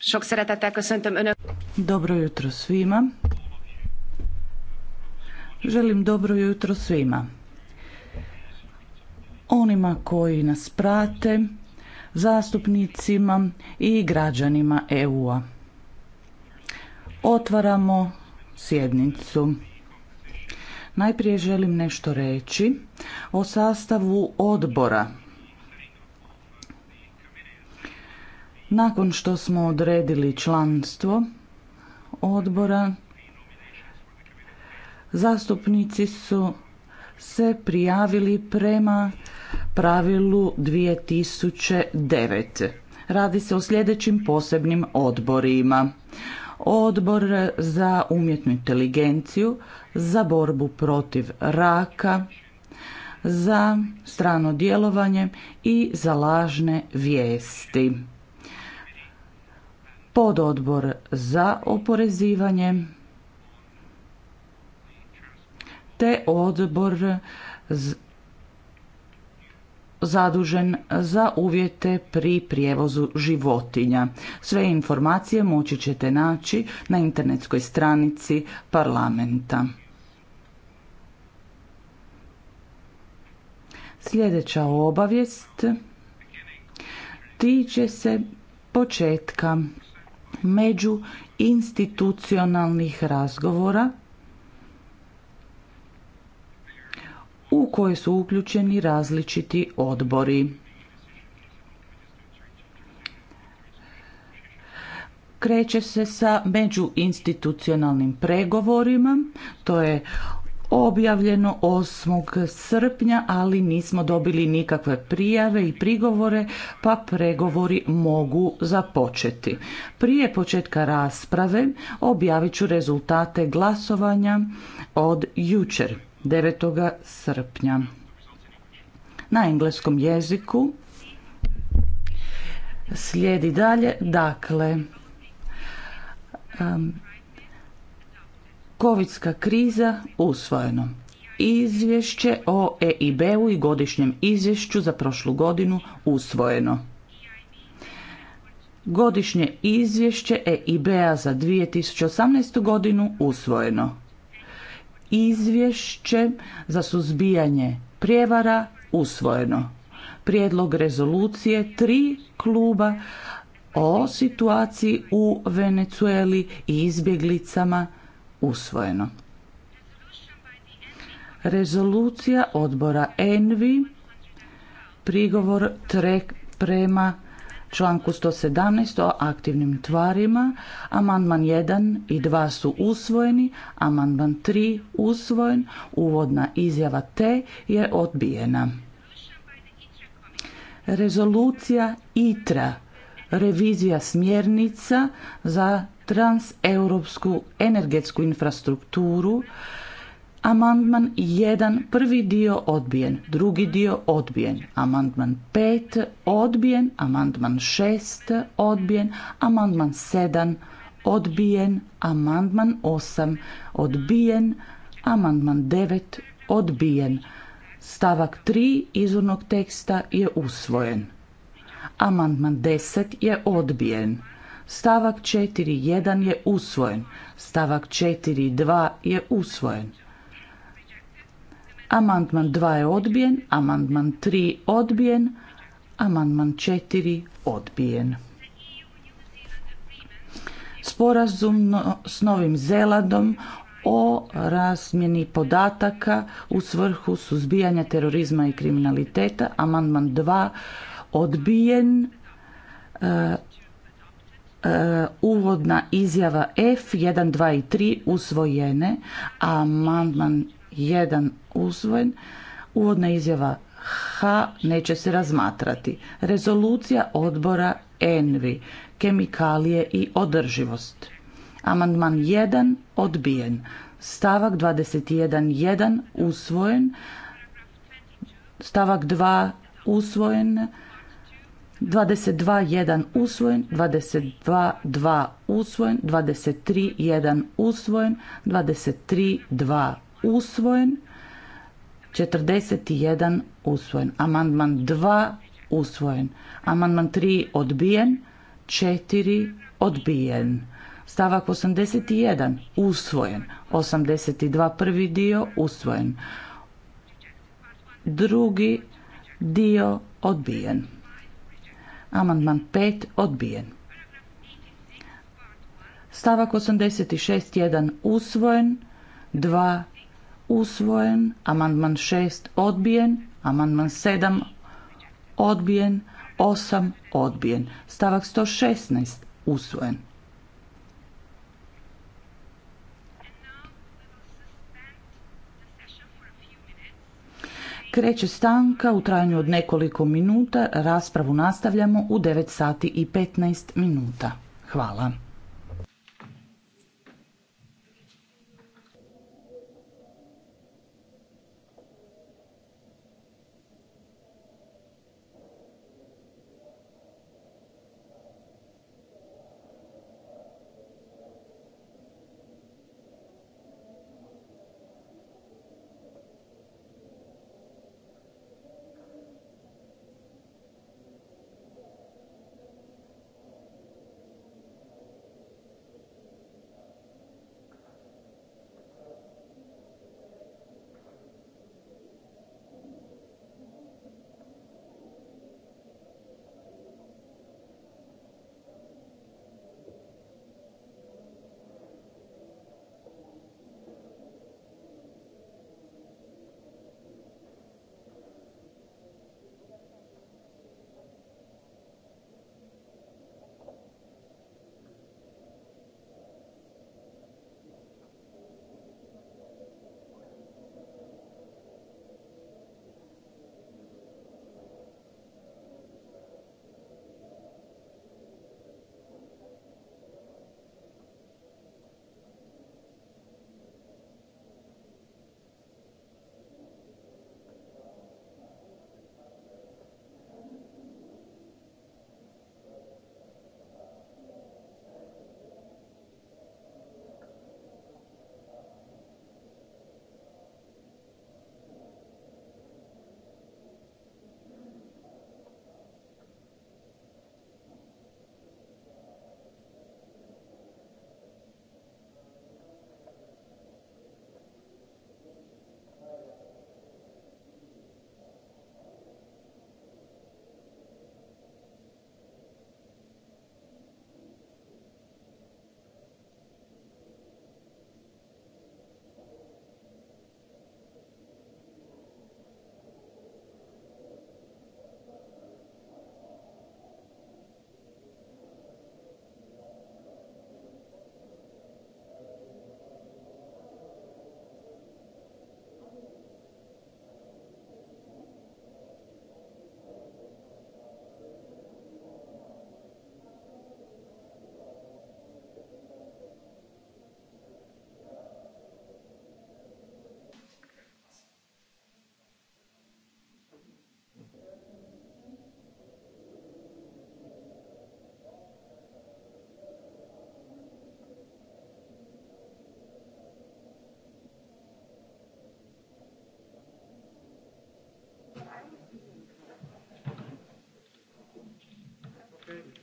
Sok szeretettel köszöntöm Dobro jutro svima. Želim dobro jutro svima. Onima koji nas prate, zastupnicima i građanima EU-a. Otvaramo sjednicu. Najprije želim nešto reći o sastavu odbora Nakon što smo odredili članstvo odbora, zastupnici su se prijavili prema pravilu 2009. Radi se o sljedećim posebnim odborima. Odbor za umjetnu inteligenciju, za borbu protiv raka, za strano djelovanje i za lažne vijesti odbor za oporezivanje te odbor zadužen za uvjete pri prijevozu životinja. Sve informacije moći ćete naći na internetskoj stranici parlamenta. Sljedeća obavijest tiče se početka među institucionalnih razgovora u koje su uključeni različiti odbori. Kreće se sa međuinstitucionalnim pregovorima, to je objavljeno 8. srpnja, ali nismo dobili nikakve prijave i prigovore, pa pregovori mogu započeti. Prije početka rasprave objavit ću rezultate glasovanja od jučer, 9. srpnja. Na engleskom jeziku slijedi dalje, dakle, um, Kovidska kriza usvojeno. Izvješće o EIB-u i godišnjem izvješću za prošlu godinu usvojeno. Godišnje izvješće EIB-a za 2018. godinu usvojeno. Izvješće za suzbijanje prijevara usvojeno. Prijedlog rezolucije tri kluba o situaciji u Venezueli i izbjeglicama usvojeno. Rezolucija odbora ENVI, prigovor trek prema članku 117 o aktivnim tvarima, amandman 1 i 2 su usvojeni, amandman 3 usvojen, uvodna izjava T je odbijena. Rezolucija ITRA, revizija smjernica za transeuropsku energetsku infrastrukturu. Amandman 1, prvi dio odbijen, drugi dio odbijen, amandman 5 odbijen, amandman 6 odbijen, amandman 7 odbijen, amandman 8 odbijen, amandman 9 odbijen. Stavak 3 izvornog teksta je usvojen. Amandman 10 je odbijen. Stavak 4.1 je usvojen. Stavak 4.2 je usvojen. Amandman 2 je odbijen, amandman 3 odbijen, amandman 4 odbijen. Sporazum s Novim Zeladom o razmjeni podataka u svrhu suzbijanja terorizma i kriminaliteta. Amandman 2 odbijen. E, E, uvodna izjava F 1, 2 i 3 usvojene, a amandman 1 usvojen. Uvodna izjava H neće se razmatrati. Rezolucija odbora Envi, kemikalije i održivost. Amandman 1 odbijen. Stavak 21.1 usvojen. Stavak 2 usvojen 22.1 usvojen, 22.2 usvojen, 23.1 usvojen, 23.2 usvojen, 41 usvojen, amandman 2 usvojen, amandman 3 odbijen, 4 odbijen. Stavak 81 usvojen, 82 prvi dio usvojen, drugi dio odbijen. Amandman 5 odbijen. Stavak 86.1 usvojen, 2 usvojen, amandman 6 odbijen, amandman 7 odbijen, 8 odbijen. Stavak 116 usvojen. kreće stanka u trajanju od nekoliko minuta. Raspravu nastavljamo u 9 sati i 15 minuta. Hvala.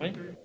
Hey?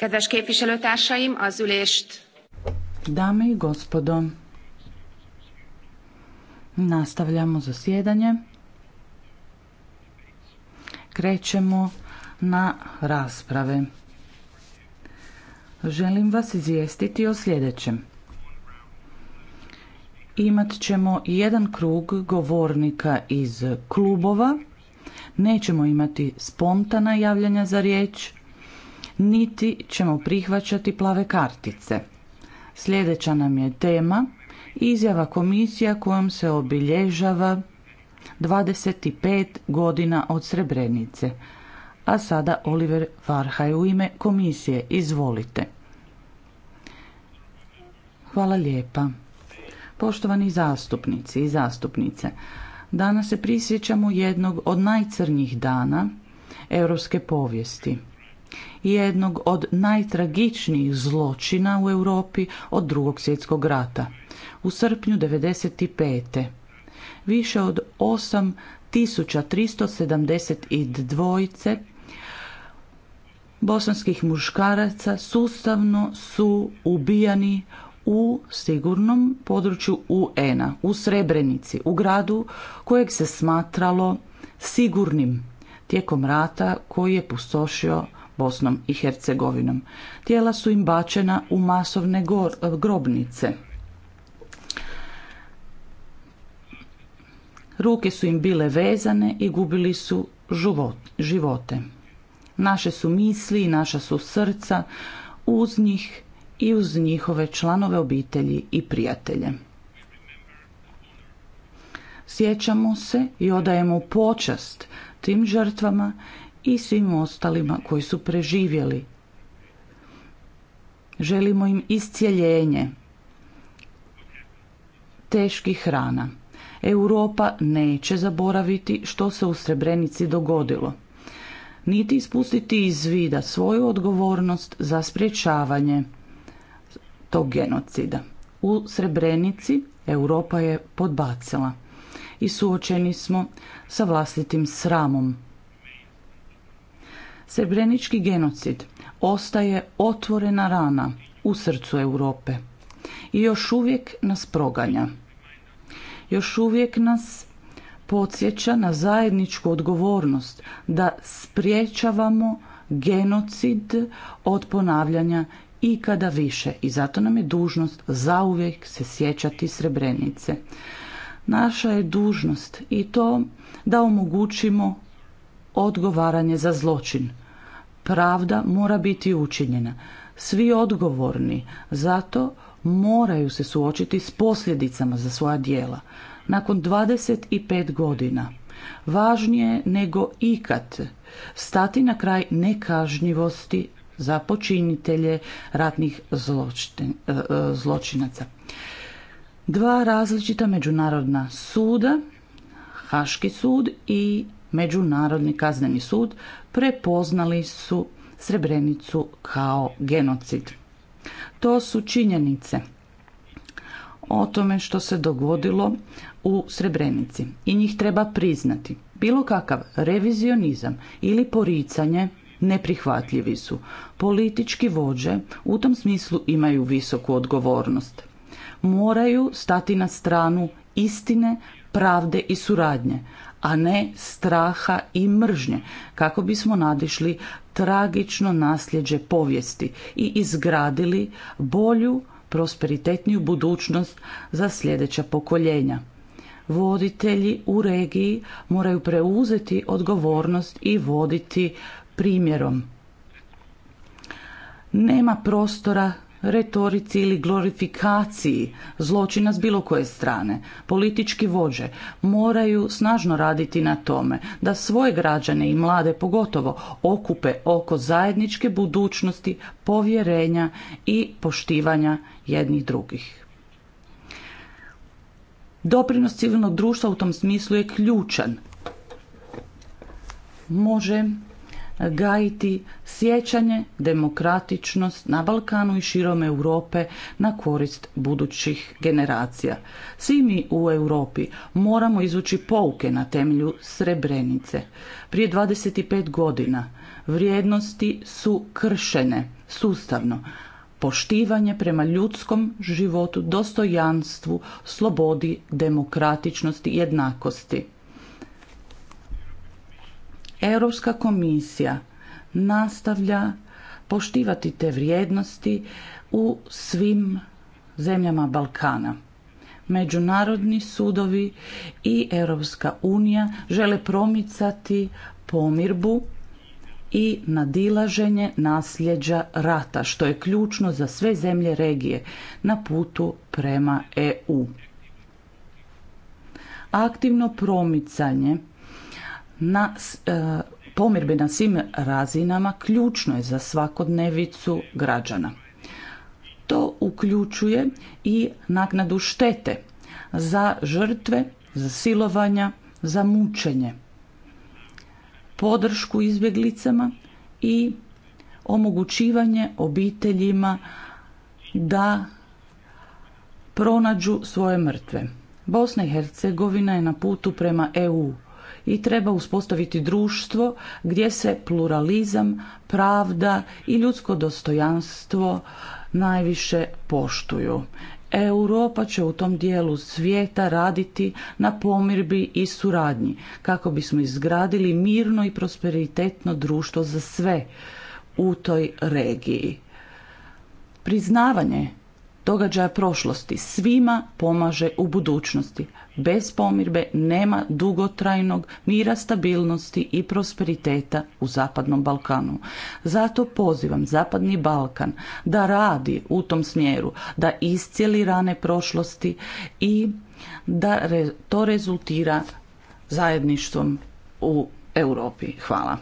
Kedves képviselőtársaim, az ülést... Dame i gospodo, nastavljamo zasjedanje. Krećemo na rasprave. Želim vas izvijestiti o sljedećem. Imat ćemo jedan krug govornika iz klubova. Nećemo imati spontana javljanja za riječ, niti ćemo prihvaćati plave kartice. Sljedeća nam je tema izjava komisija kojom se obilježava 25 godina od Srebrenice. A sada Oliver Varhaj u ime komisije. Izvolite. Hvala lijepa. Poštovani zastupnici i zastupnice, danas se prisjećamo jednog od najcrnjih dana europske povijesti – jednog od najtragičnijih zločina u Europi od drugog svjetskog rata. U srpnju 1995. više od 8372 bosanskih muškaraca sustavno su ubijani u sigurnom području un u Srebrenici, u gradu kojeg se smatralo sigurnim tijekom rata koji je pustošio Bosnom i Hercegovinom. Tijela su im bačena u masovne eh, grobnice. Ruke su im bile vezane i gubili su život, živote. Naše su misli i naša su srca uz njih i uz njihove članove obitelji i prijatelje. Sjećamo se i odajemo počast tim žrtvama i svim ostalima koji su preživjeli. Želimo im iscjeljenje teških hrana. Europa neće zaboraviti što se u Srebrenici dogodilo, niti ispustiti iz vida svoju odgovornost za sprječavanje tog genocida. U Srebrenici Europa je podbacila i suočeni smo sa vlastitim sramom Srebrenički genocid ostaje otvorena rana u srcu Europe i još uvijek nas proganja. Još uvijek nas podsjeća na zajedničku odgovornost da spriječavamo genocid od ponavljanja ikada više i zato nam je dužnost zauvijek se sjećati Srebrenice. Naša je dužnost i to da omogućimo odgovaranje za zločin Pravda mora biti učinjena. Svi odgovorni zato moraju se suočiti s posljedicama za svoja dijela. Nakon 25 godina važnije nego ikad stati na kraj nekažnjivosti za počinitelje ratnih e, e, zločinaca. Dva različita međunarodna suda, Haški sud i Međunarodni kazneni sud prepoznali su Srebrenicu kao genocid. To su činjenice o tome što se dogodilo u Srebrenici i njih treba priznati. Bilo kakav revizionizam ili poricanje neprihvatljivi su. Politički vođe u tom smislu imaju visoku odgovornost. Moraju stati na stranu istine, pravde i suradnje, a ne straha i mržnje, kako bismo nadišli tragično nasljeđe povijesti i izgradili bolju, prosperitetniju budućnost za sljedeća pokoljenja. Voditelji u regiji moraju preuzeti odgovornost i voditi primjerom. Nema prostora retorici ili glorifikaciji zločina s bilo koje strane. Politički vođe moraju snažno raditi na tome da svoje građane i mlade pogotovo okupe oko zajedničke budućnosti, povjerenja i poštivanja jednih drugih. Doprinos civilnog društva u tom smislu je ključan. Može gajiti sjećanje, demokratičnost na Balkanu i širom Europe na korist budućih generacija. Svi mi u Europi moramo izući pouke na temelju Srebrenice. Prije 25 godina vrijednosti su kršene sustavno. Poštivanje prema ljudskom životu, dostojanstvu, slobodi, demokratičnosti i jednakosti. Europska komisija nastavlja poštivati te vrijednosti u svim zemljama Balkana. Međunarodni sudovi i Europska unija žele promicati pomirbu i nadilaženje nasljeđa rata, što je ključno za sve zemlje regije na putu prema EU. Aktivno promicanje na e, pomirbe na svim razinama ključno je za svakodnevicu građana. To uključuje i naknadu štete za žrtve, za silovanja, za mučenje, podršku izbjeglicama i omogućivanje obiteljima da pronađu svoje mrtve. Bosna i Hercegovina je na putu prema EU i treba uspostaviti društvo gdje se pluralizam, pravda i ljudsko dostojanstvo najviše poštuju. Europa će u tom dijelu svijeta raditi na pomirbi i suradnji kako bismo izgradili mirno i prosperitetno društvo za sve u toj regiji. Priznavanje događaja prošlosti, svima pomaže u budućnosti. Bez pomirbe nema dugotrajnog mira, stabilnosti i prosperiteta u Zapadnom Balkanu. Zato pozivam Zapadni Balkan da radi u tom smjeru, da iscijeli rane prošlosti i da to rezultira zajedništvom u Europi. Hvala.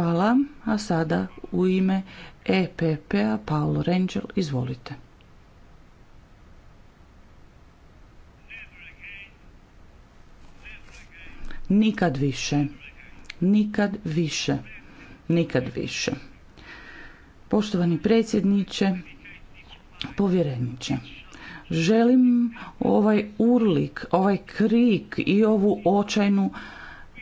Hvala. A sada u ime EPP-a Paolo Rangel, izvolite. Nikad više. Nikad više. Nikad više. Poštovani predsjedniče, povjereniče, želim ovaj urlik, ovaj krik i ovu očajnu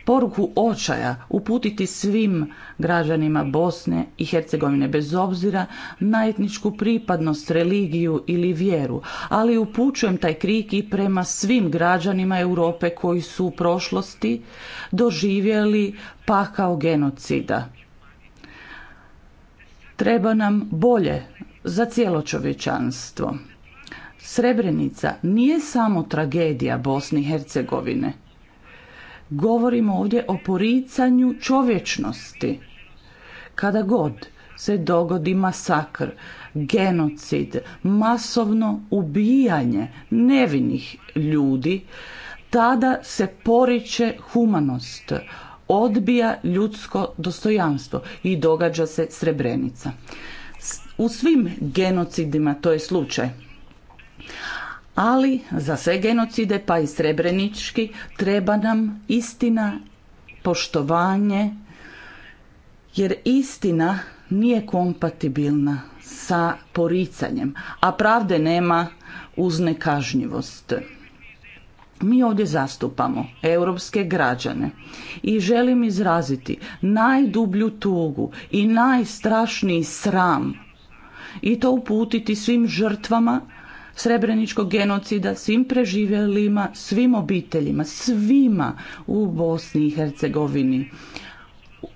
poruku očaja uputiti svim građanima Bosne i Hercegovine bez obzira na etničku pripadnost, religiju ili vjeru, ali upućujem taj krik i prema svim građanima Europe koji su u prošlosti doživjeli pakao genocida. Treba nam bolje za cijelo čovječanstvo. Srebrenica nije samo tragedija Bosne i Hercegovine, Govorimo ovdje o poricanju čovječnosti. Kada god se dogodi masakr, genocid, masovno ubijanje nevinih ljudi, tada se poriče humanost, odbija ljudsko dostojanstvo i događa se Srebrenica. U svim genocidima to je slučaj ali za sve genocide pa i srebrenički treba nam istina, poštovanje jer istina nije kompatibilna sa poricanjem, a pravde nema uz nekažnjivost. Mi ovdje zastupamo europske građane i želim izraziti najdublju tugu i najstrašniji sram i to uputiti svim žrtvama srebreničkog genocida, svim preživjelima, svim obiteljima, svima u Bosni i Hercegovini.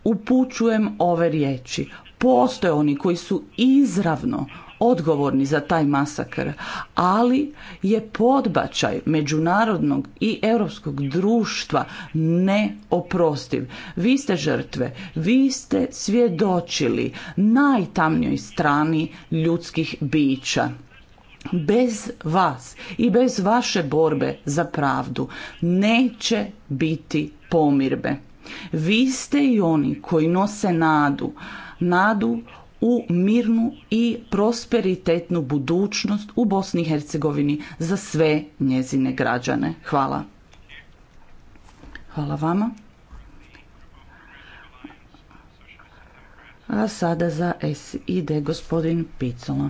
Upućujem ove riječi. Postoje oni koji su izravno odgovorni za taj masakr, ali je podbačaj međunarodnog i europskog društva neoprostiv. Vi ste žrtve, vi ste svjedočili najtamnijoj strani ljudskih bića bez vas i bez vaše borbe za pravdu neće biti pomirbe. Vi ste i oni koji nose nadu, nadu u mirnu i prosperitetnu budućnost u Bosni i Hercegovini za sve njezine građane. Hvala. Hvala vama. A sada za SID gospodin Picola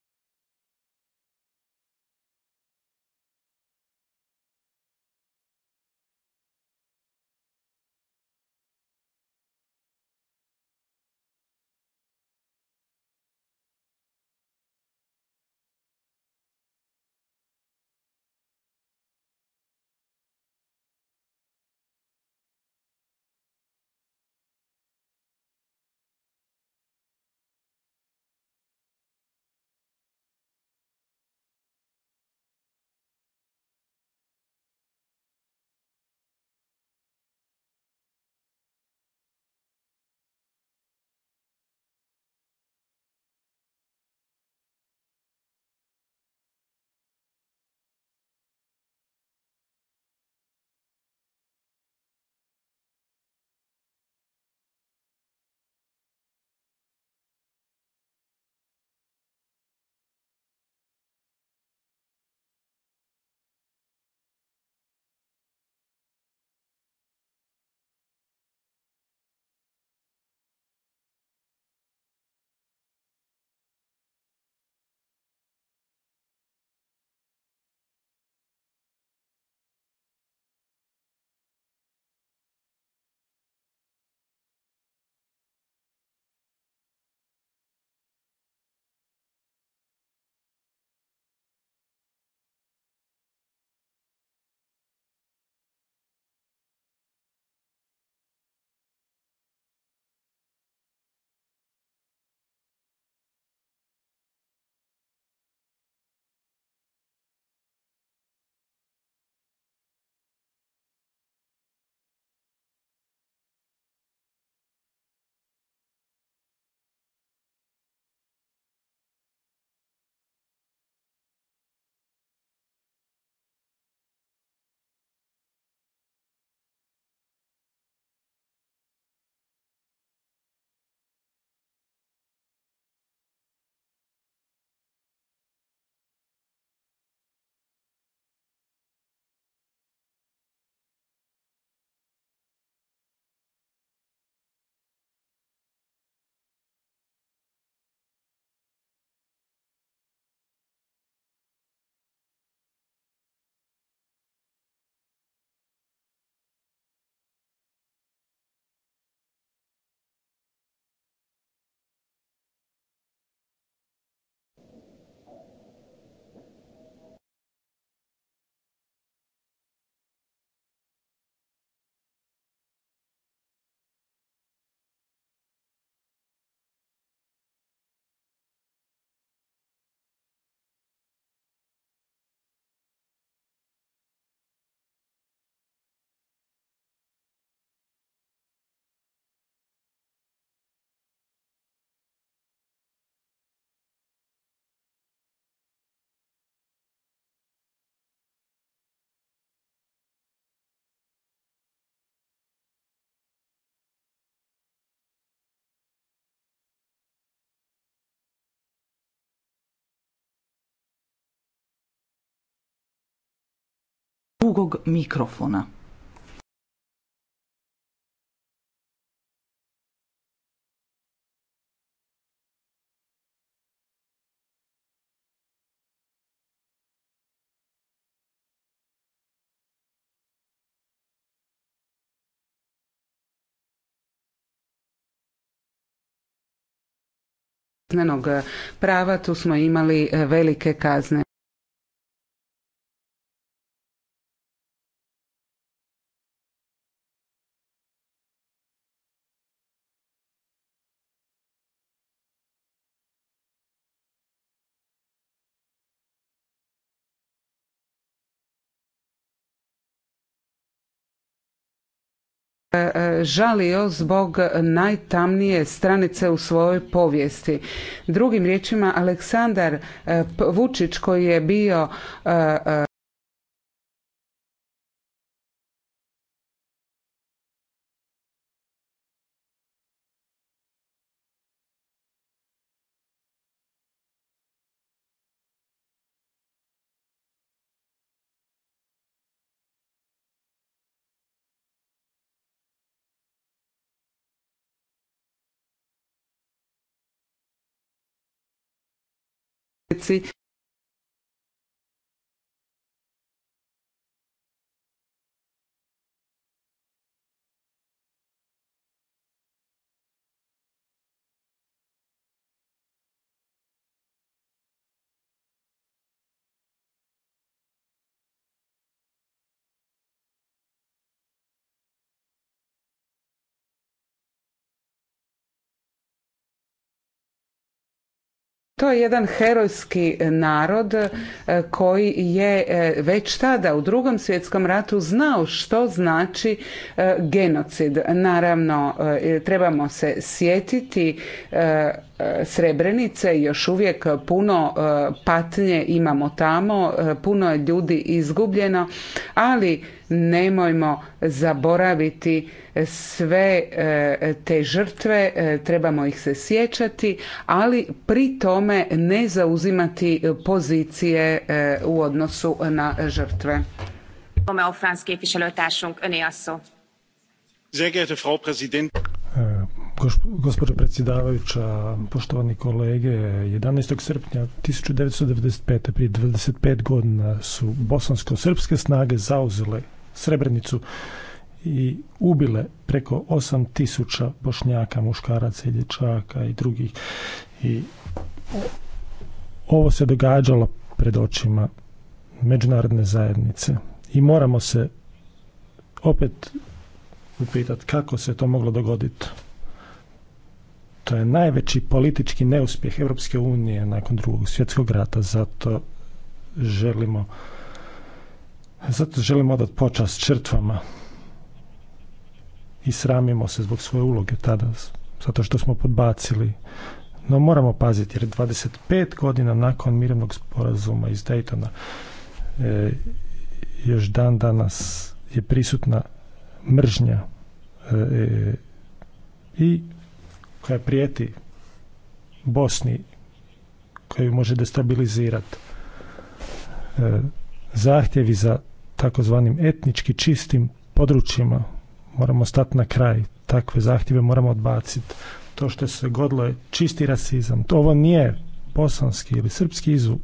drugog mikrofona. prava tu smo imali e, velike kazne žalio zbog najtamnije stranice u svojoj povijesti. Drugim riječima, Aleksandar eh, Vučić koji je bio eh, eh, praksi To je jedan herojski narod e, koji je e, već tada u drugom svjetskom ratu znao što znači e, genocid. Naravno, trebamo se sjetiti E, Srebrenice, još uvijek puno e, patnje imamo tamo, e, puno je ljudi izgubljeno, ali nemojmo zaboraviti sve te žrtve, trebamo ih se sjećati, ali pri tome ne zauzimati pozicije u odnosu na žrtve. Frau Gospođo predsjedavajuća, poštovani kolege, 11. srpnja 1995. prije 25 godina su bosansko-srpske snage zauzele Srebrenicu i ubile preko 8000 bošnjaka, muškaraca i dječaka i drugih. I ovo se događalo pred očima međunarodne zajednice i moramo se opet upitati kako se to moglo dogoditi je najveći politički neuspjeh Europske unije nakon drugog svjetskog rata, zato želimo zato želimo odat počast črtvama i sramimo se zbog svoje uloge tada, zato što smo podbacili. No moramo paziti, jer 25 godina nakon mirovnog sporazuma iz Daytona e, još dan danas je prisutna mržnja e, i koja prijeti Bosni, koju može destabilizirati. E, zahtjevi za takozvanim etnički čistim područjima moramo stati na kraj. Takve zahtjeve moramo odbaciti. To što se godilo je čisti rasizam. To ovo nije bosanski ili srpski izum.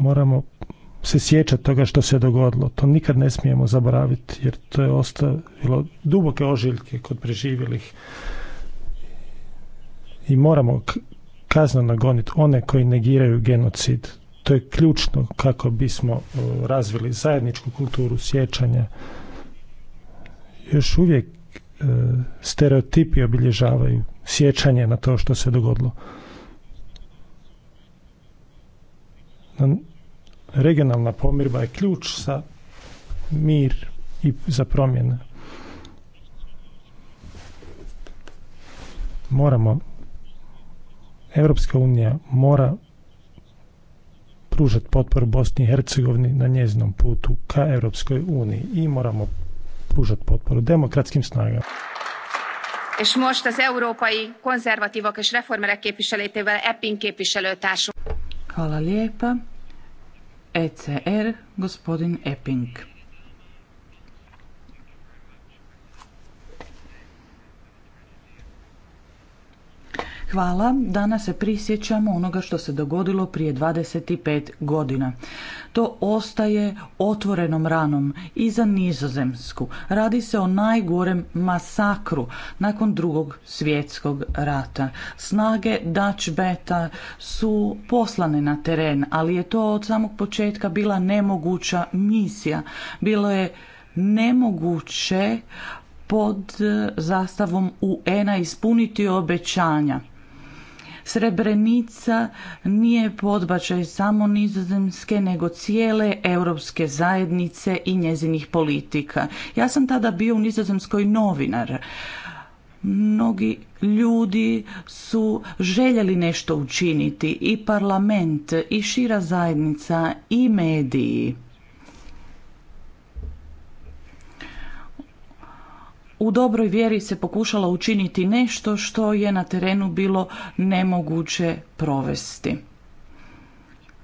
Moramo se sjeća toga što se dogodilo. To nikad ne smijemo zaboraviti jer to je ostavilo duboke ožiljke kod preživjelih i moramo kazno goniti one koji negiraju genocid. To je ključno kako bismo razvili zajedničku kulturu sjećanja. Još uvijek e, stereotipi obilježavaju sjećanje na to što se dogodilo regionalna pomirba je ključ za mir i za promjene. Moramo Europska unija mora pružati potporu Bosni i Hercegovini na njeznom putu ka Europskoj uniji i moramo pružati potporu demokratskim snagama. És most az európai konzervatívok és reformerek képviselőtével Epping képviselőtársunk. Hvala lijepa. ECR, gospodin Epping. Hvala. Danas se prisjećamo onoga što se dogodilo prije 25 godina. To ostaje otvorenom ranom i za nizozemsku. Radi se o najgorem masakru nakon drugog svjetskog rata. Snage Dutch Beta su poslane na teren, ali je to od samog početka bila nemoguća misija. Bilo je nemoguće pod zastavom UN-a ispuniti obećanja. Srebrenica nije podbačaj samo nizozemske, nego cijele europske zajednice i njezinih politika. Ja sam tada bio u nizozemskoj novinar. Mnogi ljudi su željeli nešto učiniti i parlament i šira zajednica i mediji u dobroj vjeri se pokušala učiniti nešto što je na terenu bilo nemoguće provesti.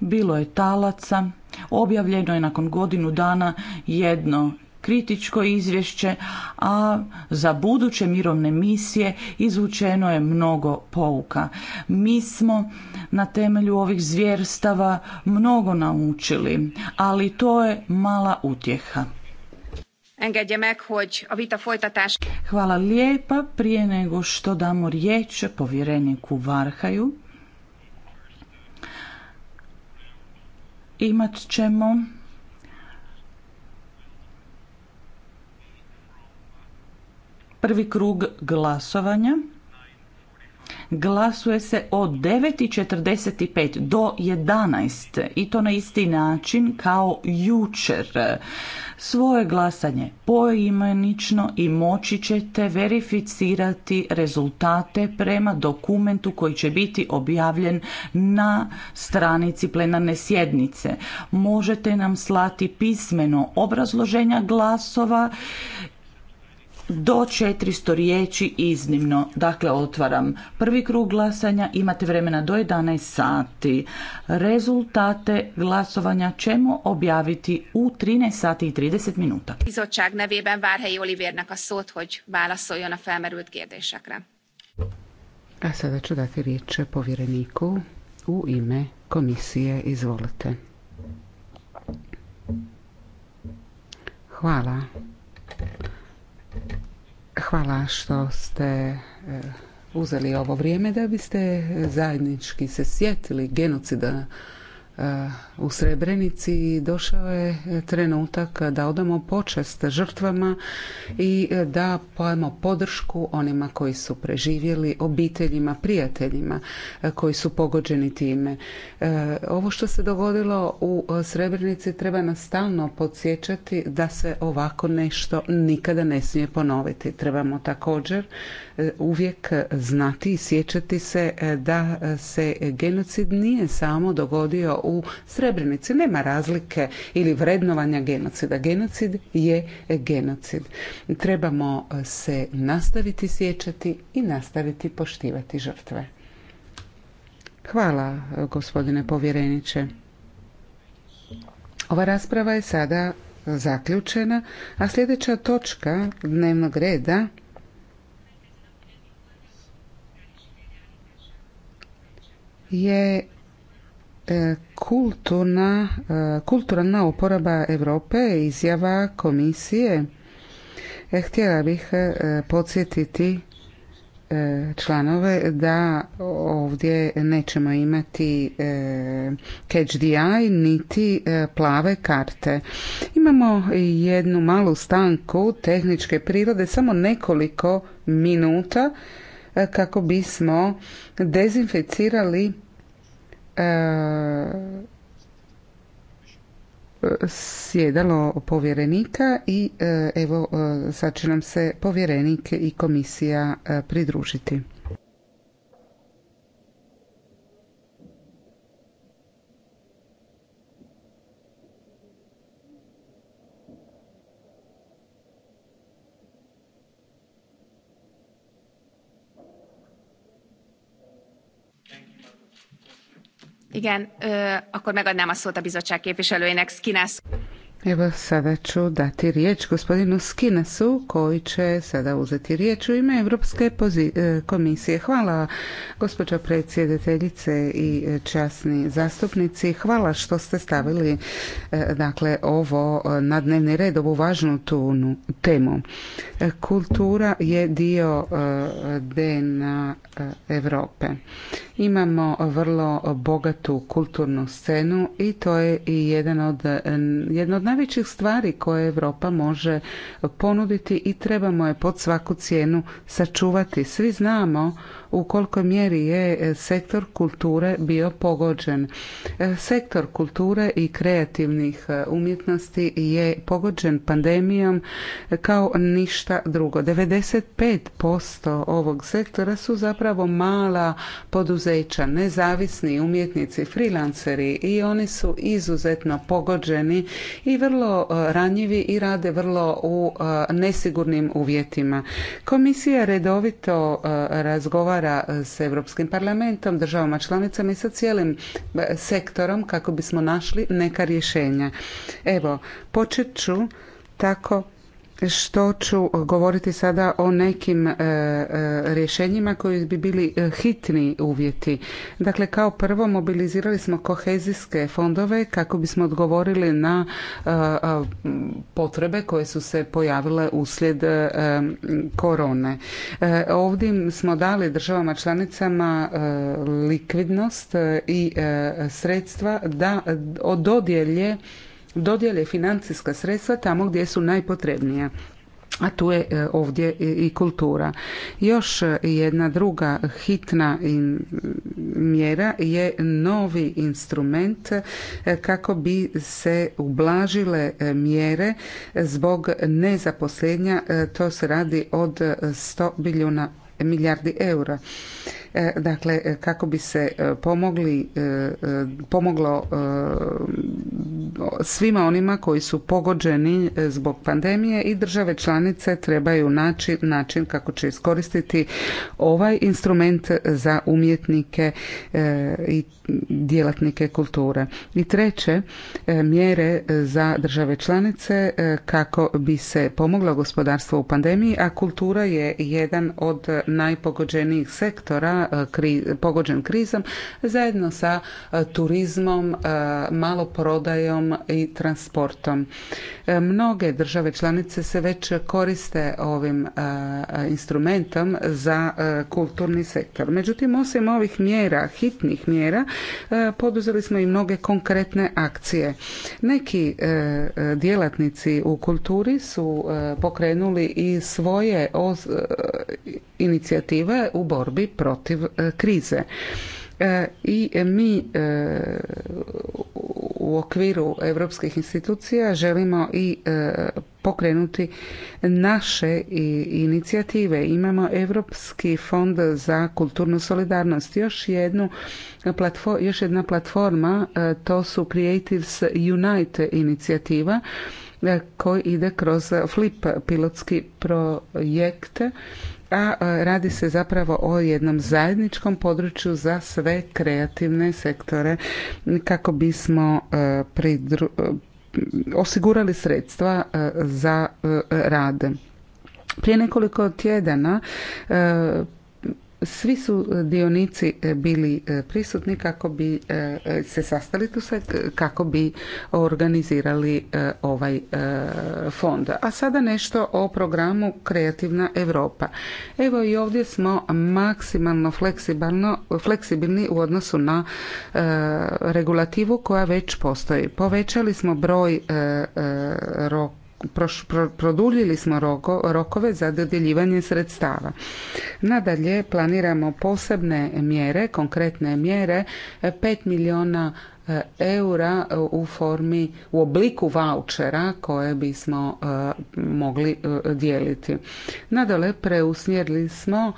Bilo je talaca, objavljeno je nakon godinu dana jedno kritičko izvješće, a za buduće mirovne misije izvučeno je mnogo pouka. Mi smo na temelju ovih zvjerstava mnogo naučili, ali to je mala utjeha. Engedje meg, hogy a vita folytatás... Hvala lijepa. Prije nego što damo riječ povjereniku Varhaju, imat ćemo prvi krug glasovanja. Glasuje se od 9.45 do 11 i to na isti način kao jučer. Svoje glasanje poimenično i moći ćete verificirati rezultate prema dokumentu koji će biti objavljen na stranici plenarne sjednice. Možete nam slati pismeno obrazloženja glasova do 400 riječi iznimno. Dakle, otvaram prvi krug glasanja, imate vremena do 11 sati. Rezultate glasovanja ćemo objaviti u 13 sati i 30 minuta. Izočak nevében Várhelyi Olivérnek a szót, hogy válaszoljon a felmerült kérdésekre. A sada ću dati riječ povjereniku u ime komisije. Izvolite. Hvala Hvala što ste eh, uzeli ovo vrijeme da biste eh, zajednički se sjetili genocida E, u Srebrenici došao je trenutak da odamo počest žrtvama i e, da pojemo podršku onima koji su preživjeli, obiteljima, prijateljima e, koji su pogođeni time. Ovo što se dogodilo u Srebrenici treba nas stalno podsjećati da se ovako nešto nikada ne smije ponoviti. Trebamo također uvijek znati i sjećati se da se genocid nije samo dogodio u Srebrenici. Nema razlike ili vrednovanja genocida. Genocid je genocid. Trebamo e, se nastaviti sjećati i nastaviti poštivati žrtve. Hvala, e, gospodine povjereniče. Ova rasprava je sada zaključena, a sljedeća točka dnevnog reda je E, kulturna, e, kulturna uporaba Europe izjava komisije. E, htjela bih podsjetiti članove da ovdje nećemo imati KDi niti plave karte. Imamo jednu malu stanku tehničke prirode, samo nekoliko minuta kako bismo dezinficirali E, sjedalo povjerenika i e, evo e, sad će nam se povjerenik i komisija pridružiti. Igen, akkor megadnám a szót a bizottság képviselőjének, Evo sada ću dati riječ gospodinu Skinasu koji će sada uzeti riječ u ime Europske e, komisije. Hvala gospođo predsjedateljice i časni zastupnici. Hvala što ste stavili e, dakle ovo e, na dnevni red, ovu važnu tunu, temu. Kultura je dio DNA Europe. Imamo vrlo bogatu kulturnu scenu i to je i jedan od, jedno najvećih stvari koje Europa može ponuditi i trebamo je pod svaku cijenu sačuvati. Svi znamo u kolikoj mjeri je e, sektor kulture bio pogođen. E, sektor kulture i kreativnih e, umjetnosti je pogođen pandemijom kao ništa drugo. 95% ovog sektora su zapravo mala poduzeća, nezavisni umjetnici, freelanceri i oni su izuzetno pogođeni i vrlo ranjivi i rade vrlo u nesigurnim uvjetima. Komisija redovito razgovara sa e, s Europskim parlamentom, državama članicama i sa cijelim e, sektorom kako bismo našli neka rješenja. Evo, počet ću tako što ću govoriti sada o nekim e, e, rješenjima koji bi bili e, hitni uvjeti. Dakle, kao prvo mobilizirali smo kohezijske fondove kako bismo odgovorili na potrebe koje su se pojavile uslijed korone. Ovdje smo dali državama članicama likvidnost i sredstva da dodjelje dodjele financijska sredstva tamo gdje su najpotrebnija a tu je e, ovdje i kultura. Još e, jedna druga hitna mjera je novi instrument e, kako bi se ublažile mjere zbog nezaposlenja, to se radi od 100 milijardi eura. E, dakle, e, kako bi se e, pomogli, pomoglo svima onima koji su pogođeni zbog pandemije i države članice trebaju naći način kako će iskoristiti ovaj instrument za umjetnike i djelatnike kulture. I treće, mjere za države članice kako bi se pomoglo gospodarstvo u pandemiji, a kultura je jedan od najpogođenijih sektora pogođen krizom zajedno sa e, turizmom, e, maloprodajom i transportom. E, mnoge države članice se već koriste ovim instrumentom za kulturni sektor. Međutim, osim ovih mjera, hitnih mjera, poduzeli smo i mnoge konkretne akcije. Neki djelatnici u kulturi su pokrenuli i svoje inicijative u borbi protiv E, krize. E, I mi e, u okviru europskih institucija želimo i pokrenuti naše inicijative. Imamo Europski fond za kulturnu solidarnost. Još, jednu još jedna platforma, to su Creatives Unite inicijativa koji ide kroz FLIP pilotski projekt a e, radi se zapravo o jednom zajedničkom području za sve kreativne sektore kako bismo e, e, osigurali sredstva za rad. Prije nekoliko tjedana svi su e, dionici e, bili e, prisutni kako bi se sastali tu sad, kako bi organizirali ovaj fond. A sada nešto o programu Kreativna Europa. Evo i ovdje smo maksimalno fleksibilni u odnosu na regulativu koja već postoji. Povećali smo broj rok. Proš, produljili smo roko, rokove za dodjeljivanje sredstava. Nadalje planiramo posebne mjere, konkretne mjere, 5 milijuna e, eura u formi, u obliku vouchera koje bismo e, mogli e, dijeliti. Nadalje preusmjerili smo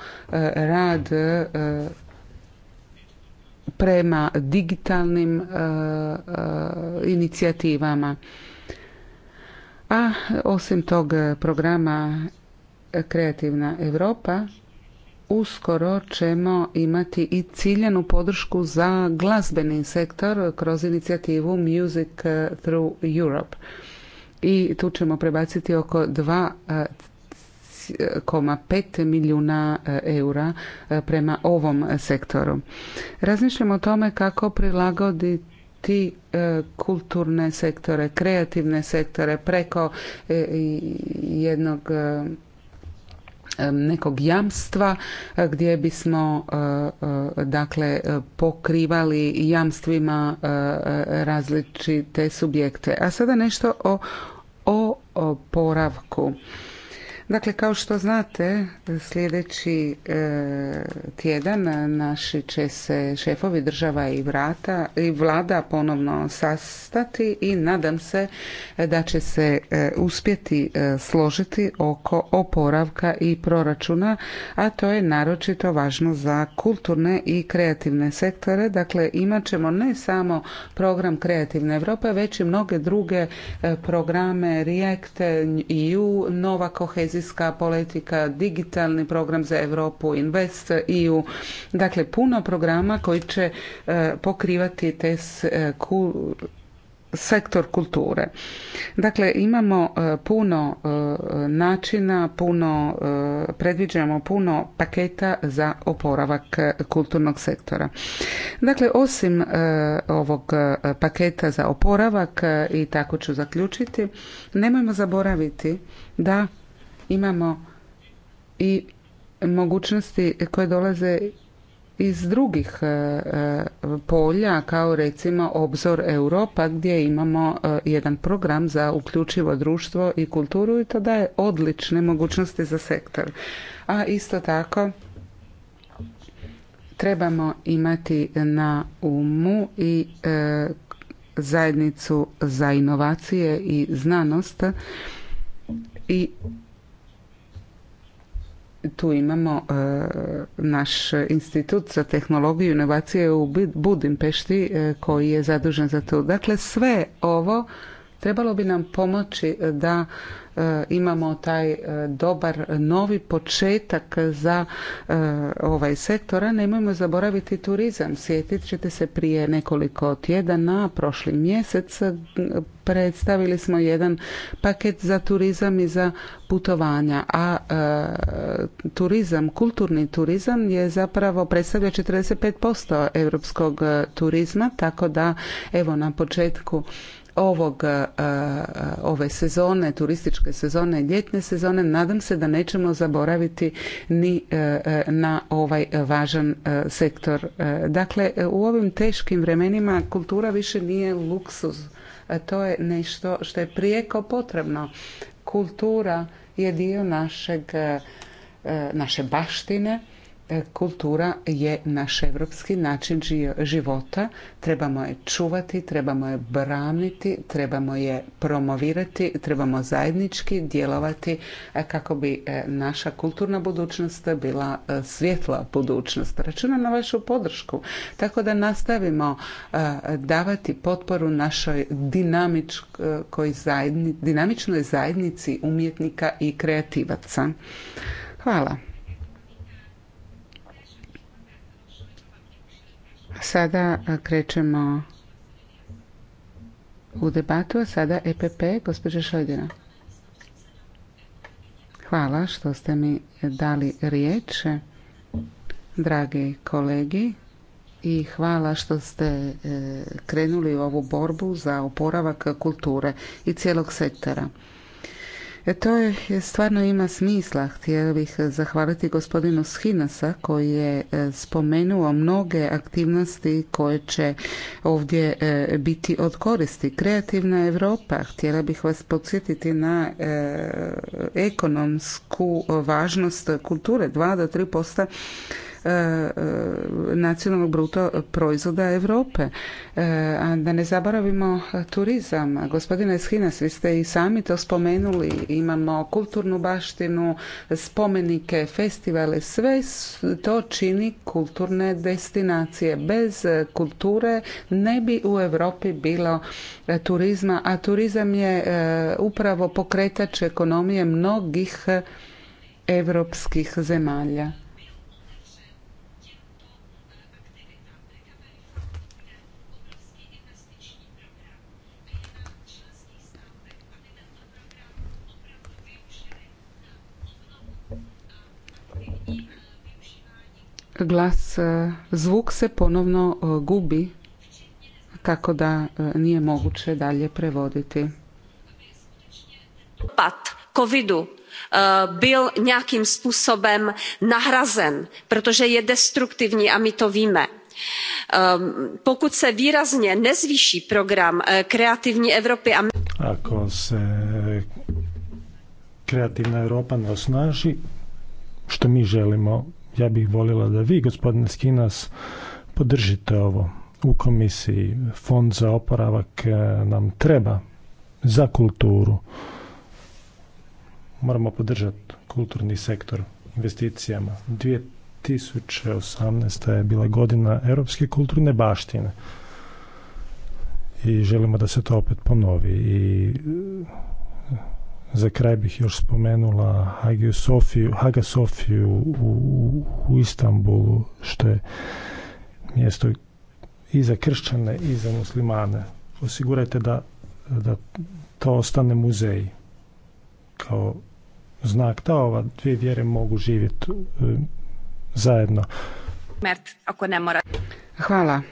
rad prema digitalnim inicijativama. A osim tog programa Kreativna Europa uskoro ćemo imati i ciljenu podršku za glazbeni sektor kroz inicijativu Music Through Europe. I tu ćemo prebaciti oko 2,5 milijuna e, eura e, prema ovom sektoru. Razmišljamo o tome kako prilagoditi ti e, kulturne sektore, kreativne sektore preko e, jednog e, nekog jamstva gdje bismo dakle pokrivali jamstvima različite subjekte. A sada nešto o oporavku. Dakle, kao što znate, sljedeći e, tjedan naši će se šefovi država i, vrata, i vlada ponovno sastati i nadam se da će se e, uspjeti e, složiti oko oporavka i proračuna, a to je naročito važno za kulturne i kreativne sektore. Dakle, imat ćemo ne samo program Kreativne Europe, već i mnoge druge programe React, EU, Nova kohezija kohezijska politika, digitalni program za Europu, Invest EU, dakle puno programa koji će e, pokrivati te e, sektor kulture. Dakle, imamo e, puno načina, puno predviđamo puno paketa za oporavak kulturnog sektora. Dakle, osim ovog paketa za oporavak i tako ću zaključiti, nemojmo zaboraviti da imamo i mogućnosti koje dolaze iz drugih e, polja kao recimo Obzor Europa gdje imamo e, jedan program za uključivo društvo i kulturu i to daje odlične mogućnosti za sektor. A isto tako trebamo imati na umu i e, zajednicu za inovacije i znanost i tu imamo e, naš institut za tehnologiju i inovacije u Budimpešti e, koji je zadužen za to. Dakle, sve ovo trebalo bi nam pomoći da E, imamo taj e, dobar novi početak za e, ovaj sektor, a nemojmo zaboraviti turizam. Sjetit ćete se prije nekoliko tjedana, prošli mjesec, predstavili smo jedan paket za turizam i za putovanja, a turizam, kulturni turizam je zapravo predstavlja 45% europskog turizma, tako da evo na početku ovog, e, ove sezone, turističke sezone, ljetne sezone, nadam se da nećemo zaboraviti ni e, e, na ovaj važan sektor. Dakle, u ovim teškim vremenima kultura više nije luksuz. To je nešto što je prijeko potrebno. Kultura je dio našeg, naše baštine, kultura je naš evropski način života, trebamo je čuvati, trebamo je braniti, trebamo je promovirati, trebamo zajednički djelovati e, kako bi e, naša kulturna budućnost bila e, svjetla budućnost. Računam na vašu podršku, tako da nastavimo davati potporu našoj dinamičnoj zajednici umjetnika i kreativaca. Hvala. Sada e, krećemo u debatu, a sada EPP, gospođa Šaljina. Hvala što ste mi dali riječ, dragi kolegi, i hvala što ste e, krenuli u ovu borbu za oporavak kulture i cijelog sektora. E, to je, stvarno ima smisla. Htjela bih zahvaliti gospodinu Shinasa koji je e, spomenuo mnoge aktivnosti koje će ovdje e, biti od koristi. Kreativna Europa, htjela bih vas podsjetiti na ekonomsku važnost kulture. 2 do 3 E, e, nacionalnog bruto proizvoda Europe. E, a da ne zaboravimo turizam. Gospodine Eshinas, vi ste i sami to spomenuli. Imamo kulturnu baštinu, spomenike, festivale. Sve to čini kulturne destinacije. Bez kulture ne bi u Europi bilo turizma, a turizam je upravo pokretač ekonomije mnogih europskih zemalja. glas, e, zvuk se ponovno e, gubi tako da e, nije moguće dalje prevoditi. Pat covidu byl nějakým způsobem nahrazen, protože je destruktivní a my to víme. Pokud se výrazně nezvýší program Kreativní Evropy a... Ako se Kreativna Europa ne osnaži, što mi želimo ja bih voljela da vi, gospodine Skinas, podržite ovo u komisiji. Fond za oporavak e, nam treba za kulturu. Moramo podržati kulturni sektor investicijama. 2018. je bila godina europske kulturne baštine i želimo da se to opet ponovi i za kraj bih još spomenula Haga Sofiju, u, u, Istanbulu, što je mjesto i za kršćane i za muslimane. Osigurajte da, da to ostane muzej kao znak da ova dvije vjere mogu živjeti e, zajedno. ako ne mora. Hvala.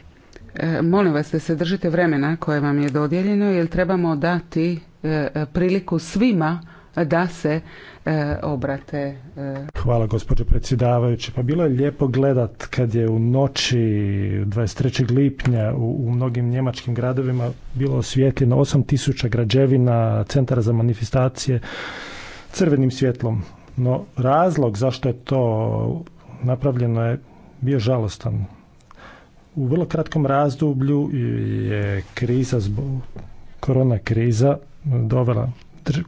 E, molim vas da se držite vremena koje vam je dodijeljeno jer trebamo dati E, e, priliku svima da se e, obrate. Hvala gospođo predsjedavajući. Pa bilo je lijepo gledat kad je u noći 23. lipnja u, mnogim njemačkim gradovima bilo osvijetljeno 8000 građevina, centara za manifestacije crvenim svjetlom. No razlog zašto je to napravljeno je bio žalostan. U vrlo kratkom razdoblju je kriza, zbog, korona kriza dovela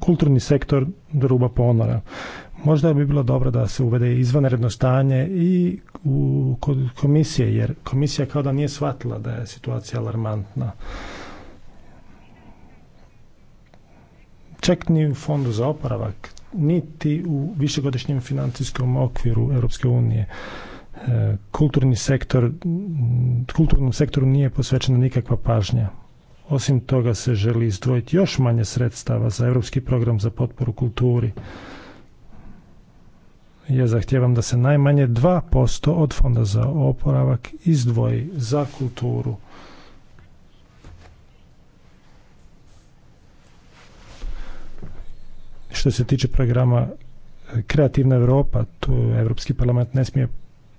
kulturni sektor do ruba ponora. Možda bi bilo dobro da se uvede izvanredno stanje i u, kod komisije, jer komisija kao da nije shvatila da je situacija alarmantna. Čak ni u fondu za oporavak, niti u višegodišnjem financijskom okviru Europske unije. E, kulturni sektor, kulturnom sektoru nije posvećena nikakva pažnja. Osim toga se želi izdvojiti još manje sredstava za Europski program za potporu kulturi. Ja zahtijevam da se najmanje 2% od Fonda za oporavak izdvoji za kulturu. Što se tiče programa e, Kreativna Europa, tu Europski parlament ne smije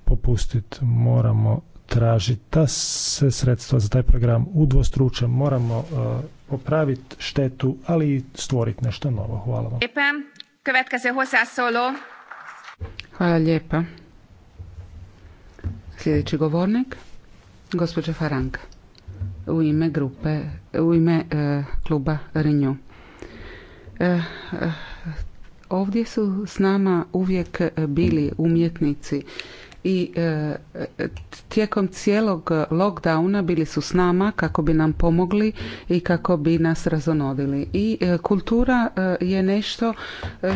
popustiti. Moramo traži da se sredstva za taj program udvostruče. Moramo uh, popraviti štetu, ali i stvoriti nešto novo. Hvala vam. Hvala lijepa. Sljedeći govornik, gospođa Faranka, u ime grupe, u ime uh, kluba Renew. Uh, ovdje su s nama uvijek bili umjetnici i e, tijekom cijelog lockdowna bili su s nama kako bi nam pomogli i kako bi nas razonodili. I e, kultura e, je nešto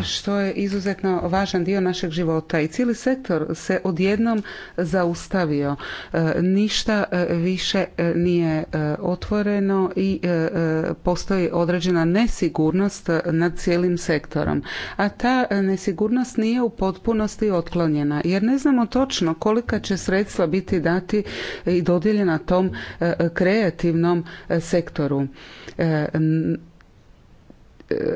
što je izuzetno važan dio našeg života i cijeli sektor se odjednom zaustavio. Ništa više nije otvoreno i postoji određena nesigurnost nad cijelim sektorom. A ta nesigurnost nije u potpunosti otklonjena jer ne znamo točno točno kolika će sredstva biti dati i dodijeljena tom e, e, kreativnom e, sektoru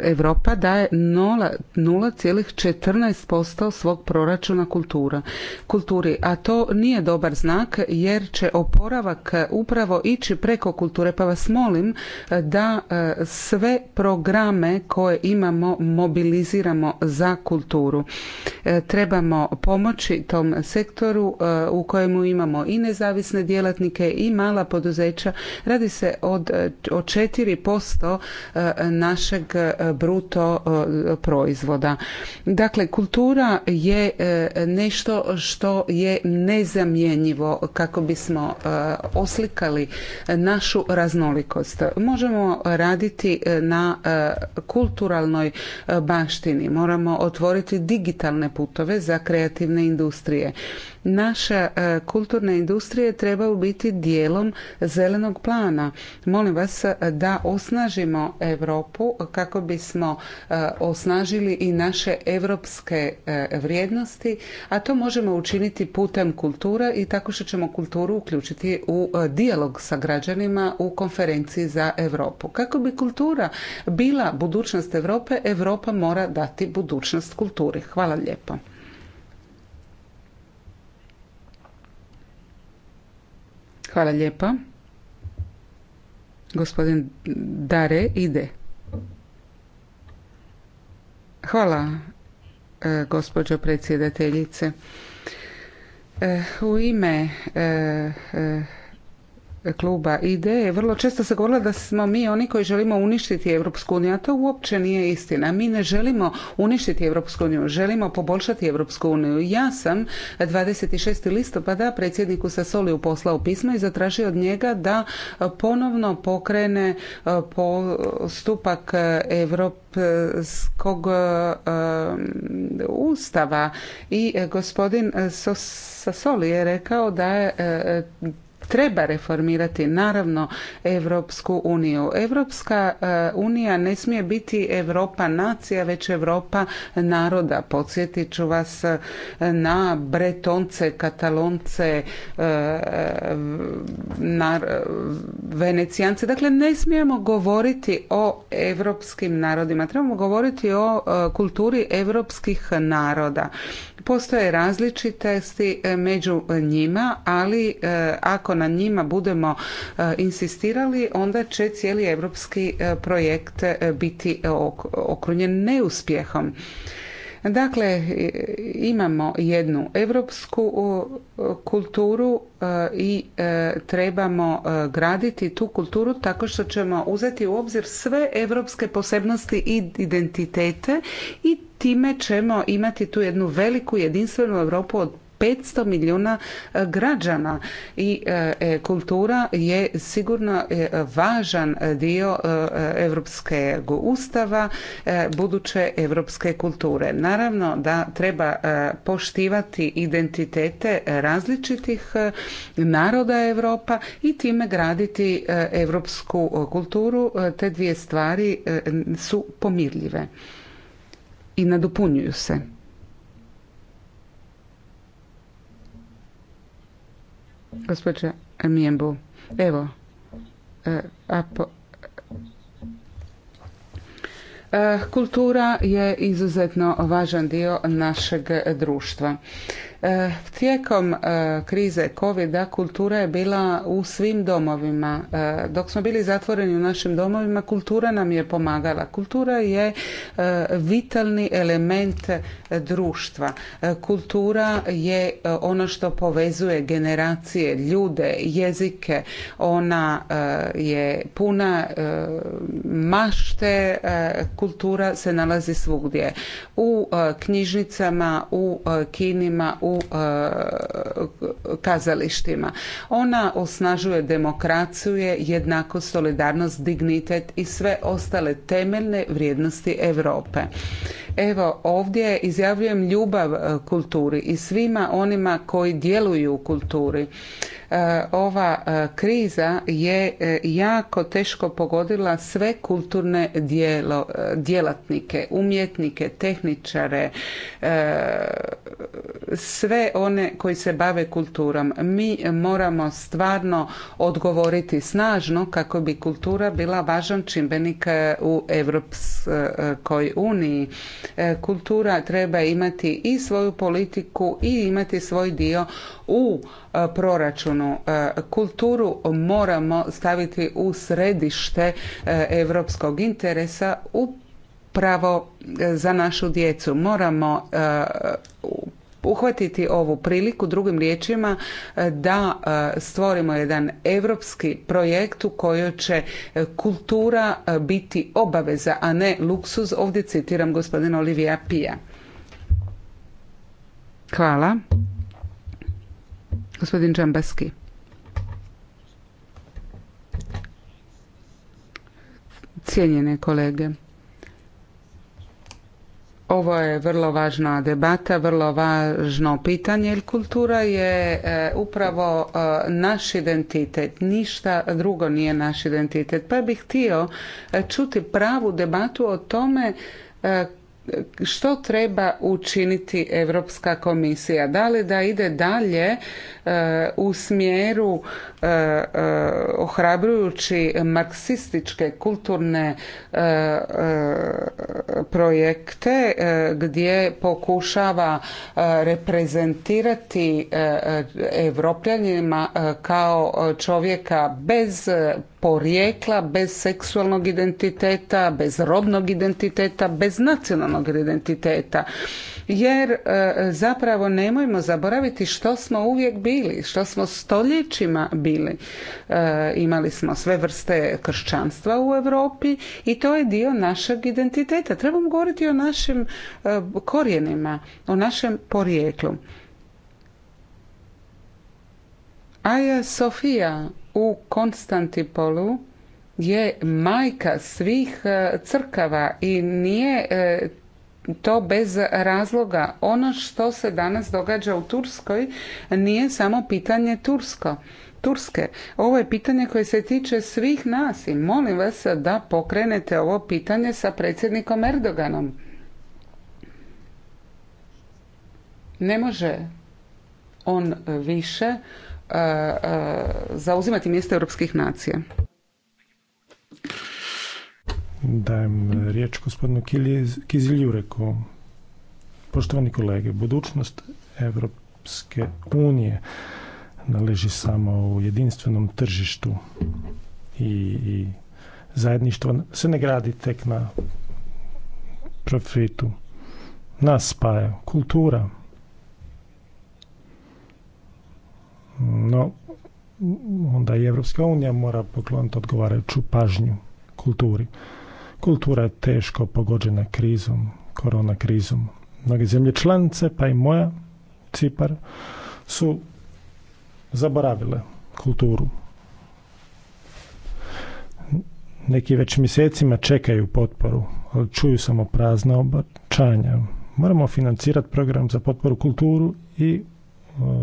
Europa daje 0,14% svog proračuna kultura, kulturi, a to nije dobar znak jer će oporavak e, upravo ići preko kulture. Pa vas molim e, da e, sve programe koje imamo mobiliziramo za kulturu. Trebamo pomoći tom sektoru u kojemu imamo i nezavisne djelatnike i mala poduzeća. Radi se od, o 4% našeg bruto e, proizvoda. Dakle, kultura je e, nešto što je nezamjenjivo kako bismo e, oslikali našu raznolikost. Možemo raditi na kulturalnoj baštini, moramo otvoriti digitalne putove za kreativne industrije. Naša e, kulturna industrija treba biti dijelom zelenog plana. Molim vas e, da osnažimo Europu kako bismo e, osnažili i naše europske vrijednosti, a to možemo učiniti putem kultura i tako što ćemo kulturu uključiti u dijalog sa građanima u konferenciji za Europu. Kako bi kultura bila budućnost Europe, Europa mora dati budućnost kulturi. Hvala lijepo. Hvala lijepa. Gospodin Dare ide. Hvala, e, gospođo predsjedateljice. E, u ime e, kluba ideje. vrlo često se govorilo da smo mi oni koji želimo uništiti Evropsku uniju, a to uopće nije istina. Mi ne želimo uništiti Europsku uniju, želimo poboljšati Europsku uniju. Ja sam 26. listopada predsjedniku Sasoliju poslao pismo i zatražio od njega da ponovno pokrene e, postupak Europskog e, e, ustava i gospodin Sasoli je rekao da je treba reformirati naravno Europsku uniju. Europska e, unija ne smije biti Europa nacija, već Europa naroda. Podsjetit ću vas e, na Bretonce, Katalonce, e, na Venecijance. Dakle, ne smijemo govoriti o europskim narodima. Trebamo govoriti o kulturi europskih naroda. Postoje različitosti među njima, ali ako na njima budemo e, insistirali, onda će cijeli europski e, projekt e, biti okrunjen neuspjehom. Dakle, imamo jednu europsku kulturu i trebamo graditi tu kulturu tako što ćemo uzeti u obzir sve europske posebnosti i identitete i time ćemo imati tu jednu veliku jedinstvenu Europu od 500 milijuna e, građana i e, e, kultura je sigurno važan dio europskog ustava buduće europske kulture. Naravno da treba poštivati identitete različitih naroda Europa i time graditi europsku kulturu. Te dvije stvari su pomirljive i nadopunjuju se. Gospođa Mijembu, evo, e, a e, Kultura je izuzetno važan dio našeg društva. E, tijekom e, krize covid kultura je bila u svim domovima. E, dok smo bili zatvoreni u našim domovima, kultura nam je pomagala. Kultura je vitalni element društva. Kultura je ono što povezuje generacije, ljude, jezike. Ona je puna mašte. Kultura se nalazi svugdje. U knjižnicama, u kinima, u u e, kazalištima. Ona osnažuje demokraciju, jednakost, solidarnost, dignitet i sve ostale temeljne vrijednosti Europe. Evo ovdje izjavljujem ljubav e, kulturi i svima onima koji djeluju u kulturi. E, ova e, kriza je e, jako teško pogodila sve kulturne djelatnike, umjetnike, tehničare, sve one koji se bave kulturom. Mi moramo stvarno odgovoriti snažno kako bi kultura bila važan čimbenik u Evropskoj uniji. Kultura treba imati i svoju politiku i imati svoj dio u E, proračunu. E, kulturu moramo staviti u središte europskog interesa upravo e, za našu djecu. Moramo uhvatiti ovu priliku drugim riječima da stvorimo jedan europski projekt u kojoj će kultura biti obaveza, a ne luksuz. Ovdje citiram gospodina Olivija Pija. Hvala. Gospodin Džambaski. Cijenjene kolege, ovo je vrlo važna debata, vrlo važno pitanje jer kultura je e, upravo e, naš identitet, ništa drugo nije naš identitet. Pa bih htio e, čuti pravu debatu o tome što treba učiniti Europska komisija? Da li da ide dalje e, u smjeru e, e, ohrabrujući marksističke kulturne projekte gdje pokušava reprezentirati Evropljanima kao čovjeka bez porijekla, bez seksualnog identiteta, bez robnog identiteta, bez nacionalnog identiteta. Jer e, zapravo nemojmo zaboraviti što smo uvijek bili, što smo stoljećima bili. E, imali smo sve vrste kršćanstva u Europi i to je dio našeg identiteta. Trebamo govoriti o našim e, korijenima, o našem porijeklu. Aja Sofija u Konstantipolu je majka svih e, crkava i nije e, to bez razloga. Ono što se danas događa u Turskoj nije samo pitanje Tursko. Turske. Ovo je pitanje koje se tiče svih nas i molim vas da pokrenete ovo pitanje sa predsjednikom Erdoganom. Ne može on više Eh, eh, zauzimati mjesto europskih nacija. Dajem riječ gospodinu Kiziljureku. Poštovani kolege, budućnost Evropske unije naleži samo u jedinstvenom tržištu i, zajedništvo se ne gradi tek na profitu. Nas spaja kultura, No, onda i Evropska unija mora pokloniti odgovarajuću pažnju kulturi. Kultura je teško pogođena krizom, korona krizom. Mnoge zemlje članice, pa i moja, Cipar, su zaboravile kulturu. Neki već mjesecima čekaju potporu, ali čuju samo prazna obačanja. Moramo financirati program za potporu kulturu i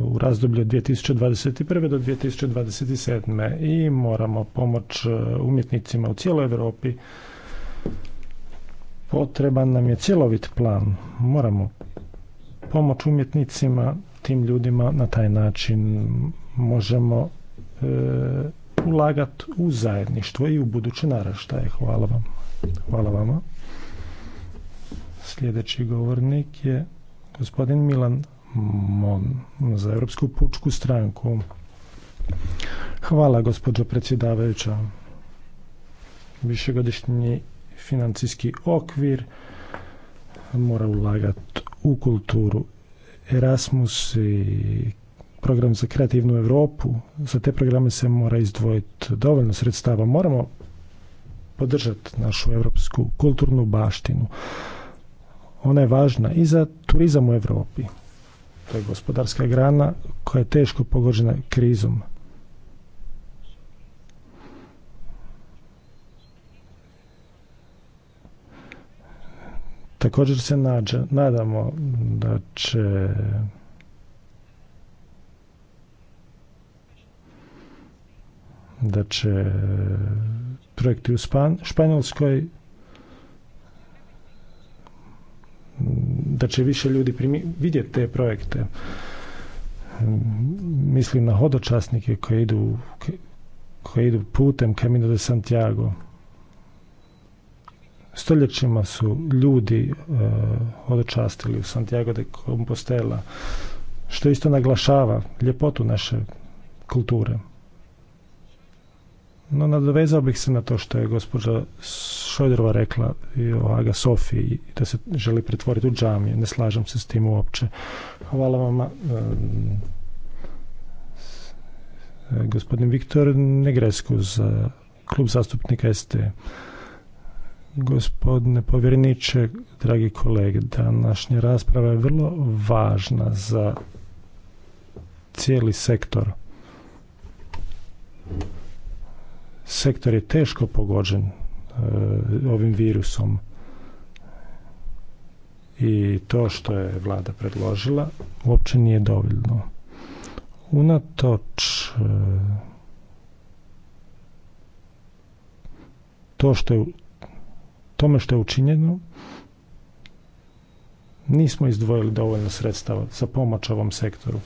u razdoblju od 2021. do 2027. i moramo pomoć e, umjetnicima u cijeloj Europi. Potreban nam je cjelovit plan. Moramo pomoć umjetnicima, tim ljudima na taj način možemo e, ulagati u zajedništvo i u buduće naraštaje. Hvala vam. Hvala vama. Sljedeći govornik je gospodin Milan za Europsku pučku stranku. Hvala, gospođo predsjedavajuća. Višegodišnji financijski okvir mora ulagati u kulturu. Erasmus i program za kreativnu Europu, za te programe se mora izdvojiti dovoljno sredstava. Moramo podržati našu europsku kulturnu baštinu. Ona je važna i za turizam u Europi. To je gospodarska grana koja je teško pogođena krizom. Također se nađa, nadamo da će da će projekti u Španjolskoj da će više ljudi vidjeti te projekte. Mislim na hodočasnike koji idu, koji idu putem Camino de Santiago. Stoljećima su ljudi uh, hodočastili u Santiago de Compostela, što isto naglašava ljepotu naše kulture. No, nadovezao bih se na to što je gospođa Šojdrova rekla i o Aga Sofiji, da se želi pretvoriti u džamije. Ne slažem se s tim uopće. Hvala vama. Ehm, gospodin Viktor Negresku za klub zastupnika ST. Gospodine povjereniče, dragi kolege, današnja rasprava je vrlo važna za cijeli sektor sektor je teško pogođen e, ovim virusom i to što je vlada predložila uopće nije dovoljno. Unatoč e, to što tome što je učinjeno, nismo izdvojili dovoljno sredstava za pomoć ovom sektoru.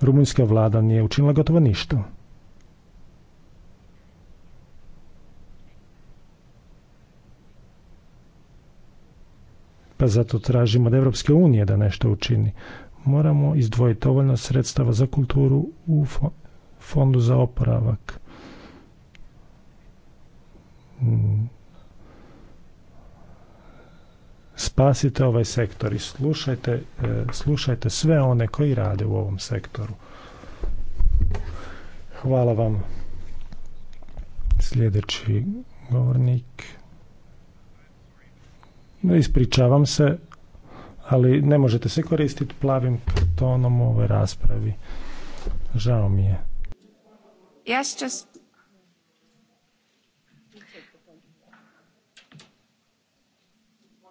Rumunjska vlada nije učinila gotovo ništa. pa zato tražimo od Europske unije da nešto učini. Moramo izdvojiti dovoljno sredstava za kulturu u fondu za oporavak. Mm. Spasite ovaj sektor i slušajte, e, slušajte sve one koji rade u ovom sektoru. Hvala vam. Sljedeći govornik Ispričavam se, ali ne možete se koristiti plavim tonom u ovoj raspravi. Žao mi je.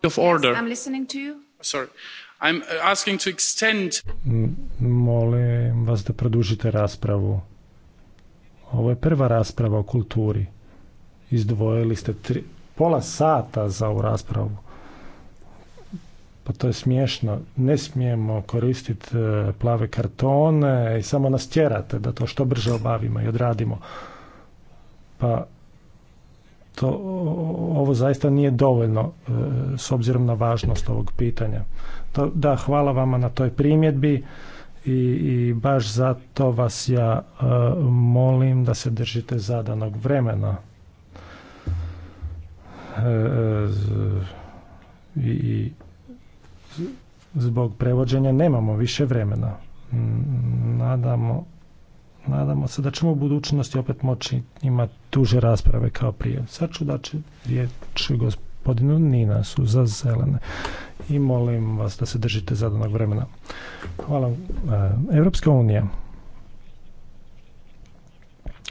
I'm listening to you. Sorry. I'm uh, asking to extend... Molim vas da produžite raspravu. Ovo je prva rasprava o kulturi. Izdvojili ste pola sata za ovu raspravu. Pa to je smiješno. Ne smijemo koristiti e, plave kartone i samo nas tjerate da to što brže obavimo i odradimo. Pa to, ovo zaista nije dovoljno e, s obzirom na važnost ovog pitanja. da, hvala vama na toj primjedbi i, i baš zato vas ja e, molim da se držite zadanog vremena. i zbog prevođenja nemamo više vremena. Mm, nadamo, nadamo se da ćemo u budućnosti opet moći imati tuže rasprave kao prije. Sad ću će riječ gospodinu Ninasu za zelene i molim vas da se držite zadanog vremena. Hvala. E, Evropska unija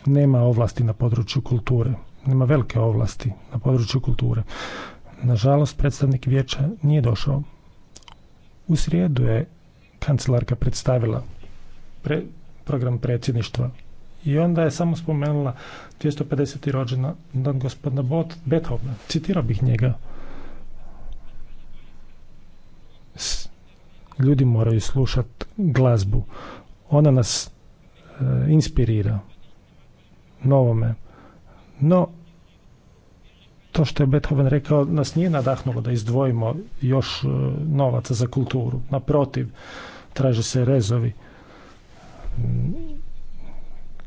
nema ovlasti na području kulture. Nema velike ovlasti na području kulture. Nažalost, predstavnik vijeća nije došao u srijedu je kancelarka predstavila program predsjedništva i onda je samo spomenula 250. rođena dan gospodina Beethovena. Citirao bih njega. ljudi moraju slušat glazbu. Ona nas e, inspirira novome. No, to što je Beethoven rekao nas nije nadahnulo da izdvojimo još e, novaca za kulturu. Naprotiv, traže se rezovi.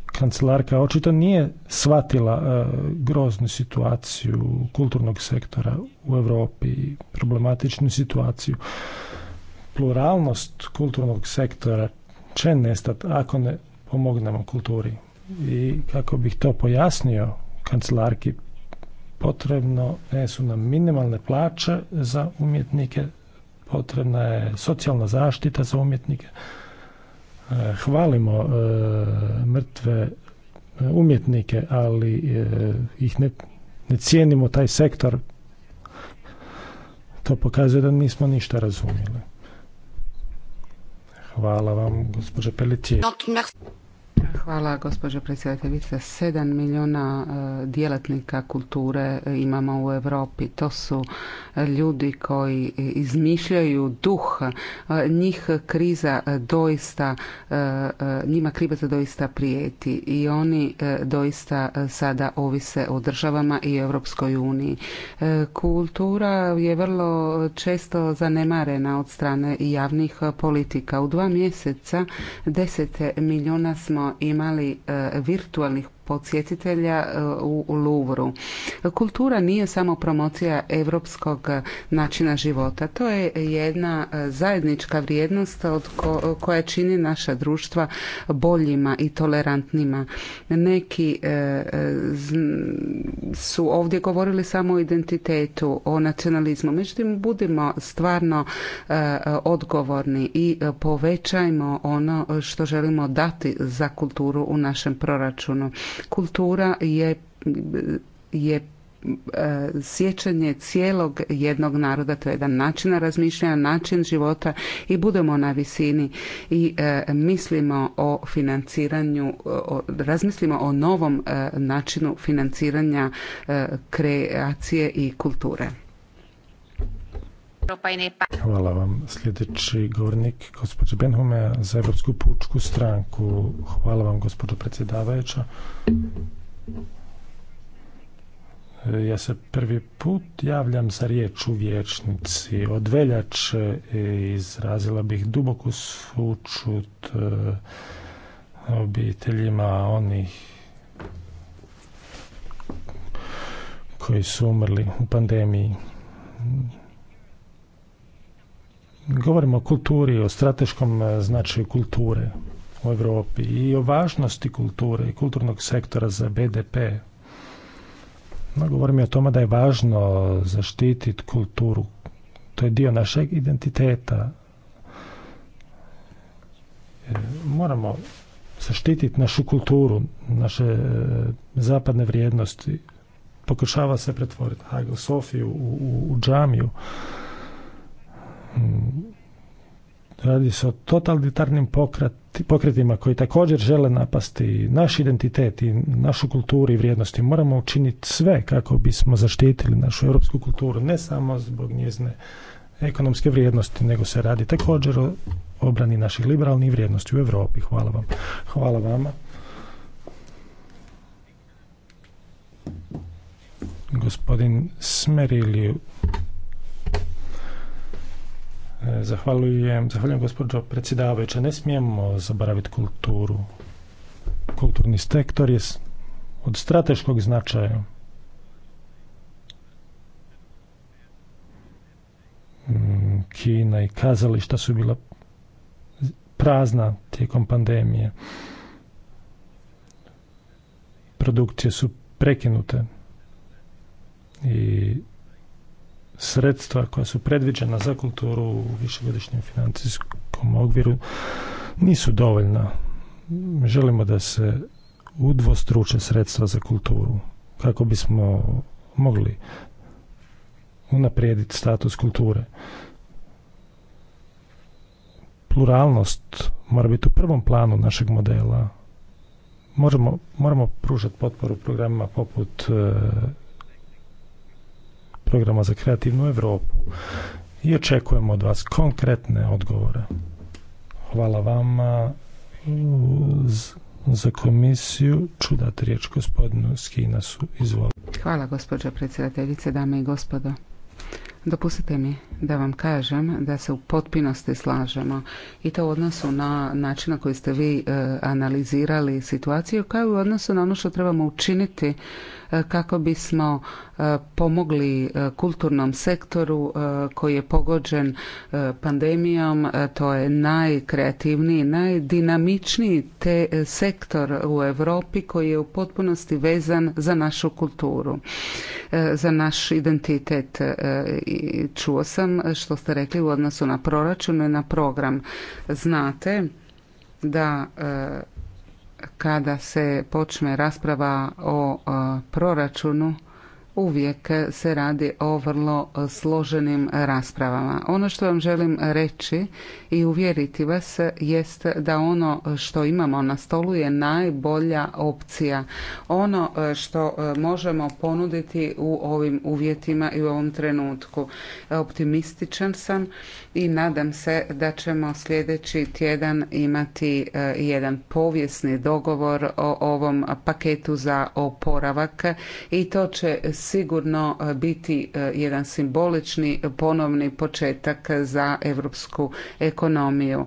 Kancelarka očito nije shvatila e, groznu situaciju kulturnog sektora u Europi, problematičnu situaciju. Pluralnost kulturnog sektora će nestati ako ne pomognemo kulturi. I kako bih to pojasnio kancelarki, potrebno su nam minimalne plaće za umjetnike, potrebna je socijalna zaštita za umjetnike. E, hvalimo e, mrtve e, umjetnike, ali ih ne, ne cijenimo taj sektor. To pokazuje da nismo ništa razumjeli. Hvala vam, gospođe Pelletier. Hvala gospođo predsjedateljice. Sedam milijuna e, djelatnika kulture e, imamo u Europi. To su ljudi koji izmišljaju duh, njih kriza doista, njima kriza doista prijeti i oni doista sada ovise o državama i Europskoj uniji. E, kultura je vrlo često zanemarena od strane javnih politika. U dva mjeseca deset milijuna smo imali virtualnih podsjetitelja e, u Louvru. Kultura nije samo promocija europskog načina života. To je jedna e, zajednička vrijednost od koja čini naša društva boljima i tolerantnima. Neki e, su ovdje govorili samo o identitetu, o nacionalizmu. Međutim, budimo stvarno odgovorni i povećajmo ono što želimo dati za kulturu u našem proračunu. Kultura je, je e, sjećanje cijelog jednog naroda, to je jedan način razmišljanja, način života i budemo na visini i e, mislimo o financiranju, razmislimo o novom e, načinu financiranja kreacije i kulture. Hvala vam. Sljedeći govornik, gospođa Benhume za Evropsku pučku stranku. Hvala vam, gospođo predsjedavajuća. Ja se prvi put javljam za riječ u vječnici. Od veljače izrazila bih duboku sučut e, obiteljima onih koji su umrli u pandemiji. Govorimo o kulturi, o strateškom e, značaju kulture u Europi i o važnosti kulture i kulturnog sektora za BDP. No, govorimo o tome da je važno zaštititi kulturu. To je dio našeg identiteta. E, moramo zaštititi našu kulturu, naše e, zapadne vrijednosti. Pokušava se pretvoriti Hagel u, u, u džamiju. Mm. Radi se o totalitarnim pokretima koji također žele napasti naš identitet i našu kulturu i vrijednosti. Moramo učiniti sve kako bismo zaštitili našu europsku kulturu, ne samo zbog njezne ekonomske vrijednosti, nego se radi također o obrani naših liberalnih vrijednosti u Europi. Hvala vam. Hvala vama. Gospodin Smerilju Zahvaljujem, zahvaljujem gospođo predsjedavajuća. Ne smijemo zaboraviti kulturu. Kulturni sektor je od strateškog značaja. Mm, Kina i kazališta su bila prazna tijekom pandemije. Produkcije su prekinute i sredstva koja su predviđena za kulturu u višegodišnjem financijskom okviru nisu dovoljna. Želimo da se udvostruče sredstva za kulturu kako bismo mogli unaprijediti status kulture. Pluralnost mora biti u prvom planu našeg modela. Moramo, moramo pružati potporu programima poput eh, programa za kreativnu Europu i očekujemo od vas konkretne odgovore. Hvala vama za komisiju. Ću dati riječ gospodinu Skinasu. Izvolite. Hvala gospođo predsjedateljice, dame i gospodo. Dopustite mi da vam kažem da se u potpunosti slažemo i to u odnosu na način na koji ste vi eh, analizirali situaciju kao i u odnosu na ono što trebamo učiniti E, kako bismo e, pomogli e, kulturnom sektoru koji je pogođen pandemijom. To je najkreativniji, najdinamičniji te sektor u Europi koji je u potpunosti vezan za našu kulturu, za naš identitet. Čuo sam što ste rekli u odnosu na proračun i na program. Znate da kada se počne rasprava o e, proračunu uvijek se radi o vrlo složenim raspravama. Ono što vam želim reći i uvjeriti vas jest da ono što imamo na stolu je najbolja opcija. Ono e, što e, možemo ponuditi u ovim uvjetima i u ovom trenutku. Optimističan sam i nadam se da ćemo sljedeći tjedan imati e, jedan povijesni dogovor o ovom paketu za oporavak i to će sigurno e, biti e, jedan simbolični ponovni početak za europsku ekonomiju.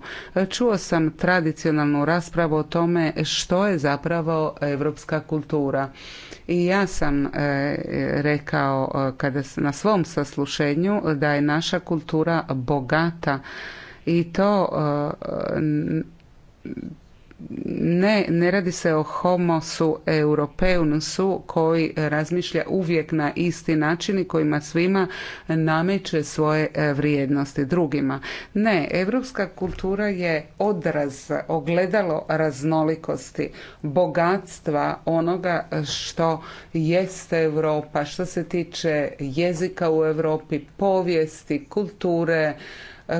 Čuo sam tradicionalnu raspravu o tome što je zapravo europska kultura. I ja sam rekao kada na svom saslušenju da je naša kultura bogata rata i to e, ne, ne radi se o homosu europeunusu koji razmišlja uvijek na isti način i kojima svima nameće svoje e, vrijednosti drugima. Ne, europska kultura je odraz, ogledalo raznolikosti, bogatstva onoga što jeste Europa, što se tiče jezika u Europi, povijesti, kulture,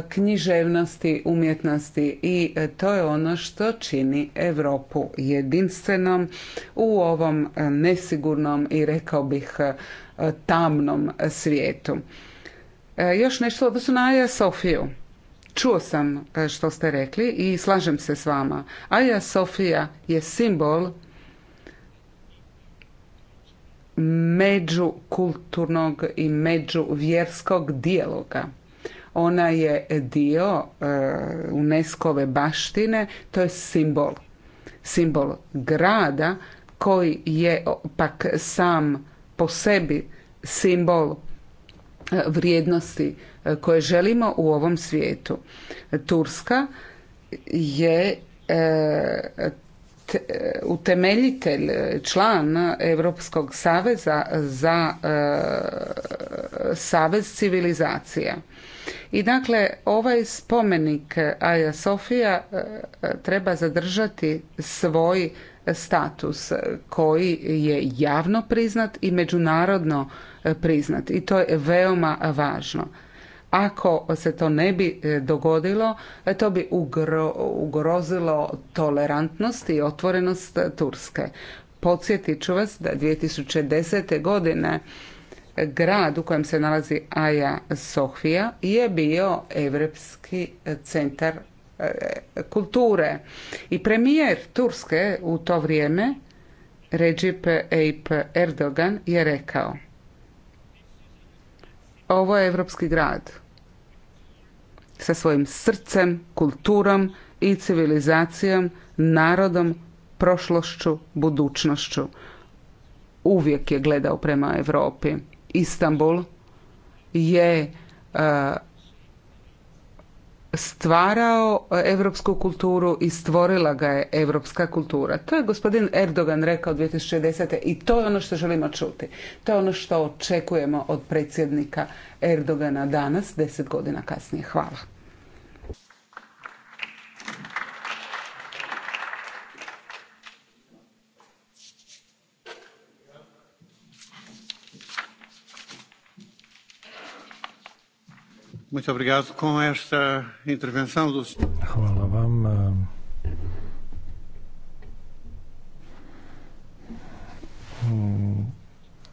književnosti, umjetnosti i e, to je ono što čini Europu jedinstvenom u ovom e, nesigurnom i rekao bih e, tamnom svijetu. Još nešto odnosno na Sofiju. Čuo sam što ste rekli i slažem se s vama. Aja Sofija je simbol međukulturnog i međuvjerskog dijaloga. Ona je dio e, UNESCO-ve baštine, to je simbol. Simbol grada koji je pak sam po sebi simbol e, vrijednosti e, koje želimo u ovom svijetu. Turska je utemeljitelj, član Europskog saveza za savez civilizacija. I dakle, ovaj spomenik Aja Sofija e, e, treba zadržati svoj status koji je javno priznat i međunarodno e, priznat i to je veoma važno. Ako se to ne bi dogodilo, to bi ugrozilo tolerantnost i otvorenost Turske. Podsjetit ću vas da 2010. godine grad u kojem se nalazi Aja Sofija je bio Evropski centar eh, kulture. I premijer Turske u to vrijeme, Recep Tayyip Erdogan, je rekao ovo je Evropski grad sa svojim srcem, kulturom i civilizacijom, narodom, prošlošću, budućnošću. Uvijek je gledao prema Europi. Istanbul je e, stvarao europsku kulturu i stvorila ga je europska kultura. To je gospodin Erdogan rekao 2010. i to je ono što želimo čuti. To je ono što očekujemo od predsjednika Erdogana danas, deset godina kasnije. Hvala. Muito obrigado com Hvala vam. Eh,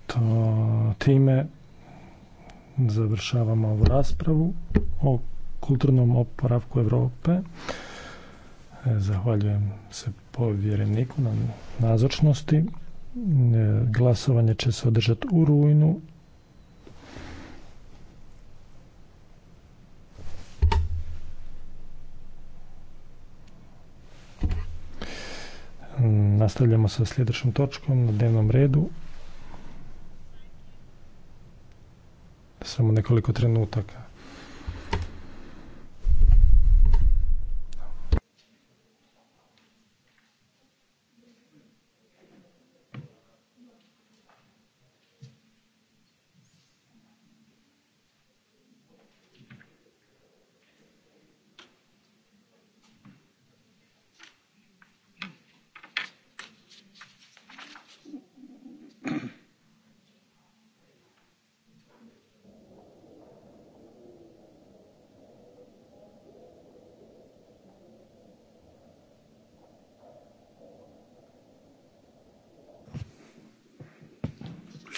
to time završavamo ovu raspravu o kulturnom oporavku Europe. Eh, zahvaljujem se povjereniku na nazočnosti. Eh, glasovanje će se održati u rujnu. Nastavljamo sa sljedećom točkom na dnevnom redu. Samo nekoliko trenutaka.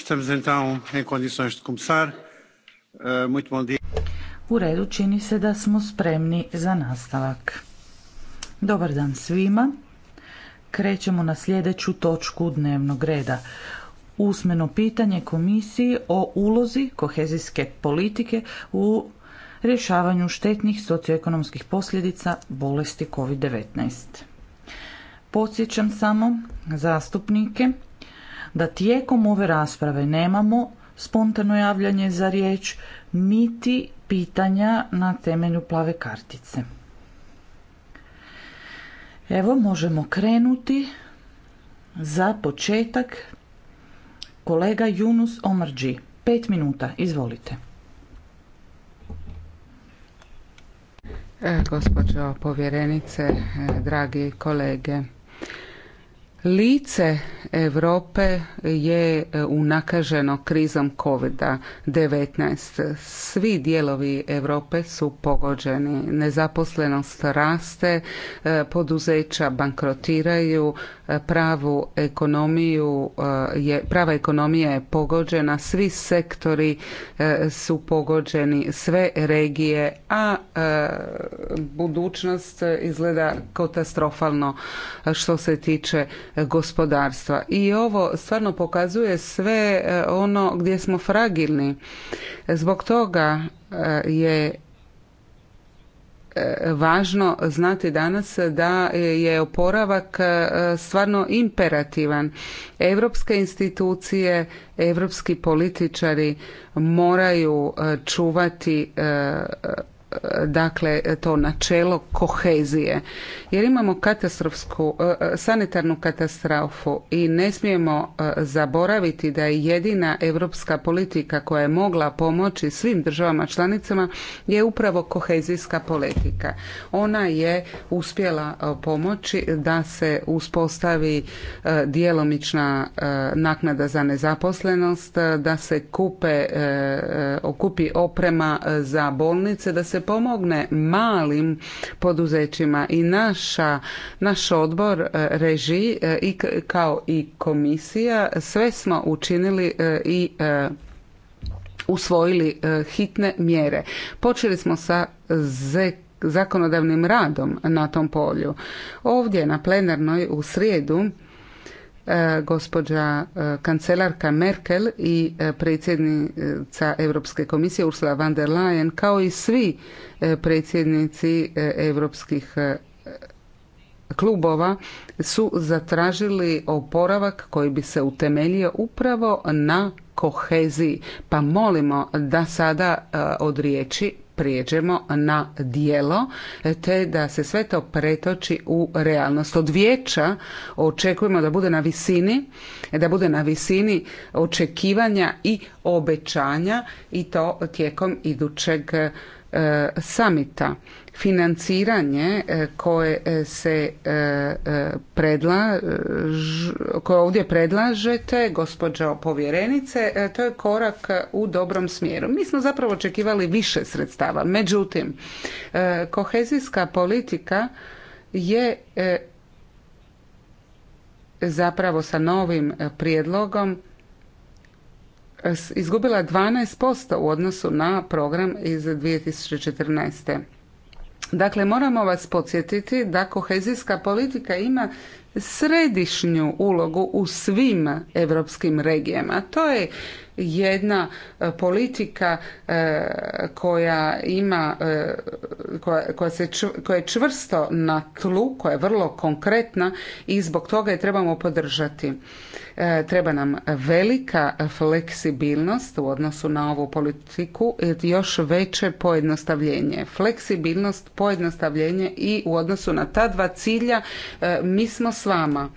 E, u redu čini se da smo spremni za nastavak. Dobar dan svima. Krećemo na sljedeću točku dnevnog reda. Usmeno pitanje komisiji o ulozi kohezijske politike u rješavanju štetnih socioekonomskih posljedica bolesti COVID-19. Podsjećam samo zastupnike da tijekom ove rasprave nemamo spontano javljanje za riječ niti pitanja na temelju plave kartice. Evo možemo krenuti za početak kolega Junus Omrđi. Pet minuta, izvolite. E, gospođo povjerenice, e, dragi kolege, Lice Europe je e, unakaženo krizom COVID-19. Svi dijelovi Europe su pogođeni. Nezaposlenost raste, e, poduzeća bankrotiraju, pravu ekonomiju eh, je, prava ekonomija je pogođena, svi sektori eh, su pogođeni, sve regije, a eh, budućnost izgleda katastrofalno što se tiče gospodarstva. I ovo stvarno pokazuje sve ono gdje smo fragilni. Zbog toga je važno znati danas da je oporavak e, stvarno imperativan. Europske institucije, europski političari moraju e, čuvati e, dakle to načelo kohezije jer imamo katastrofsku e, e, sanitarnu katastrofu i ne smijemo e, zaboraviti da je jedina europska politika koja je mogla pomoći svim državama članicama je upravo kohezijska politika. Ona je uspjela pomoći da se uspostavi djelomična naknada za nezaposlenost, da se kupe okupi oprema za bolnice, da se pomogne malim poduzećima i naša, naš odbor e, reži e, i kao i komisija sve smo učinili e, i usvojili hitne mjere. Počeli smo sa zakonodavnim radom na tom polju. Ovdje na plenarnoj u srijedu E, gospođa e, kancelarka Merkel i e, predsjednica Europske komisije Ursula von der Leyen kao i svi predsjednici europskih klubova su zatražili oporavak koji bi se utemeljio upravo na koheziji. Pa molimo da sada od riječi prijeđemo na dijelo te da se sve to pretoči u realnost. Od vijeća očekujemo da bude na visini, da bude na visini očekivanja i obećanja i to tijekom idućeg e, samita financiranje e, koje e, se e, predla, koje ovdje predlažete, gospođo povjerenice, to je korak u dobrom smjeru. Mi smo zapravo očekivali više sredstava. Međutim, kohezijska politika je zapravo sa novim prijedlogom izgubila 12% u odnosu na program iz 2014. Dakle, moramo vas podsjetiti da kohezijska politika ima središnju ulogu u svim europskim regijama. To je jedna e, politika e, koja ima, e, koja, koja, se, koja je čvrsto na tlu, koja je vrlo konkretna i zbog toga je trebamo podržati. E, treba nam velika fleksibilnost u odnosu na ovu politiku i e, još veće pojednostavljenje. Fleksibilnost, pojednostavljenje i u odnosu na ta dva cilja e, mi smo s vama.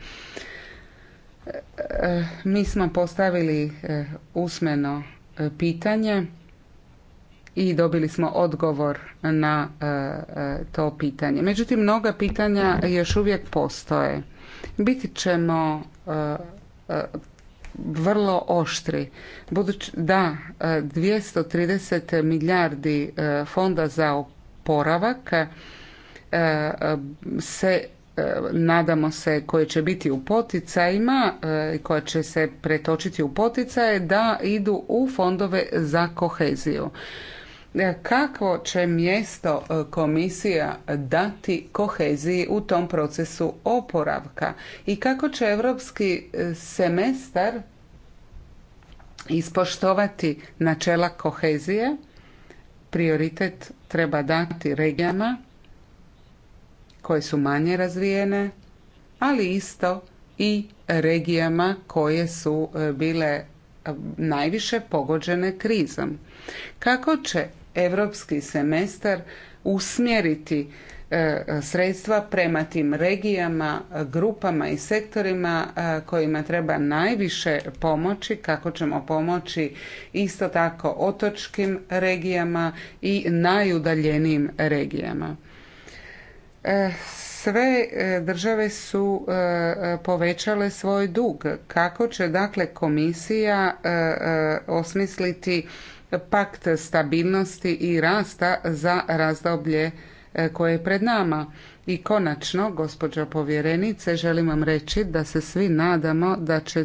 Mi smo postavili usmeno pitanje i dobili smo odgovor na to pitanje. Međutim, mnoga pitanja još uvijek postoje. Biti ćemo E, vrlo oštri. Budući da 230 e, milijardi e, fonda za oporavak se nadamo se koje će biti u poticajima i koja će se pretočiti u poticaje da idu u fondove za koheziju. E, kako će mjesto e, komisija dati koheziji u tom procesu oporavka i kako će europski e, semestar ispoštovati načela kohezije prioritet treba dati regijama koje su manje razvijene ali isto i regijama koje su bile najviše pogođene krizom kako će europski semestar usmjeriti e, sredstva prema tim regijama, grupama i sektorima e, kojima treba najviše pomoći, kako ćemo pomoći isto tako otočkim regijama i najudaljenijim regijama. E, sve države su povećale svoj dug. Kako će dakle komisija osmisliti pakt stabilnosti i rasta za razdoblje e, koje je pred nama. I konačno, gospođo povjerenice, želim vam reći da se svi nadamo da će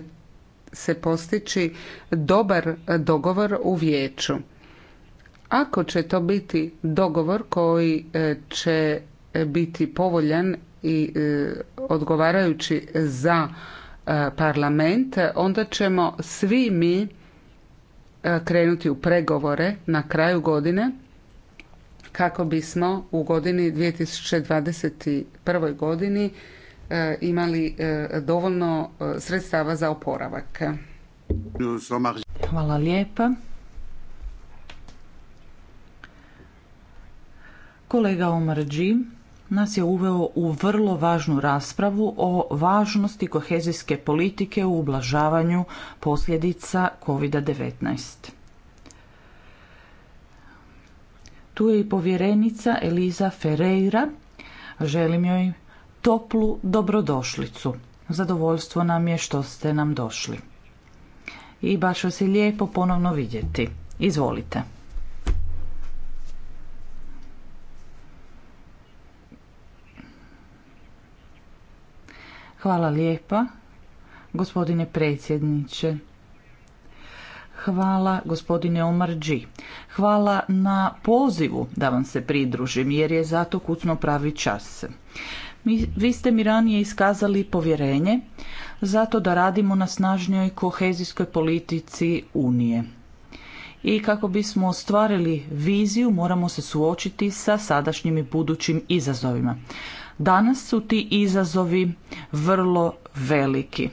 se postići dobar dogovor u vijeću. Ako će to biti dogovor koji e, će biti povoljan i e, odgovarajući za parlament, onda ćemo svi mi E, krenuti u pregovore na kraju godine kako bismo u godini 2021. godini e, imali e, dovoljno sredstava za oporavak. Hvala lijepa. Kolega Omar nas je uveo u vrlo važnu raspravu o važnosti kohezijske politike u ublažavanju posljedica COVID-19. Tu je i povjerenica Eliza Ferreira. Želim joj toplu dobrodošlicu. Zadovoljstvo nam je što ste nam došli. I baš vas je lijepo ponovno vidjeti. Izvolite. Hvala lijepa, gospodine predsjedniče. Hvala gospodine Omarđi. Hvala na pozivu da vam se pridružim jer je zato kucno pravi čas. vi ste mi ranije iskazali povjerenje zato da radimo na snažnjoj kohezijskoj politici Unije. I kako bismo ostvarili viziju moramo se suočiti sa sadašnjim i budućim izazovima. Danas su ti izazovi vrlo veliki.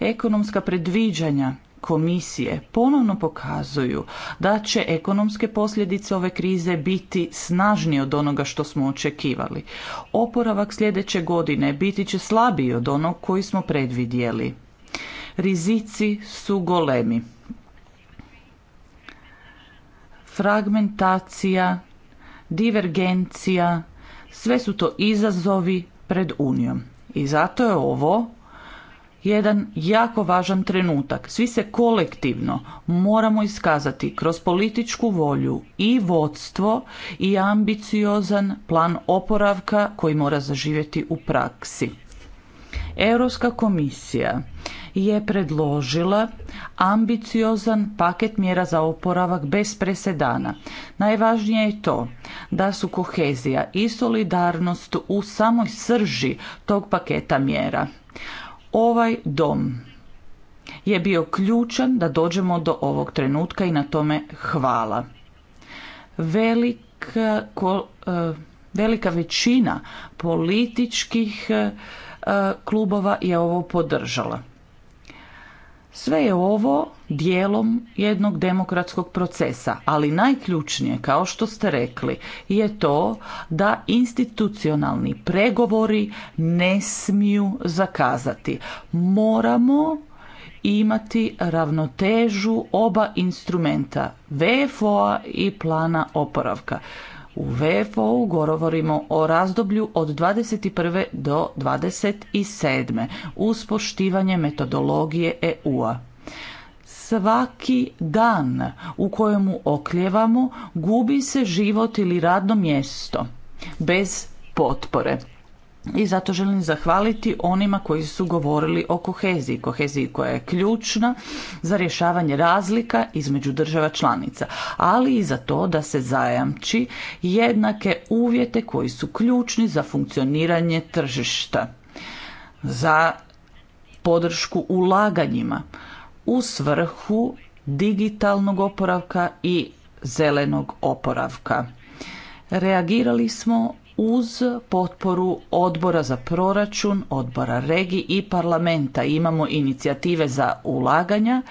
Ekonomska predviđanja komisije ponovno pokazuju da će ekonomske posljedice ove krize biti snažnije od onoga što smo očekivali. Oporavak sljedeće godine biti će slabiji od onog koji smo predvidjeli. Rizici su golemi. Fragmentacija, divergencija, sve su to izazovi pred Unijom. I zato je ovo jedan jako važan trenutak. Svi se kolektivno moramo iskazati kroz političku volju i vodstvo i ambiciozan plan oporavka koji mora zaživjeti u praksi. Europska komisija je predložila ambiciozan paket mjera za oporavak bez presedana. Najvažnije je to da su kohezija i solidarnost u samoj srži tog paketa mjera. Ovaj dom je bio ključan da dođemo do ovog trenutka i na tome hvala. Velika, eh, eh, velika većina političkih eh, klubova je ovo podržala. Sve je ovo dijelom jednog demokratskog procesa, ali najključnije, kao što ste rekli, je to da institucionalni pregovori ne smiju zakazati. Moramo imati ravnotežu oba instrumenta, VFO-a i plana oporavka. U VFO-u govorimo o razdoblju od 21. do 27. uz poštivanje metodologije EU-a. Svaki dan u kojemu okljevamo gubi se život ili radno mjesto bez potpore i zato želim zahvaliti onima koji su govorili o koheziji, koheziji koja je ključna za rješavanje razlika između država članica, ali i za to da se zajamči jednake uvjete koji su ključni za funkcioniranje tržišta, za podršku ulaganjima u svrhu digitalnog oporavka i zelenog oporavka. Reagirali smo uz potporu odbora za proračun, odbora regi i parlamenta. Imamo inicijative za ulaganja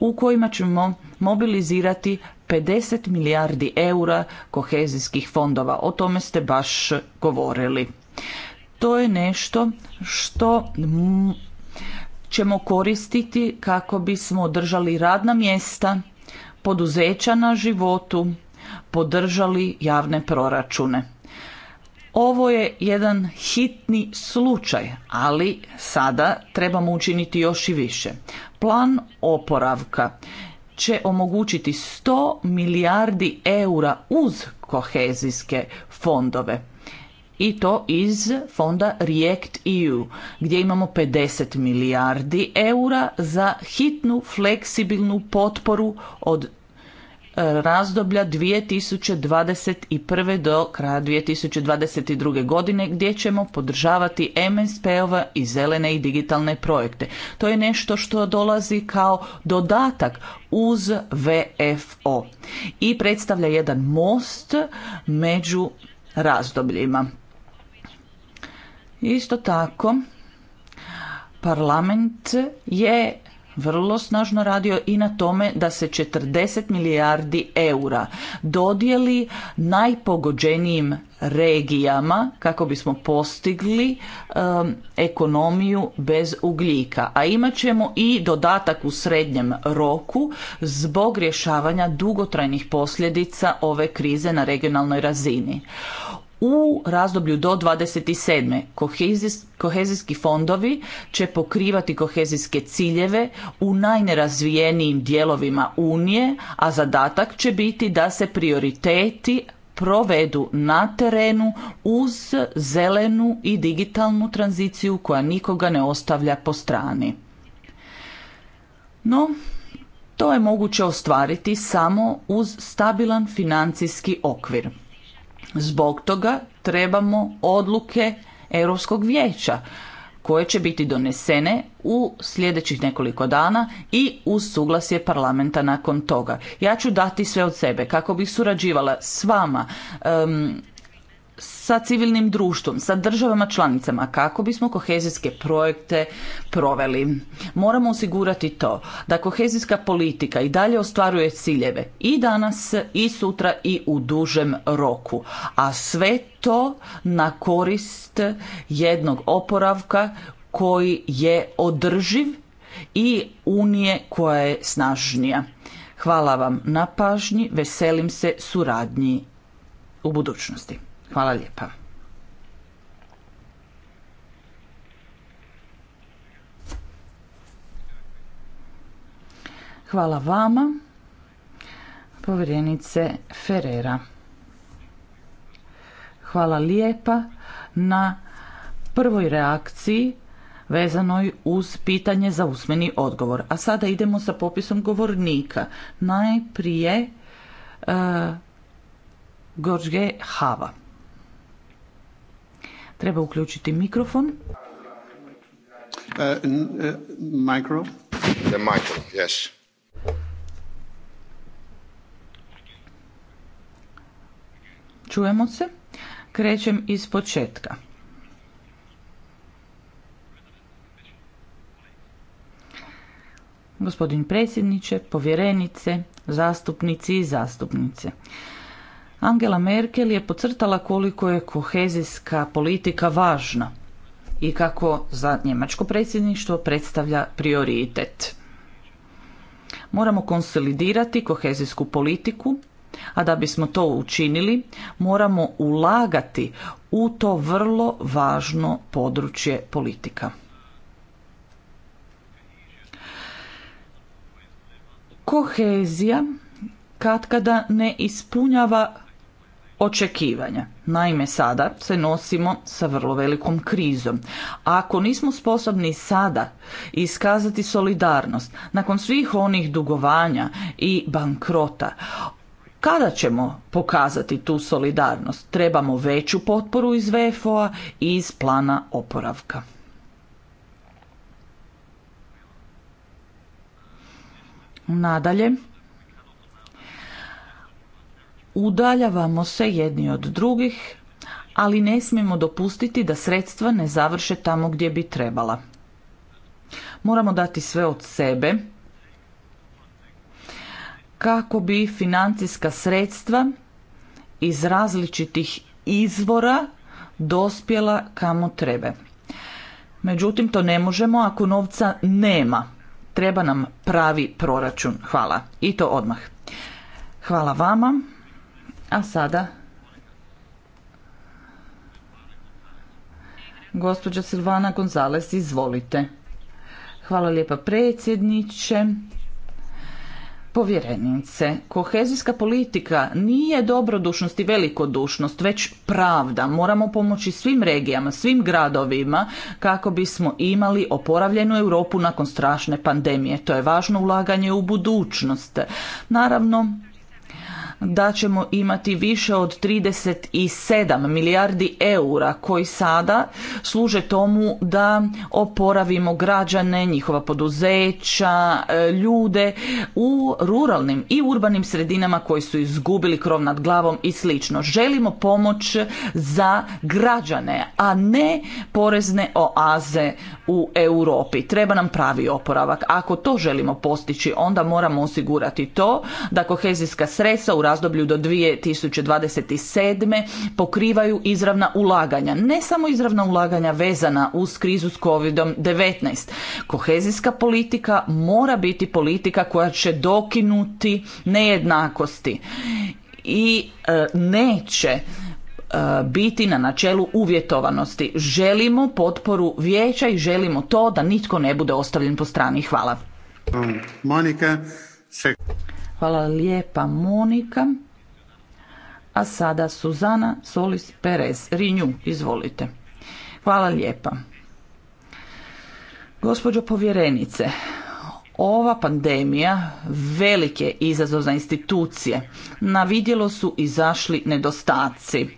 u kojima ćemo mobilizirati 50 milijardi eura kohezijskih fondova. O tome ste baš govorili. To je nešto što ćemo koristiti kako bismo održali radna mjesta, poduzeća na životu, podržali javne proračune. Ovo je jedan hitni slučaj, ali sada trebamo učiniti još i više. Plan oporavka će omogućiti 100 milijardi eura uz kohezijske fondove i to iz fonda React EU gdje imamo 50 milijardi eura za hitnu fleksibilnu potporu od razdoblja 2021. do kraja 2022. godine gdje ćemo podržavati MSP-ova i zelene i digitalne projekte. To je nešto što dolazi kao dodatak uz VFO i predstavlja jedan most među razdobljima. Isto tako, parlament je vrlo snažno radio i na tome da se 40 milijardi eura dodijeli najpogođenijim regijama kako bismo postigli um, ekonomiju bez ugljika a imat ćemo i dodatak u srednjem roku zbog rješavanja dugotrajnih posljedica ove krize na regionalnoj razini u razdoblju do 27. Kohezis, kohezijski fondovi će pokrivati kohezijske ciljeve u najnerazvijenijim dijelovima Unije, a zadatak će biti da se prioriteti provedu na terenu uz zelenu i digitalnu tranziciju koja nikoga ne ostavlja po strani. No, to je moguće ostvariti samo uz stabilan financijski okvir. Zbog toga trebamo odluke Europskog vijeća koje će biti donesene u sljedećih nekoliko dana i uz suglasje parlamenta nakon toga. Ja ću dati sve od sebe kako bih surađivala s vama, sa civilnim društvom, sa državama članicama kako bismo kohezijske projekte proveli. Moramo osigurati to da kohezijska politika i dalje ostvaruje ciljeve i danas i sutra i u dužem roku, a sve to na korist jednog oporavka koji je održiv i unije koja je snažnija. Hvala vam na pažnji, veselim se suradnji u budućnosti. Hvala lijepa. Hvala vama, povjerenice Ferrera. Hvala lijepa na prvoj reakciji vezanoj uz pitanje za usmeni odgovor. A sada idemo sa popisom govornika. Najprije uh, Hava. Treba uključiti mikrofon. Uh, uh, Čujemo se. Krećem iz početka. Gospodin predsjedniče, povjerenice, zastupnici i zastupnice. Angela Merkel je pocrtala koliko je kohezijska politika važna i kako za njemačko predsjedništvo predstavlja prioritet. Moramo konsolidirati kohezijsku politiku, a da bismo to učinili, moramo ulagati u to vrlo važno područje politika. Kohezija katkada ne ispunjava očekivanja. Naime, sada se nosimo sa vrlo velikom krizom. ako nismo sposobni sada iskazati solidarnost nakon svih onih dugovanja i bankrota, kada ćemo pokazati tu solidarnost? Trebamo veću potporu iz VFO-a i iz plana oporavka. Nadalje, Udaljavamo se jedni od drugih, ali ne smijemo dopustiti da sredstva ne završe tamo gdje bi trebala. Moramo dati sve od sebe kako bi financijska sredstva iz različitih izvora dospjela kamo treba. Međutim, to ne možemo ako novca nema. Treba nam pravi proračun. Hvala. I to odmah. Hvala vama. A sada... Gospođa Silvana Gonzalez, izvolite. Hvala lijepa predsjedniče. Povjerenice, kohezijska politika nije dobrodušnost i velikodušnost, već pravda. Moramo pomoći svim regijama, svim gradovima kako bismo imali oporavljenu Europu nakon strašne pandemije. To je važno ulaganje u budućnost. Naravno, da ćemo imati više od 37 milijardi eura koji sada služe tomu da oporavimo građane, njihova poduzeća, e, ljude u ruralnim i urbanim sredinama koji su izgubili krov nad glavom i slično. Želimo pomoć za građane, a ne porezne oaze u Europi. Treba nam pravi oporavak. Ako to želimo postići, onda moramo osigurati to da kohezijska sredstva u razdoblju do 2027. pokrivaju izravna ulaganja. Ne samo izravna ulaganja vezana uz krizu s COVID-19. Kohezijska politika mora biti politika koja će dokinuti nejednakosti i e, neće e, biti na načelu uvjetovanosti. Želimo potporu vijeća i želimo to da nitko ne bude ostavljen po strani. Hvala. Monika, se... Hvala lijepa Monika. A sada Suzana Solis Perez. Rinju, izvolite. Hvala lijepa. Gospođo povjerenice, ova pandemija velike je izazov za institucije. Na vidjelo su izašli nedostaci.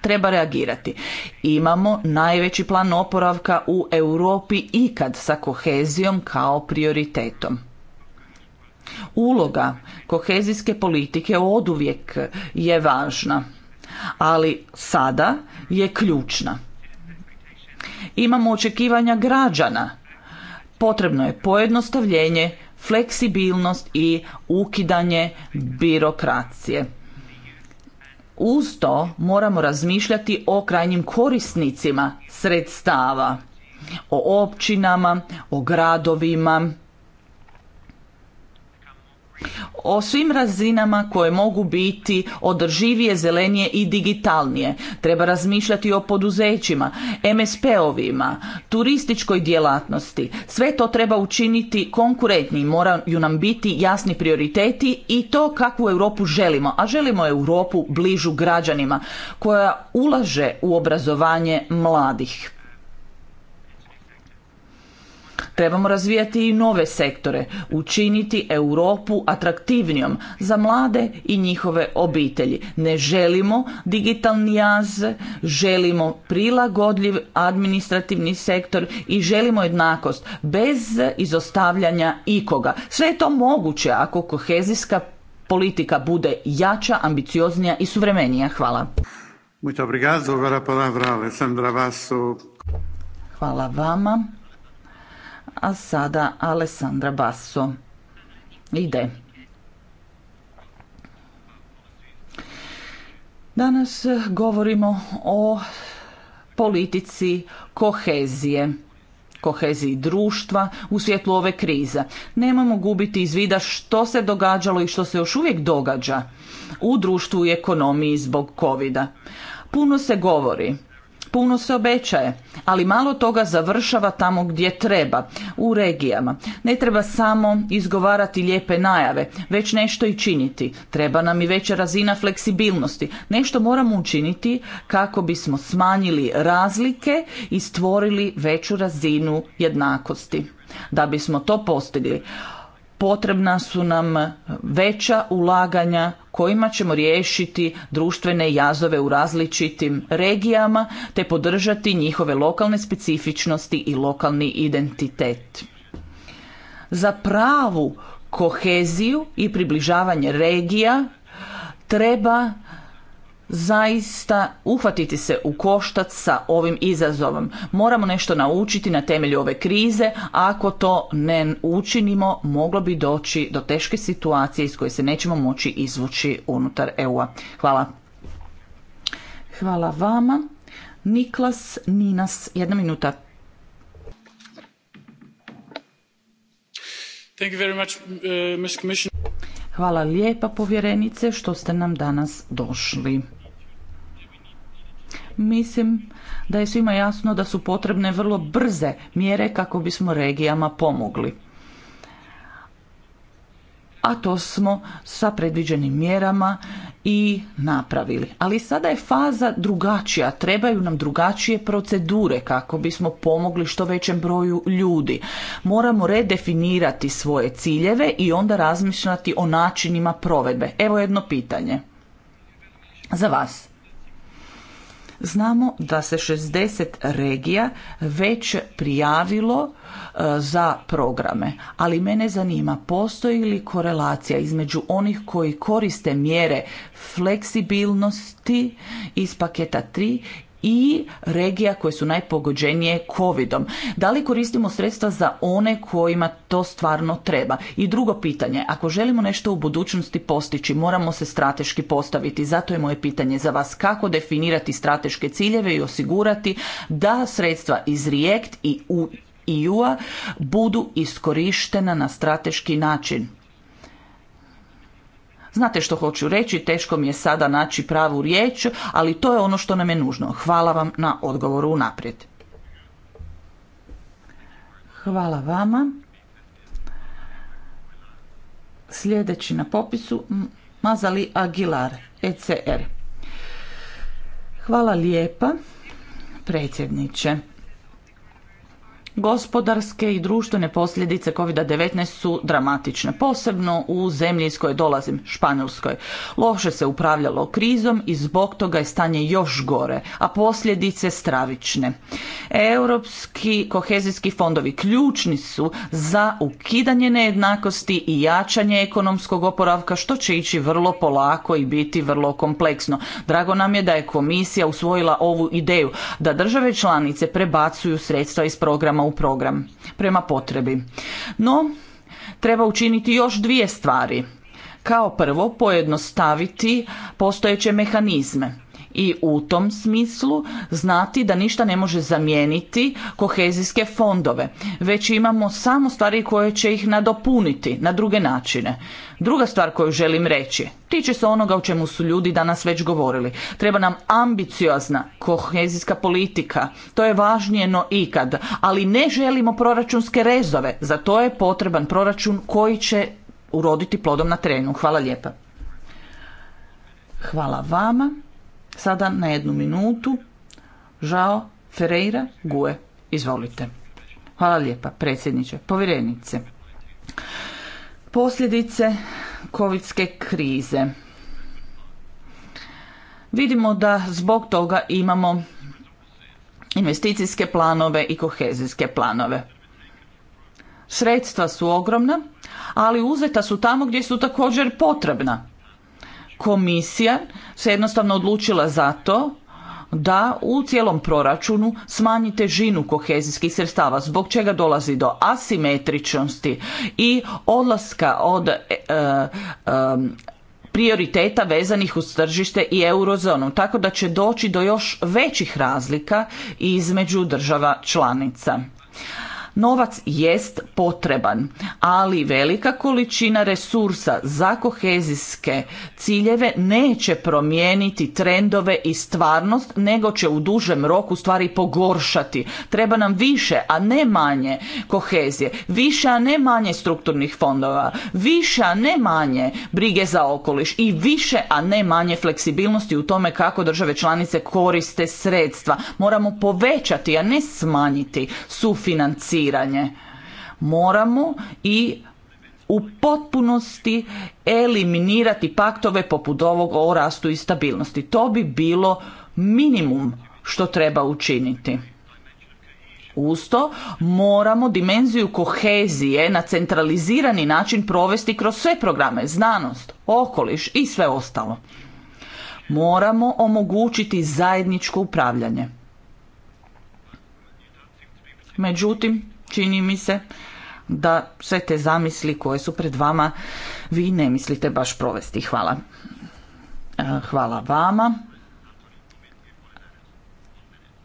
Treba reagirati. Imamo najveći plan oporavka u Europi ikad sa kohezijom kao prioritetom. Uloga kohezijske politike oduvijek je važna, ali sada je ključna. Imamo očekivanja građana. Potrebno je pojednostavljenje, fleksibilnost i ukidanje birokracije. Uz to moramo razmišljati o krajnjim korisnicima sredstava, o općinama, o gradovima, o svim razinama koje mogu biti održivije, zelenije i digitalnije. Treba razmišljati o poduzećima, MSP-ovima, turističkoj djelatnosti. Sve to treba učiniti konkurentnim. Moraju nam biti jasni prioriteti i to kakvu Europu želimo. A želimo Europu bližu građanima koja ulaže u obrazovanje mladih. Trebamo razvijati i nove sektore, učiniti Europu atraktivnijom za mlade i njihove obitelji. Ne želimo digitalni jaz, želimo prilagodljiv administrativni sektor i želimo jednakost bez izostavljanja ikoga. Sve je to moguće ako kohezijska politika bude jača, ambicioznija i suvremenija. Hvala. Hvala vama. A sada Alessandra Basso. Ide. Danas govorimo o politici kohezije koheziji društva u svjetlu ove krize. Nemamo gubiti iz vida što se događalo i što se još uvijek događa u društvu i ekonomiji zbog covida. Puno se govori Puno se obećaje, ali malo toga završava tamo gdje treba, u regijama. Ne treba samo izgovarati lijepe najave, već nešto i činiti. Treba nam i veća razina fleksibilnosti. Nešto moramo učiniti kako bismo smanjili razlike i stvorili veću razinu jednakosti. Da bismo to postigli, potrebna su nam veća ulaganja kojima ćemo riješiti društvene jazove u različitim regijama te podržati njihove lokalne specifičnosti i lokalni identitet. Za pravu koheziju i približavanje regija treba zaista uhvatiti se u koštac sa ovim izazovom. Moramo nešto naučiti na temelju ove krize, a ako to ne učinimo, moglo bi doći do teške situacije iz koje se nećemo moći izvući unutar EU-a. Hvala. Hvala vama. Niklas Ninas, jedna minuta. Uh, Hvala lijepa povjerenice što ste nam danas došli. Mislim da je svima jasno da su potrebne vrlo brze mjere kako bismo regijama pomogli. A to smo sa predviđenim mjerama i napravili. Ali sada je faza drugačija, trebaju nam drugačije procedure kako bismo pomogli što većem broju ljudi. Moramo redefinirati svoje ciljeve i onda razmišljati o načinima provedbe. Evo jedno pitanje za vas. Znamo da se 60 regija već prijavilo e, za programe, ali mene zanima postoji li korelacija između onih koji koriste mjere fleksibilnosti iz paketa 3 i regija koje su najpogođenije covidom? Da li koristimo sredstva za one kojima to stvarno treba? I drugo pitanje, ako želimo nešto u budućnosti postići, moramo se strateški postaviti. Zato je moje pitanje za vas kako definirati strateške ciljeve i osigurati da sredstva iz REACT i EU-a budu iskorištena na strateški način. Znate što hoću reći, teško mi je sada naći pravu riječ, ali to je ono što nam je nužno. Hvala vam na odgovoru unaprijed. Hvala vama. Sljedeći na popisu Mazali Aguilar, ECR. Hvala lijepa, predsjedniče. Gospodarske i društvene posljedice COVID-19 su dramatične, posebno u zemlji iz koje dolazim, Španjolskoj. Loše se upravljalo krizom i zbog toga je stanje još gore, a posljedice stravične. Europski kohezijski fondovi ključni su za ukidanje nejednakosti i jačanje ekonomskog oporavka, što će ići vrlo polako i biti vrlo kompleksno. Drago nam je da je komisija usvojila ovu ideju da države članice prebacuju sredstva iz programa u program prema potrebi. No, treba učiniti još dvije stvari. Kao prvo, pojednostaviti postojeće mehanizme i u tom smislu znati da ništa ne može zamijeniti kohezijske fondove, već imamo samo stvari koje će ih nadopuniti na druge načine. Druga stvar koju želim reći tiče se onoga o čemu su ljudi danas već govorili. Treba nam ambiciozna kohezijska politika. To je važnije no ikad, ali ne želimo proračunske rezove. Za to je potreban proračun koji će uroditi plodom na trenu. Hvala lijepa. Hvala vama. Sada na jednu minutu, Žao Ferreira Gue. Izvolite. Hvala lijepa, predsjedniče, povjerenice. Posljedice kovidske krize. Vidimo da zbog toga imamo investicijske planove i kohezijske planove. Sredstva su ogromna, ali uzeta su tamo gdje su također potrebna komisija se jednostavno odlučila za to da u cijelom proračunu smanji težinu kohezijskih sredstava zbog čega dolazi do asimetričnosti i odlaska od e, e, prioriteta vezanih uz tržište i eurozonu tako da će doći do još većih razlika između država članica. Novac jest potreban, ali velika količina resursa za kohezijske ciljeve neće promijeniti trendove i stvarnost, nego će u dužem roku stvari pogoršati. Treba nam više, a ne manje kohezije, više, a ne manje strukturnih fondova, više, a ne manje brige za okoliš i više, a ne manje fleksibilnosti u tome kako države članice koriste sredstva. Moramo povećati, a ne smanjiti sufinanciranje Moramo i u potpunosti eliminirati paktove poput ovog o rastu i stabilnosti. To bi bilo minimum što treba učiniti. Usto moramo dimenziju kohezije na centralizirani način provesti kroz sve programe, znanost, okoliš i sve ostalo. Moramo omogućiti zajedničko upravljanje. Međutim, čini mi se da sve te zamisli koje su pred vama vi ne mislite baš provesti. Hvala. E, hvala vama.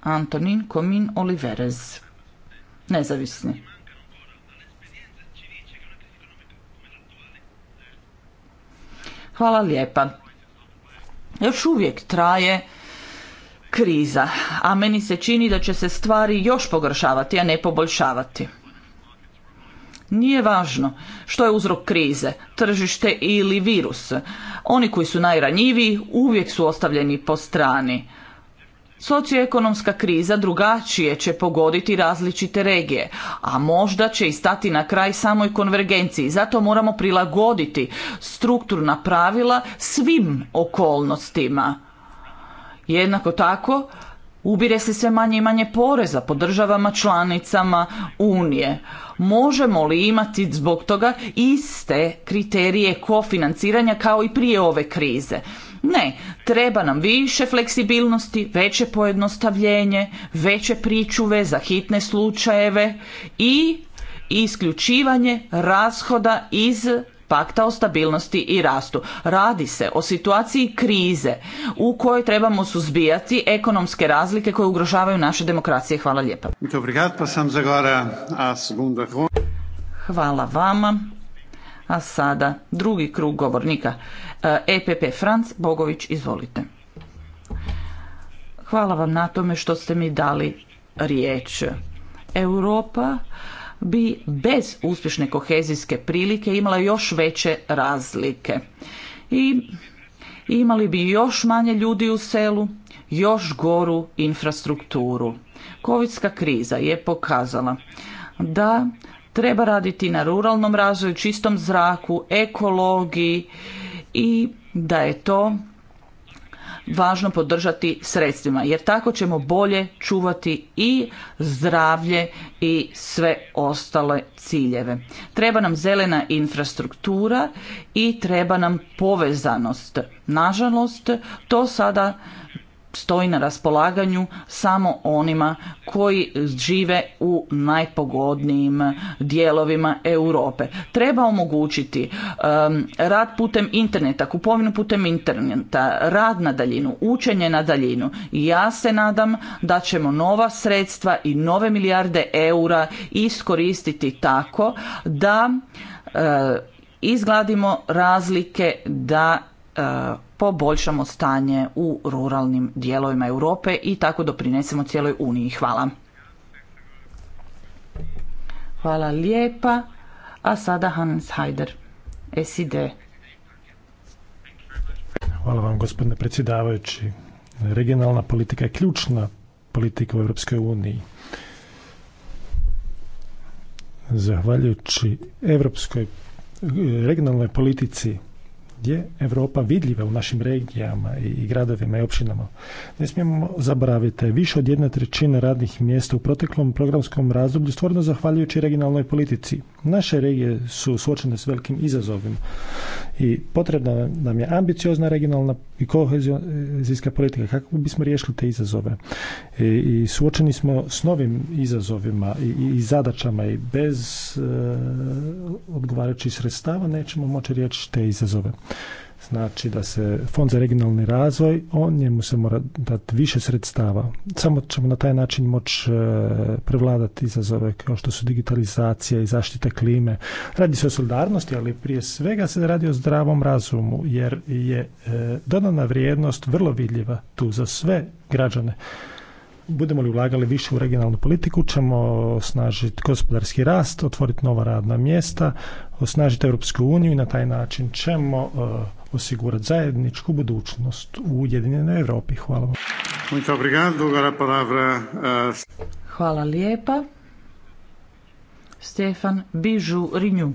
Antonin Komin Oliverez. Nezavisni. Hvala lijepa. Još uvijek traje kriza, a meni se čini da će se stvari još pogoršavati, a ne poboljšavati. Nije važno što je uzrok krize, tržište ili virus. Oni koji su najranjiviji uvijek su ostavljeni po strani. Socioekonomska kriza drugačije će pogoditi različite regije, a možda će i stati na kraj samoj konvergenciji. Zato moramo prilagoditi strukturna pravila svim okolnostima Jednako tako ubire se sve manje i manje poreza po državama članicama Unije. Možemo li imati zbog toga iste kriterije kofinanciranja kao i prije ove krize? Ne, treba nam više fleksibilnosti, veće pojednostavljenje, veće pričuve za hitne slučajeve i isključivanje rashoda iz pakta o stabilnosti i rastu. Radi se o situaciji krize u kojoj trebamo suzbijati ekonomske razlike koje ugrožavaju naše demokracije. Hvala lijepa. Hvala vama. A sada drugi krug govornika. EPP e Franc Bogović, izvolite. Hvala vam na tome što ste mi dali riječ. Europa bi bez uspješne kohezijske prilike imala još veće razlike. I imali bi još manje ljudi u selu, još goru infrastrukturu. Kovidska kriza je pokazala da treba raditi na ruralnom razvoju, čistom zraku, ekologiji i da je to važno podržati sredstvima jer tako ćemo bolje čuvati i zdravlje i sve ostale ciljeve. Treba nam zelena infrastruktura i treba nam povezanost. Nažalost, to sada stoji na raspolaganju samo onima koji žive u najpogodnijim dijelovima Europe. Treba omogućiti um, rad putem interneta, kupovinu putem interneta, rad na daljinu, učenje na daljinu. I ja se nadam da ćemo nova sredstva i nove milijarde eura iskoristiti tako da uh, izgladimo razlike da uh, poboljšamo stanje u ruralnim dijelovima Europe i tako doprinesemo cijeloj Uniji. Hvala. Hvala lijepa. A sada Hans Haider, SID. Hvala vam gospodine predsjedavajući. Regionalna politika je ključna politika u Europskoj uniji. Zahvaljujući europskoj regionalnoj politici je Europa vidljiva u našim regijama i gradovima i općinama. Ne smijemo zaboraviti, više od jedne trećine radnih mjesta u proteklom programskom razdoblju stvoreno zahvaljujući regionalnoj politici. Naše regije su suočene s velikim izazovima i potrebna nam je ambiciozna regionalna i kohezijska politika kako bismo riješili te izazove. E, I, suočeni smo s novim izazovima i, i, i zadaćama i bez e, odgovarajućih sredstava nećemo moći riješiti te izazove znači da se Fond za regionalni razvoj, on njemu se mora dati više sredstava. Samo ćemo na taj način moći e, prevladati izazove kao što su digitalizacija i zaštita klime. Radi se o solidarnosti, ali prije svega se radi o zdravom razumu, jer je e, dodana vrijednost vrlo vidljiva tu za sve građane. Budemo li ulagali više u regionalnu politiku, ćemo snažiti gospodarski rast, otvoriti nova radna mjesta, osnažiti Europsku uniju i na taj način ćemo e, osigurati zajedničku budućnost u Ujedinjenoj Europi. Hvala vam. Eh, Hvala lijepa. Stefan Bižu Rinju.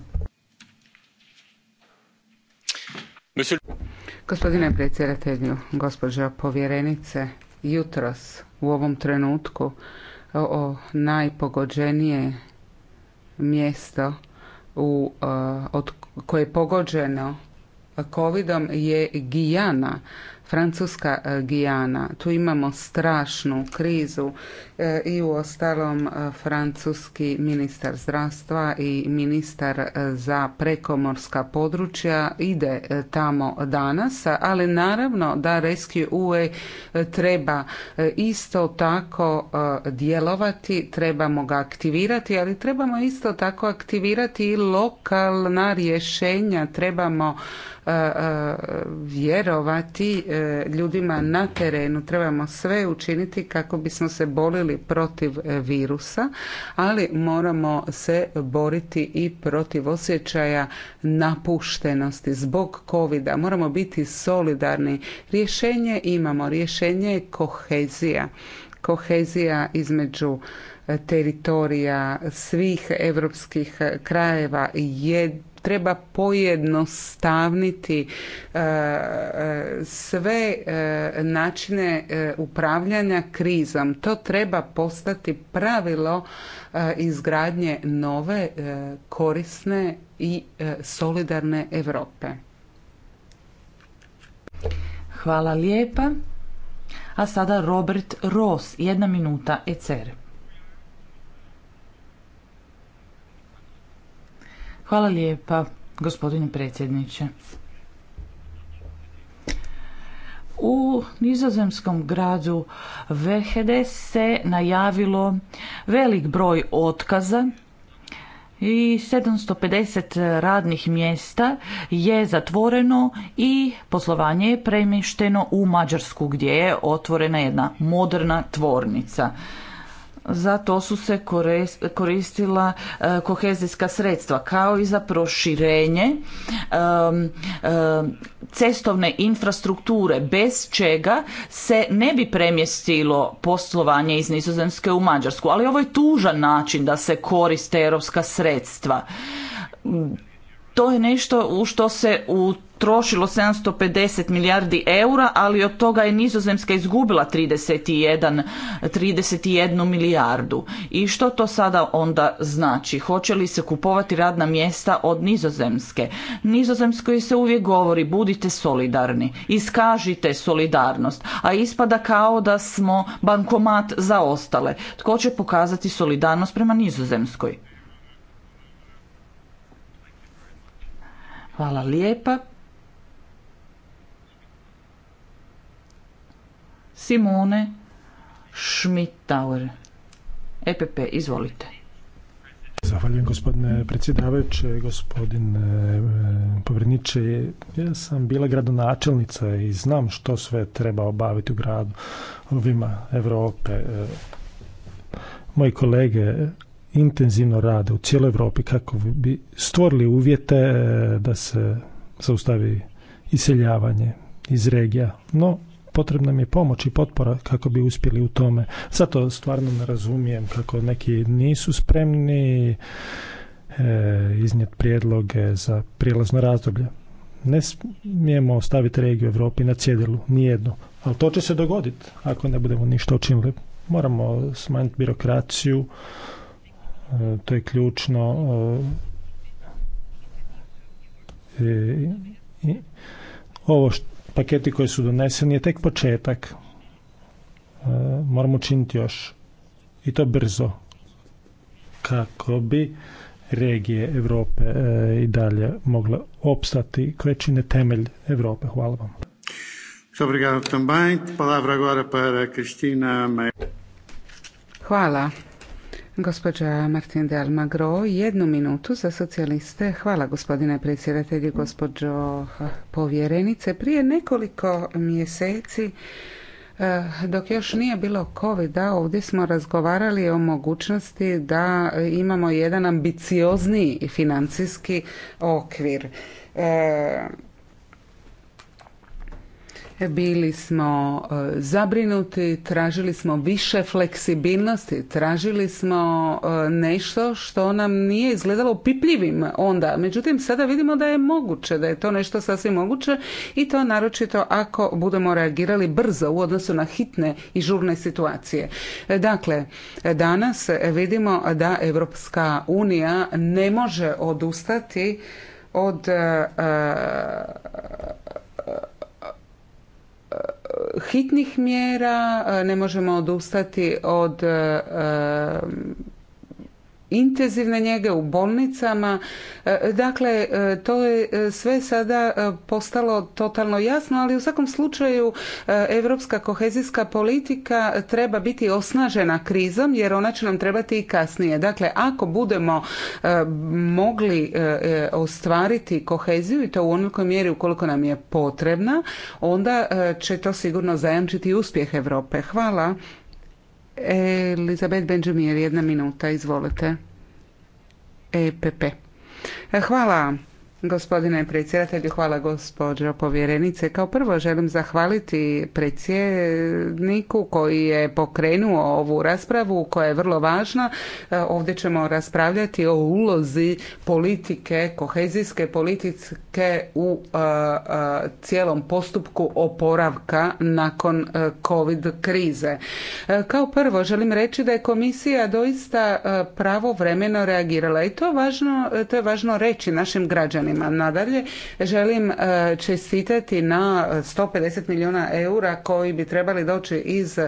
Gospodine predsjedatelju, gospođo povjerenice, jutros u ovom trenutku o najpogođenije mjesto u, od, koje je pogođeno covidom je Gijana, Francuska e, Gijana. Tu imamo strašnu krizu e, i u ostalom e, francuski ministar zdravstva i ministar za prekomorska područja ide tamo danas, ali naravno da Rescue UE treba isto tako djelovati, trebamo ga aktivirati, ali trebamo isto tako aktivirati i lokalna rješenja, trebamo vjerovati e, ljudima na terenu. Trebamo sve učiniti kako bismo se borili protiv e, virusa, ali moramo se boriti i protiv osjećaja napuštenosti zbog covida. Moramo biti solidarni. Rješenje imamo, rješenje je kohezija. Kohezija između e, teritorija svih europskih krajeva, je treba pojednostavniti e, e, sve e, načine upravljanja krizom. To treba postati pravilo izgradnje nove, korisne i solidarne Europe. Hvala lijepa. A sada Robert Ross, jedna minuta ECR. Hvala lijepa, gospodine predsjedniče. U nizozemskom gradu Vehede se najavilo velik broj otkaza i 750 radnih mjesta je zatvoreno i poslovanje je premješteno u Mađarsku gdje je otvorena jedna moderna tvornica za to su se koristila e, kohezijska sredstva kao i za proširenje cestovne infrastrukture bez čega se ne bi premjestilo poslovanje iz Nizozemske u Mađarsku. Ali ovo je tužan način da se koriste europska sredstva to je nešto u što se u trošilo 750 milijardi eura, ali od toga je Nizozemska izgubila 31, 31 milijardu. I što to sada onda znači? Hoće li se kupovati radna mjesta od Nizozemske? Nizozemskoj se uvijek govori budite solidarni, iskažite solidarnost, a ispada kao da smo bankomat za ostale. Tko će pokazati solidarnost prema Nizozemskoj? Hvala lijepa. Simone Schmittauer. EPP, izvolite. Zahvaljujem gospodine predsjedavajuće, gospodine eh, povredniče. Ja sam bila gradonačelnica i znam što sve treba obaviti u gradu ovima Europe. Eh, moji kolege intenzivno rade u cijeloj Europi kako bi stvorili uvjete eh, da se zaustavi iseljavanje iz regija. No, potrebna mi je pomoć i potpora kako bi uspjeli u tome. Zato stvarno ne razumijem kako neki nisu spremni e, iznijeti prijedloge za prijelazno razdoblje. Ne smijemo ostaviti regiju Europi na cjedilu, Nijedno. Ali to će se dogoditi ako ne budemo ništa učinili. Moramo smanjiti birokraciju, e, to je ključno. E, i, ovo što paketi koji su doneseni je tek početak. E, moramo činiti još i to brzo kako bi regije Europe e, i dalje mogle opstati koje čine temelj Europe. Hvala vam. Hvala. Gospođa Martin de Almagro, jednu minutu za socijaliste. Hvala gospodine predsjedatelji, gospođo eh, povjerenice. Prije nekoliko mjeseci eh, dok još nije bilo covida ovdje smo razgovarali o mogućnosti da imamo jedan ambiciozniji financijski okvir. Eh, bili smo e, zabrinuti, tražili smo više fleksibilnosti, tražili smo e, nešto što nam nije izgledalo pipljivim onda. Međutim, sada vidimo da je moguće, da je to nešto sasvim moguće i to naročito ako budemo reagirali brzo u odnosu na hitne i žurne situacije. E, dakle, danas vidimo da Europska unija ne može odustati od hitnih mjera, e, ne možemo odustati od e, intenzivne njege u bolnicama. E, dakle, e, to je e, sve sada postalo totalno jasno, ali u svakom slučaju europska kohezijska politika treba biti osnažena krizom jer ona će nam trebati i kasnije. Dakle, ako budemo mogli ostvariti koheziju i to u onoj mjeri ukoliko nam je potrebna, onda će to sigurno zajamčiti uspjeh Europe. Hvala. Elizabeth Benjamin, jedna minuta, izvolite. E, EPP. Hvala Gospodine predsjedatelju, hvala gospođo povjerenice. Kao prvo želim zahvaliti predsjedniku koji je pokrenuo ovu raspravu koja je vrlo važna. E, ovdje ćemo raspravljati o ulozi politike, kohezijske politike u e, e, cijelom postupku oporavka nakon COVID krize. Kao prvo želim reći da je komisija doista pravovremeno reagirala i to, važno, to je važno reći našim građanima građanima. Nadalje, želim e, čestitati na 150 milijuna eura koji bi trebali doći iz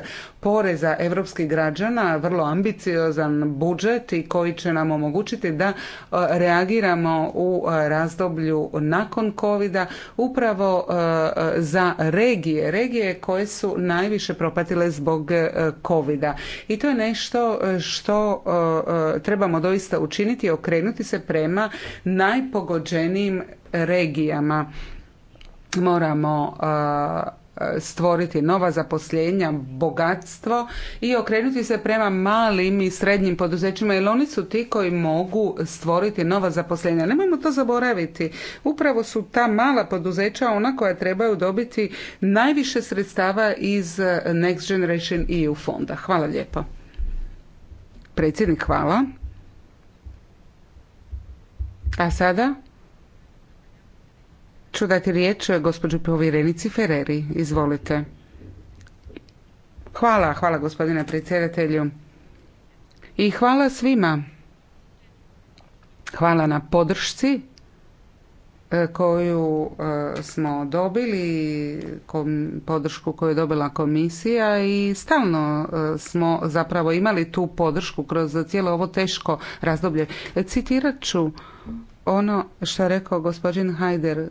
poreza europskih građana, vrlo ambiciozan budžet i koji će nam omogućiti da e, reagiramo u e, razdoblju nakon covida upravo za regije, regije koje su najviše propatile zbog covida. I to je nešto što trebamo doista učiniti, okrenuti se prema najpogođenijim nim regijama moramo stvoriti nova zaposlenja, bogatstvo i okrenuti se prema malim i srednjim poduzećima jer oni su ti koji mogu stvoriti nova zaposlenja. Nemojmo to zaboraviti. Upravo su ta mala poduzeća ona koja trebaju dobiti najviše sredstava iz Next Generation EU fonda. Hvala lijepo. Predsjednik, hvala. A sada? ću dati riječ gospođi povjerenici Fereri, Izvolite. Hvala, hvala gospodine predsjedatelju. I hvala svima. Hvala na podršci e, koju e, smo dobili, podršku koju je dobila komisija i stalno e, smo zapravo imali tu podršku kroz cijelo ovo teško razdoblje. Citirat ću ono što je rekao gospodin Hajder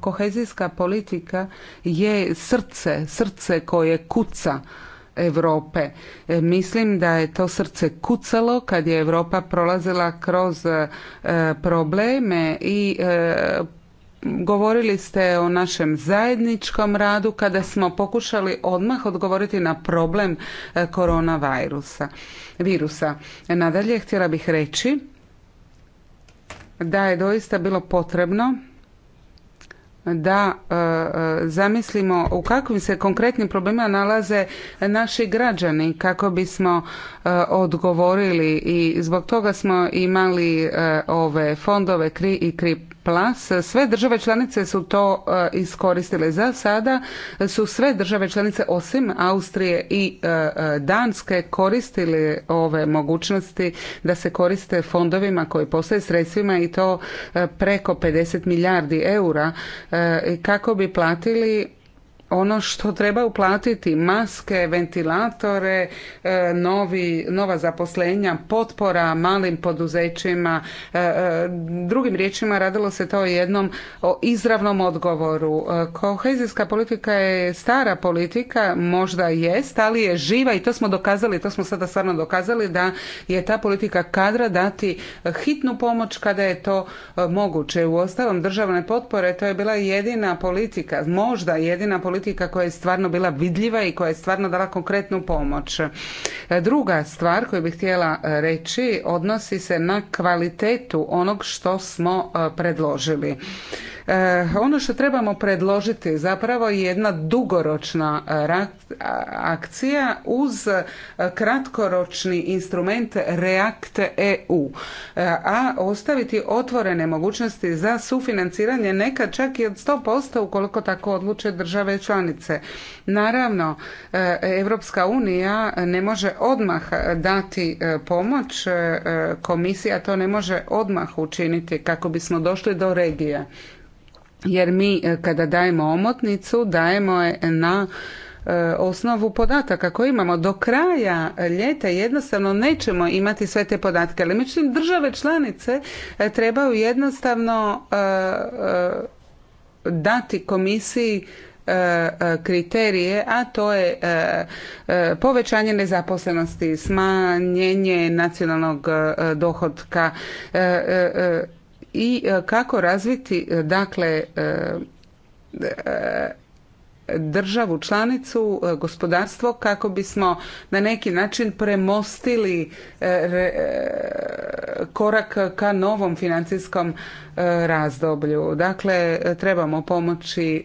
kohezijska politika je srce, srce koje kuca Europe. E, mislim da je to srce kucalo kad je Europa prolazila kroz e, probleme i e, govorili ste o našem zajedničkom radu kada smo pokušali odmah odgovoriti na problem koronavirusa. Virusa. Nadalje htjela bih reći da je doista bilo potrebno da e, e, zamislimo u kakvim se konkretnim problemima nalaze naši građani kako bismo e, odgovorili i zbog toga smo imali ove fondove kri i krip Plus. Sve države članice su to e, iskoristile. Za sada su sve države članice osim Austrije i e, e, Danske koristili ove mogućnosti da se koriste fondovima koji postoje sredstvima i to preko 50 milijardi eura kako bi platili ono što treba uplatiti, maske, ventilatore, e, novi, nova zaposlenja, potpora malim poduzećima. E, e, drugim riječima radilo se to jednom o izravnom odgovoru. Kohezijska politika je stara politika, možda jest, ali je živa i to smo dokazali, to smo sada stvarno dokazali da je ta politika kadra dati hitnu pomoć kada je to moguće. U ostalom državne potpore to je bila jedina politika, možda jedina politika politika koja je stvarno bila vidljiva i koja je stvarno dala konkretnu pomoć. E, druga stvar koju bih htjela e, reći odnosi se na kvalitetu onog što smo e, predložili. Eh, ono što trebamo predložiti zapravo je jedna dugoročna eh, akcija uz eh, kratkoročni instrument React EU, a ostaviti otvorene mogućnosti za sufinanciranje nekad čak i od 100% ukoliko tako odluče države članice. Naravno, Europska unija ne može odmah dati pomoć, komisija to ne može odmah učiniti kako bismo došli do regija jer mi e, kada dajemo omotnicu dajemo je na e, osnovu podataka koje imamo. Do kraja ljeta jednostavno nećemo imati sve te podatke, ali međutim države članice e, trebaju jednostavno dati komisiji kriterije, a to je povećanje nezaposlenosti, smanjenje nacionalnog dohodka, i e, kako razviti e, dakle e, državu članicu, gospodarstvo kako bismo na neki način premostili korak ka novom financijskom razdoblju. Dakle, trebamo pomoći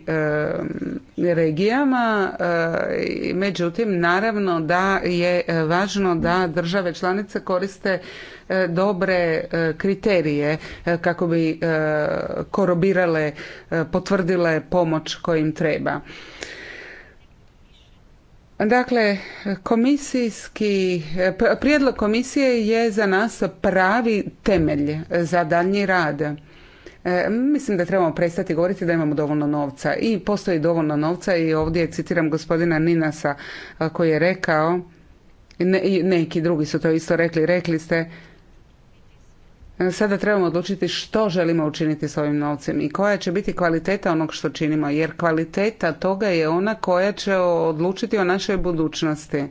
e, regijama, e, međutim, naravno da je važno da države članice koriste e, dobre kriterije kako bi korobirale, potvrdile pomoć kojim treba. Dakle, komisijski, prijedlog komisije je za nas pravi temelj za daljnji rad. E, mislim da trebamo prestati govoriti da imamo dovoljno novca i postoji dovoljno novca i ovdje citiram gospodina Ninasa koji je rekao, ne, neki drugi su to isto rekli, rekli ste e, Sada trebamo odlučiti što želimo učiniti s ovim novcem i koja će biti kvaliteta onog što činimo, jer kvaliteta toga je ona koja će odlučiti o našoj budućnosti.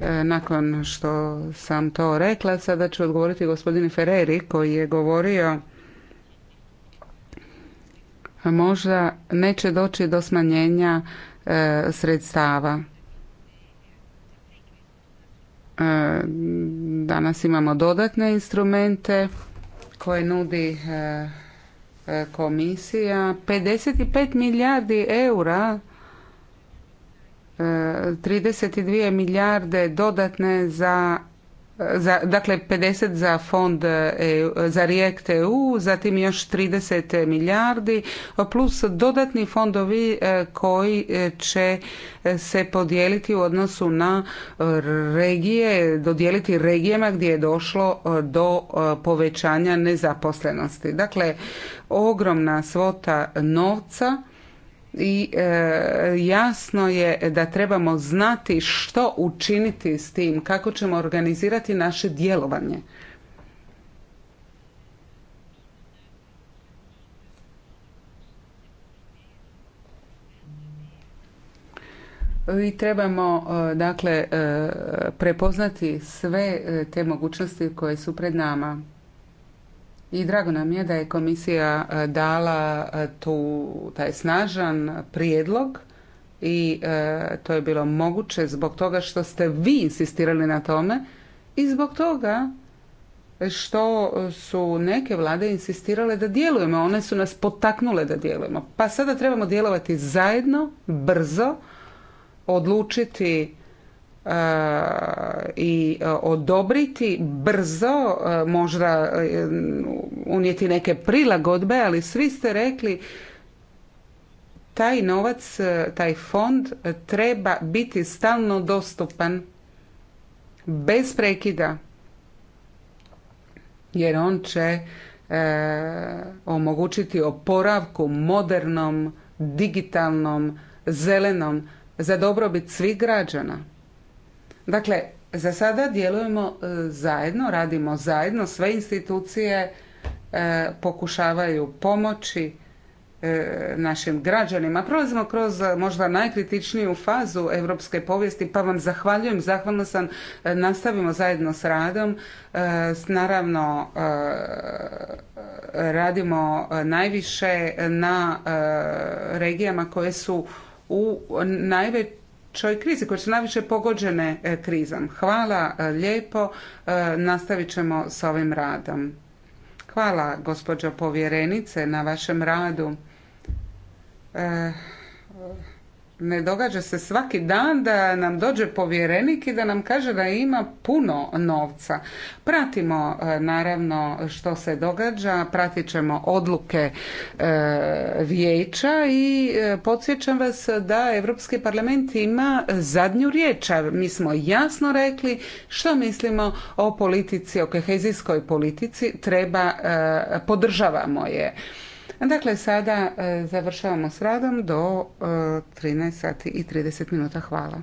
E, nakon što sam to rekla, sada ću odgovoriti gospodinu Ferreri koji je govorio možda neće doći do smanjenja e, sredstava. E, danas imamo dodatne instrumente koje nudi komisija. 55 milijardi eura 32 milijarde dodatne za za, dakle 50 za fond e za rijekt EU, zatim još 30 milijardi plus dodatni fondovi e, koji e, će se podijeliti u odnosu na regije, dodijeliti regijama gdje je došlo do povećanja nezaposlenosti. Dakle, ogromna svota novca i e, jasno je da trebamo znati što učiniti s tim, kako ćemo organizirati naše djelovanje. i trebamo e, dakle e, prepoznati sve te mogućnosti koje su pred nama i drago nam je da je komisija e, dala e, tu taj snažan prijedlog i e, to je bilo moguće zbog toga što ste vi insistirali na tome i zbog toga što su neke vlade insistirale da djelujemo, one su nas potaknule da djelujemo. Pa sada trebamo djelovati zajedno, brzo, odlučiti E, i e, odobriti brzo, e, možda unijeti neke prilagodbe, ali svi ste rekli taj novac, taj fond treba biti stalno dostupan bez prekida jer on će e, omogućiti oporavku modernom, digitalnom, zelenom za dobrobit svih građana. Dakle, za sada djelujemo e, zajedno, radimo zajedno, sve institucije e, pokušavaju pomoći e, našim građanima. Prolazimo kroz možda najkritičniju fazu europske povijesti, pa vam zahvaljujem, zahvalna sam, nastavimo zajedno s radom. Naravno, radimo najviše na regijama koje su u najvećoj najvećoj krizi, koje su najviše pogođene e, krizom. Hvala e, lijepo, e, nastavit ćemo s ovim radom. Hvala gospođo povjerenice na vašem radu ne događa se svaki dan da nam dođe povjerenik i da nam kaže da ima puno novca. Pratimo e, naravno što se događa, pratit ćemo odluke e, vijeća i e, podsjećam vas da Europski parlament ima zadnju riječ. Mi smo jasno rekli što mislimo o politici, o kohezijskoj politici, treba, podržavamo je. Dakle, sada e, završavamo s radom do 13 e, sati i 30 minuta. Hvala.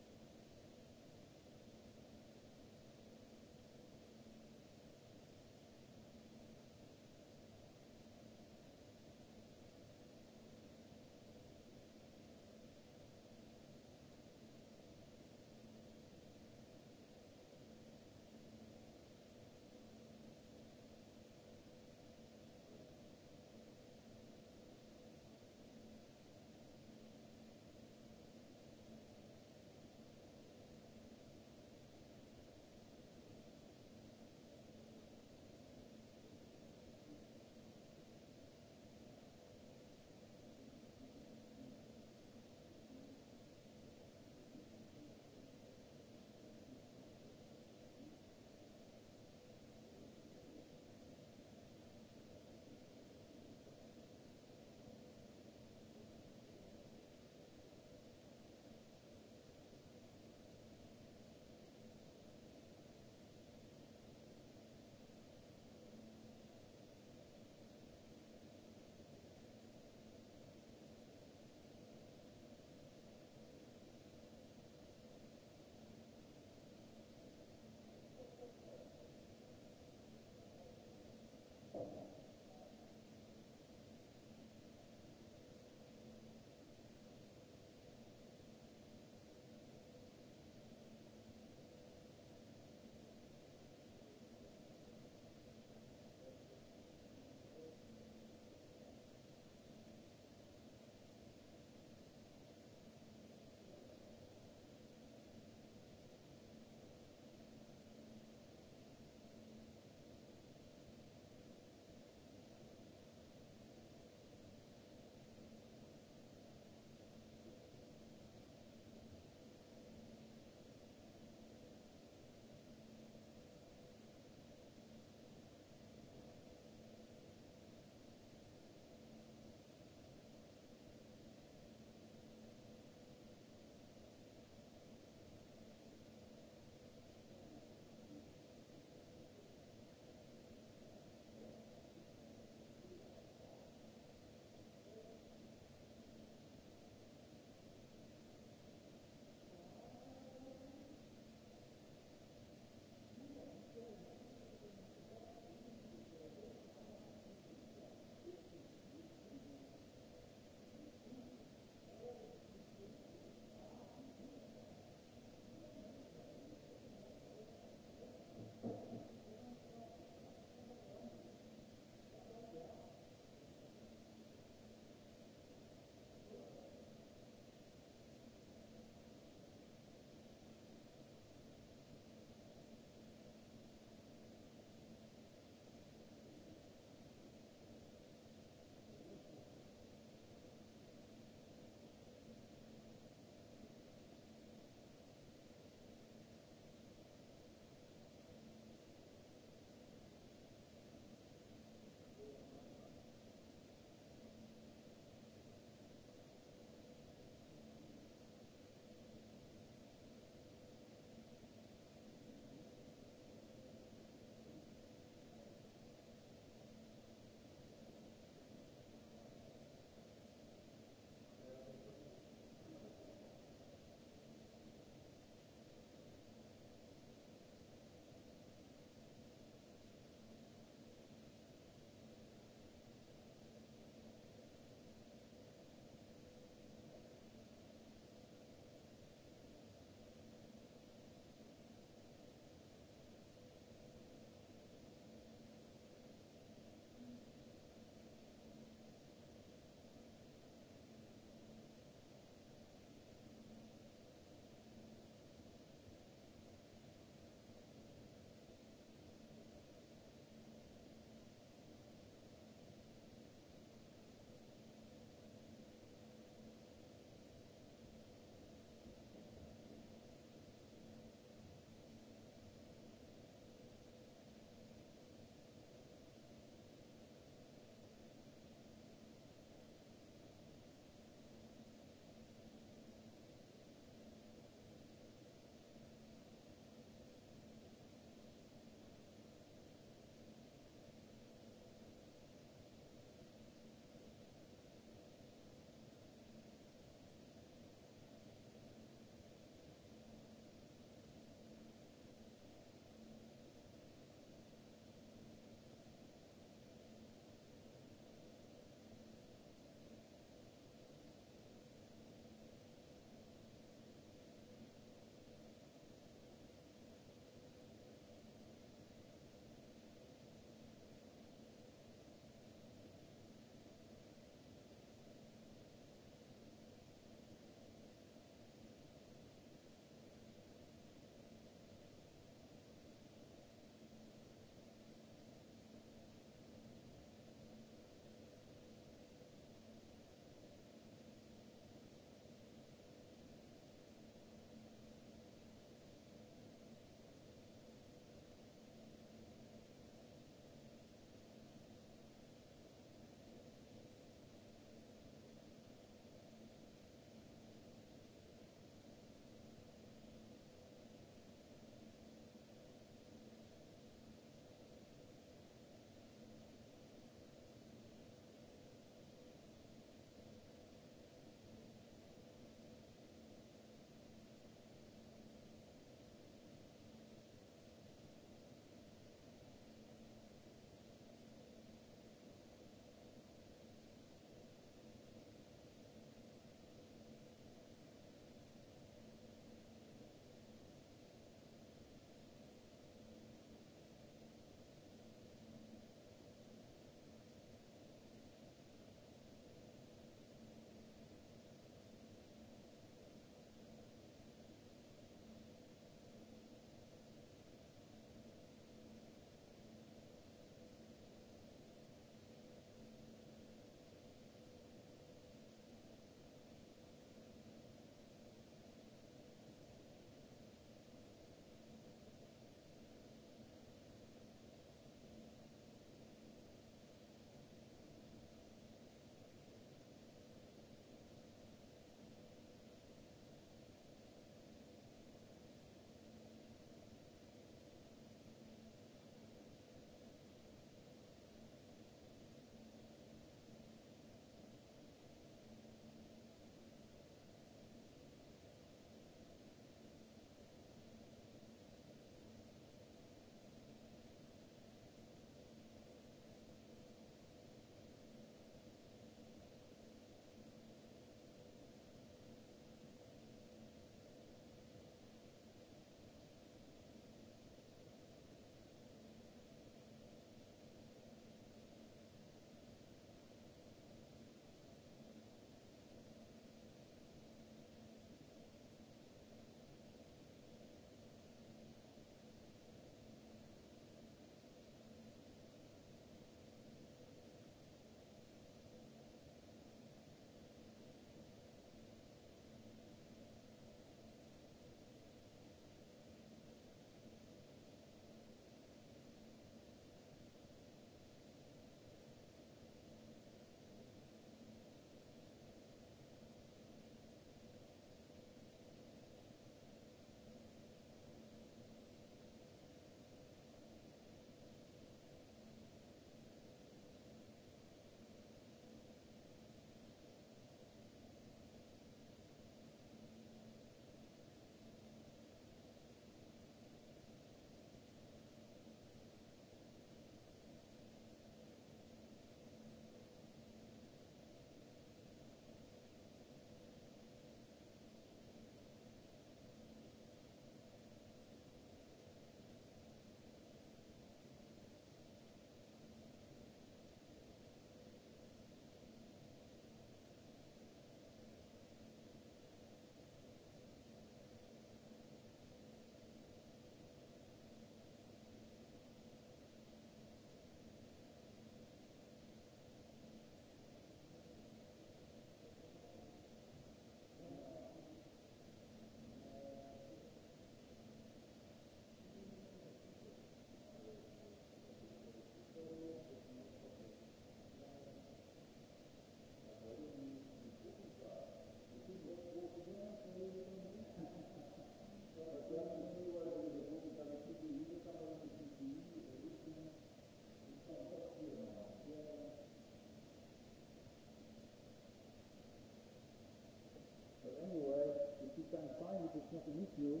nothing with you,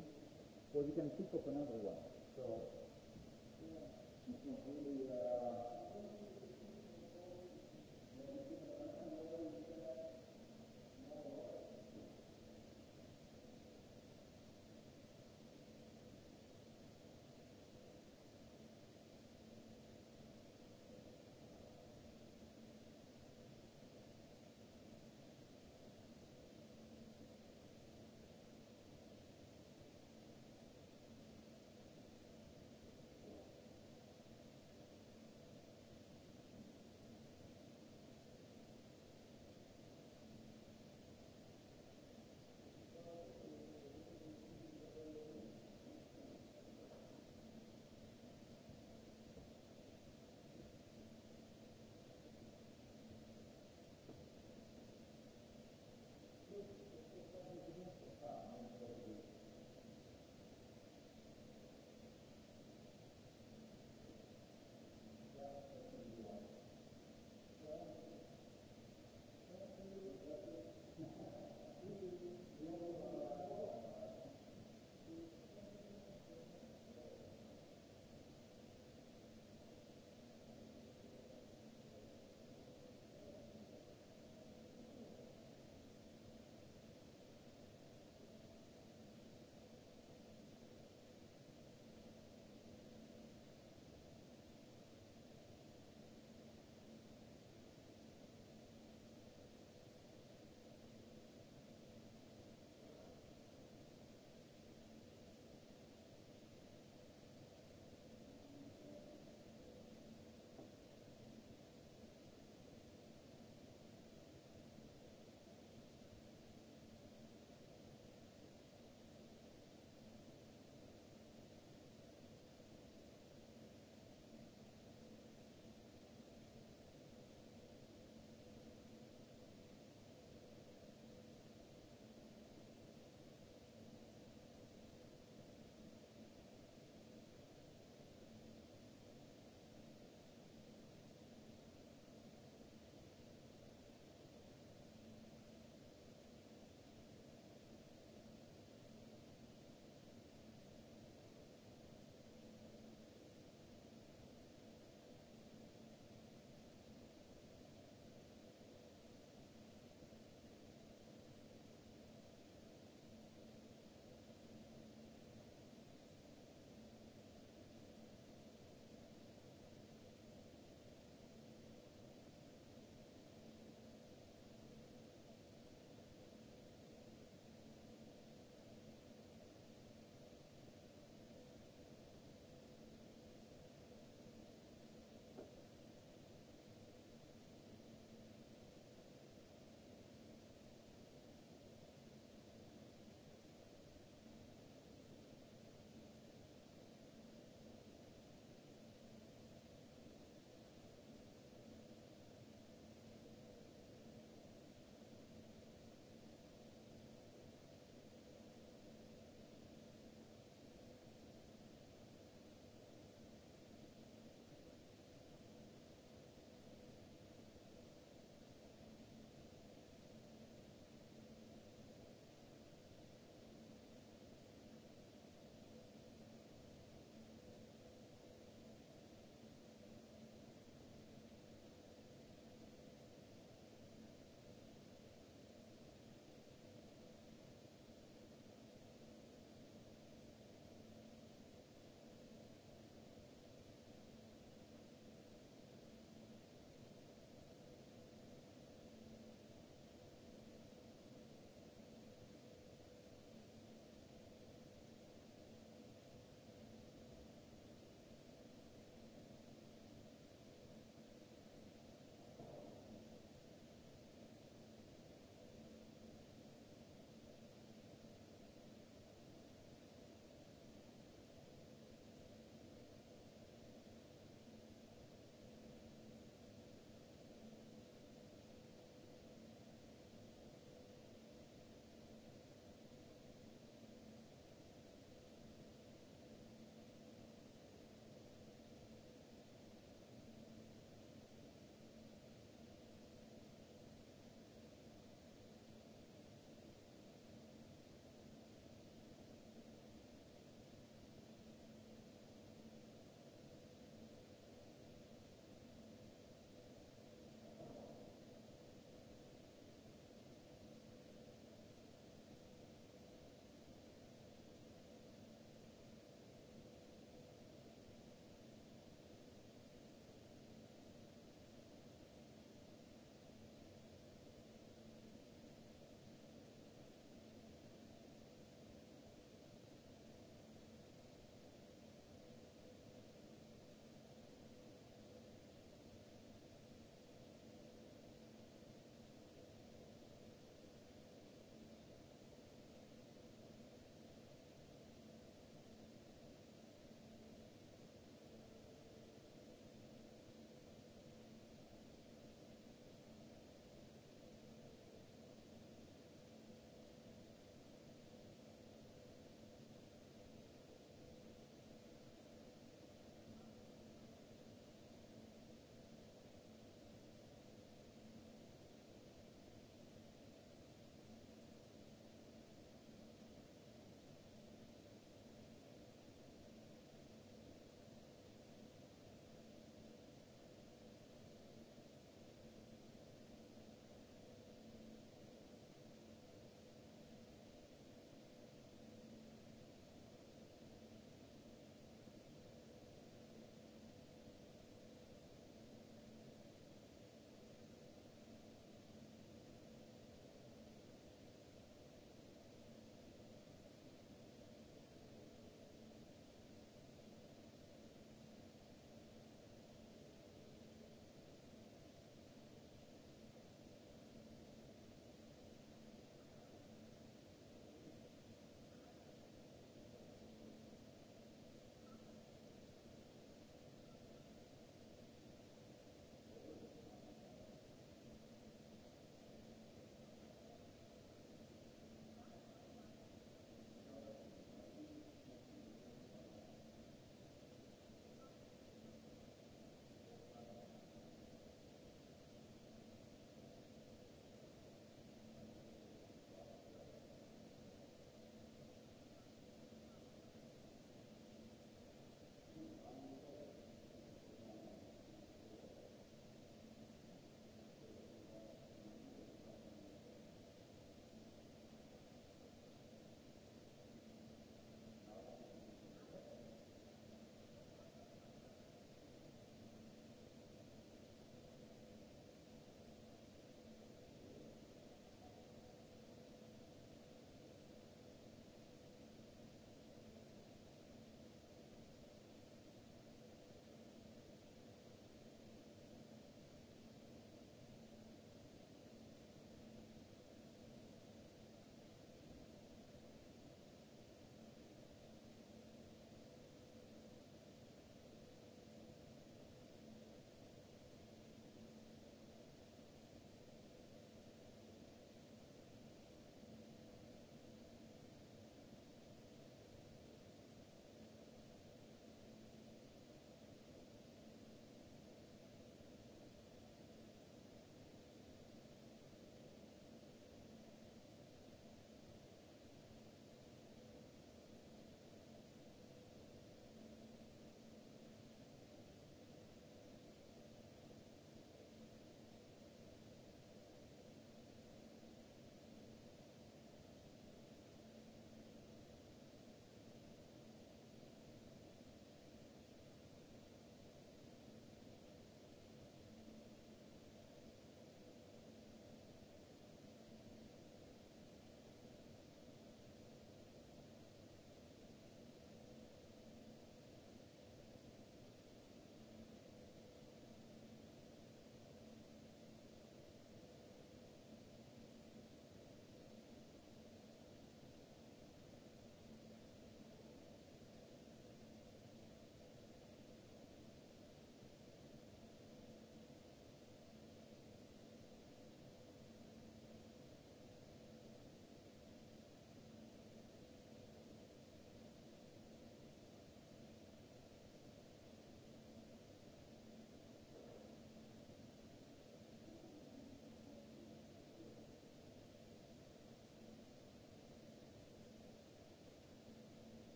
or you can pick up another one. So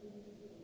Hvala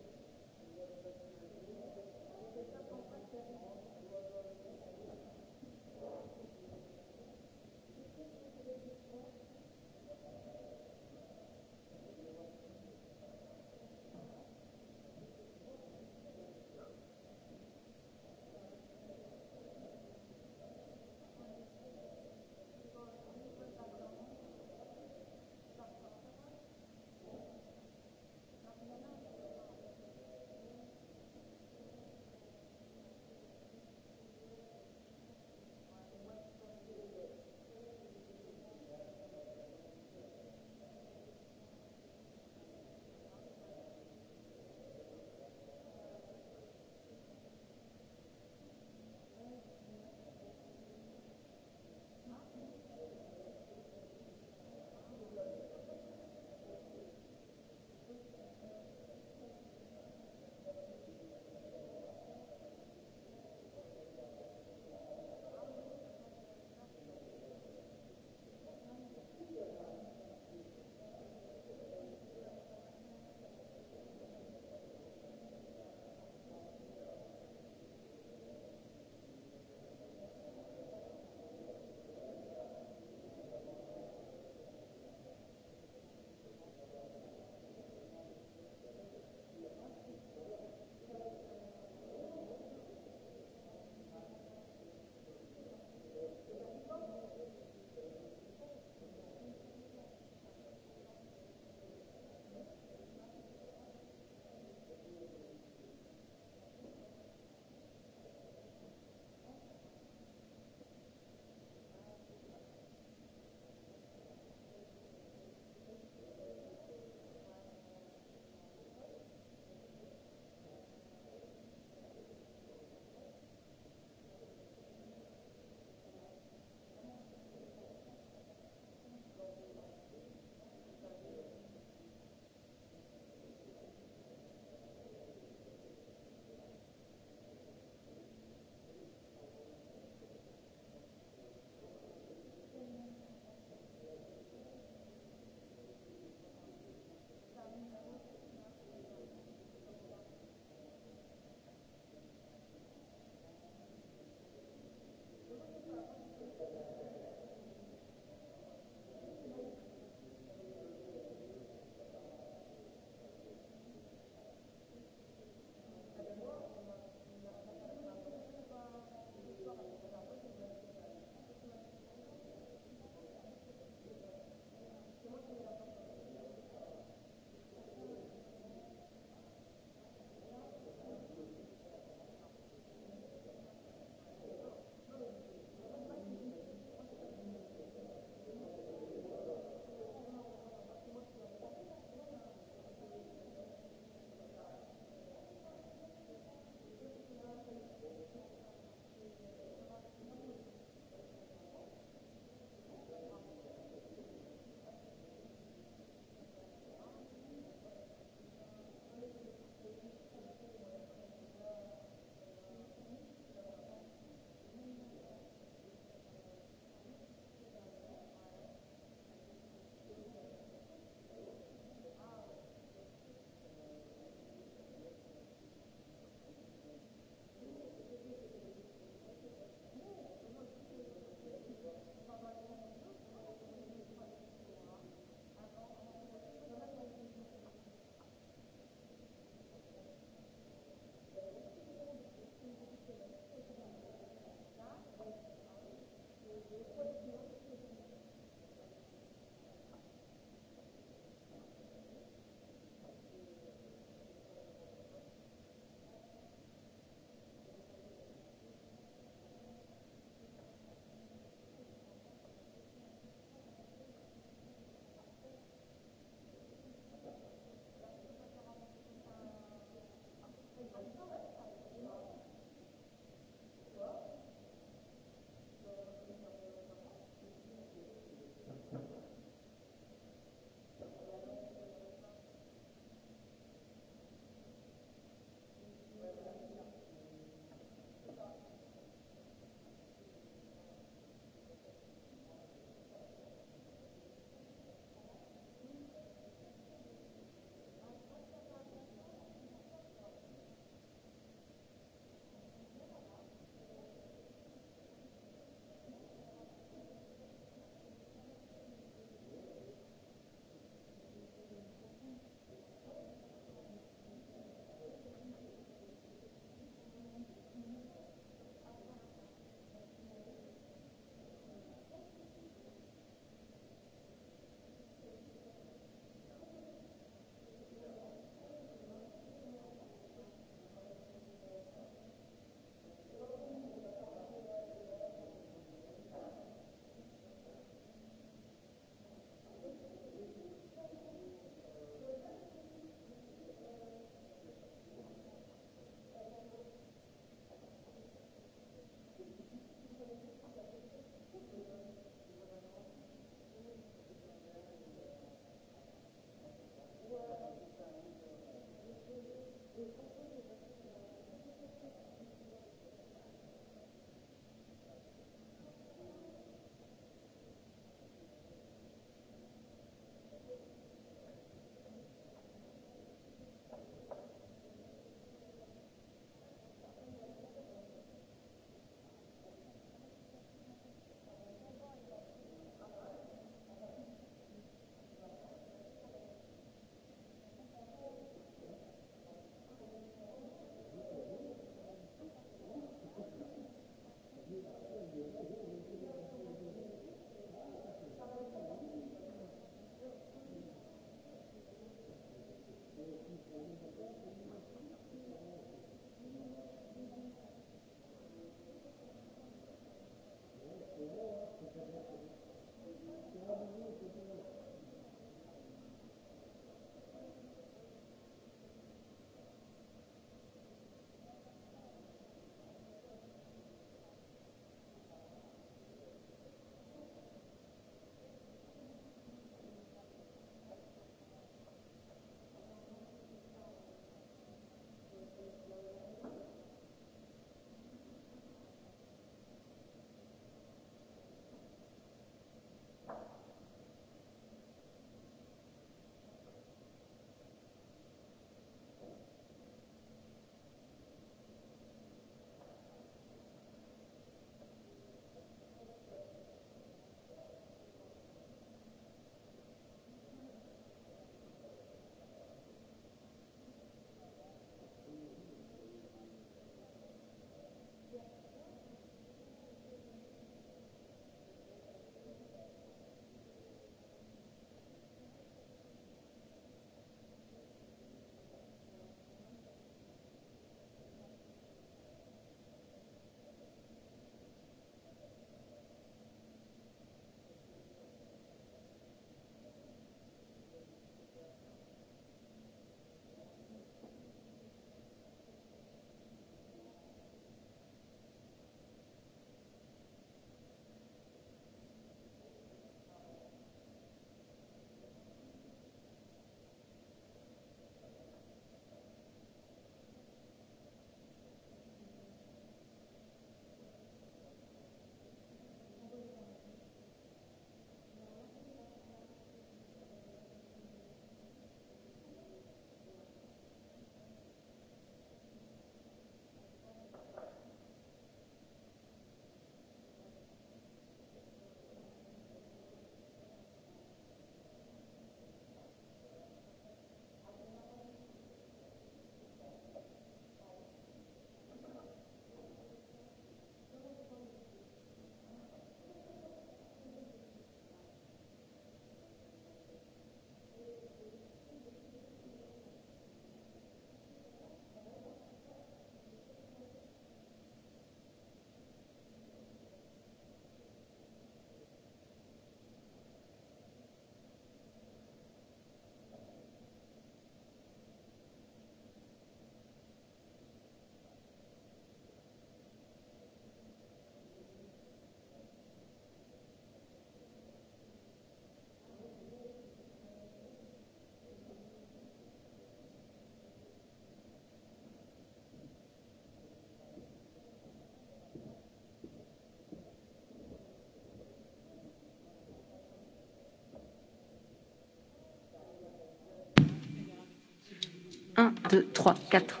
deux, trois, quatre.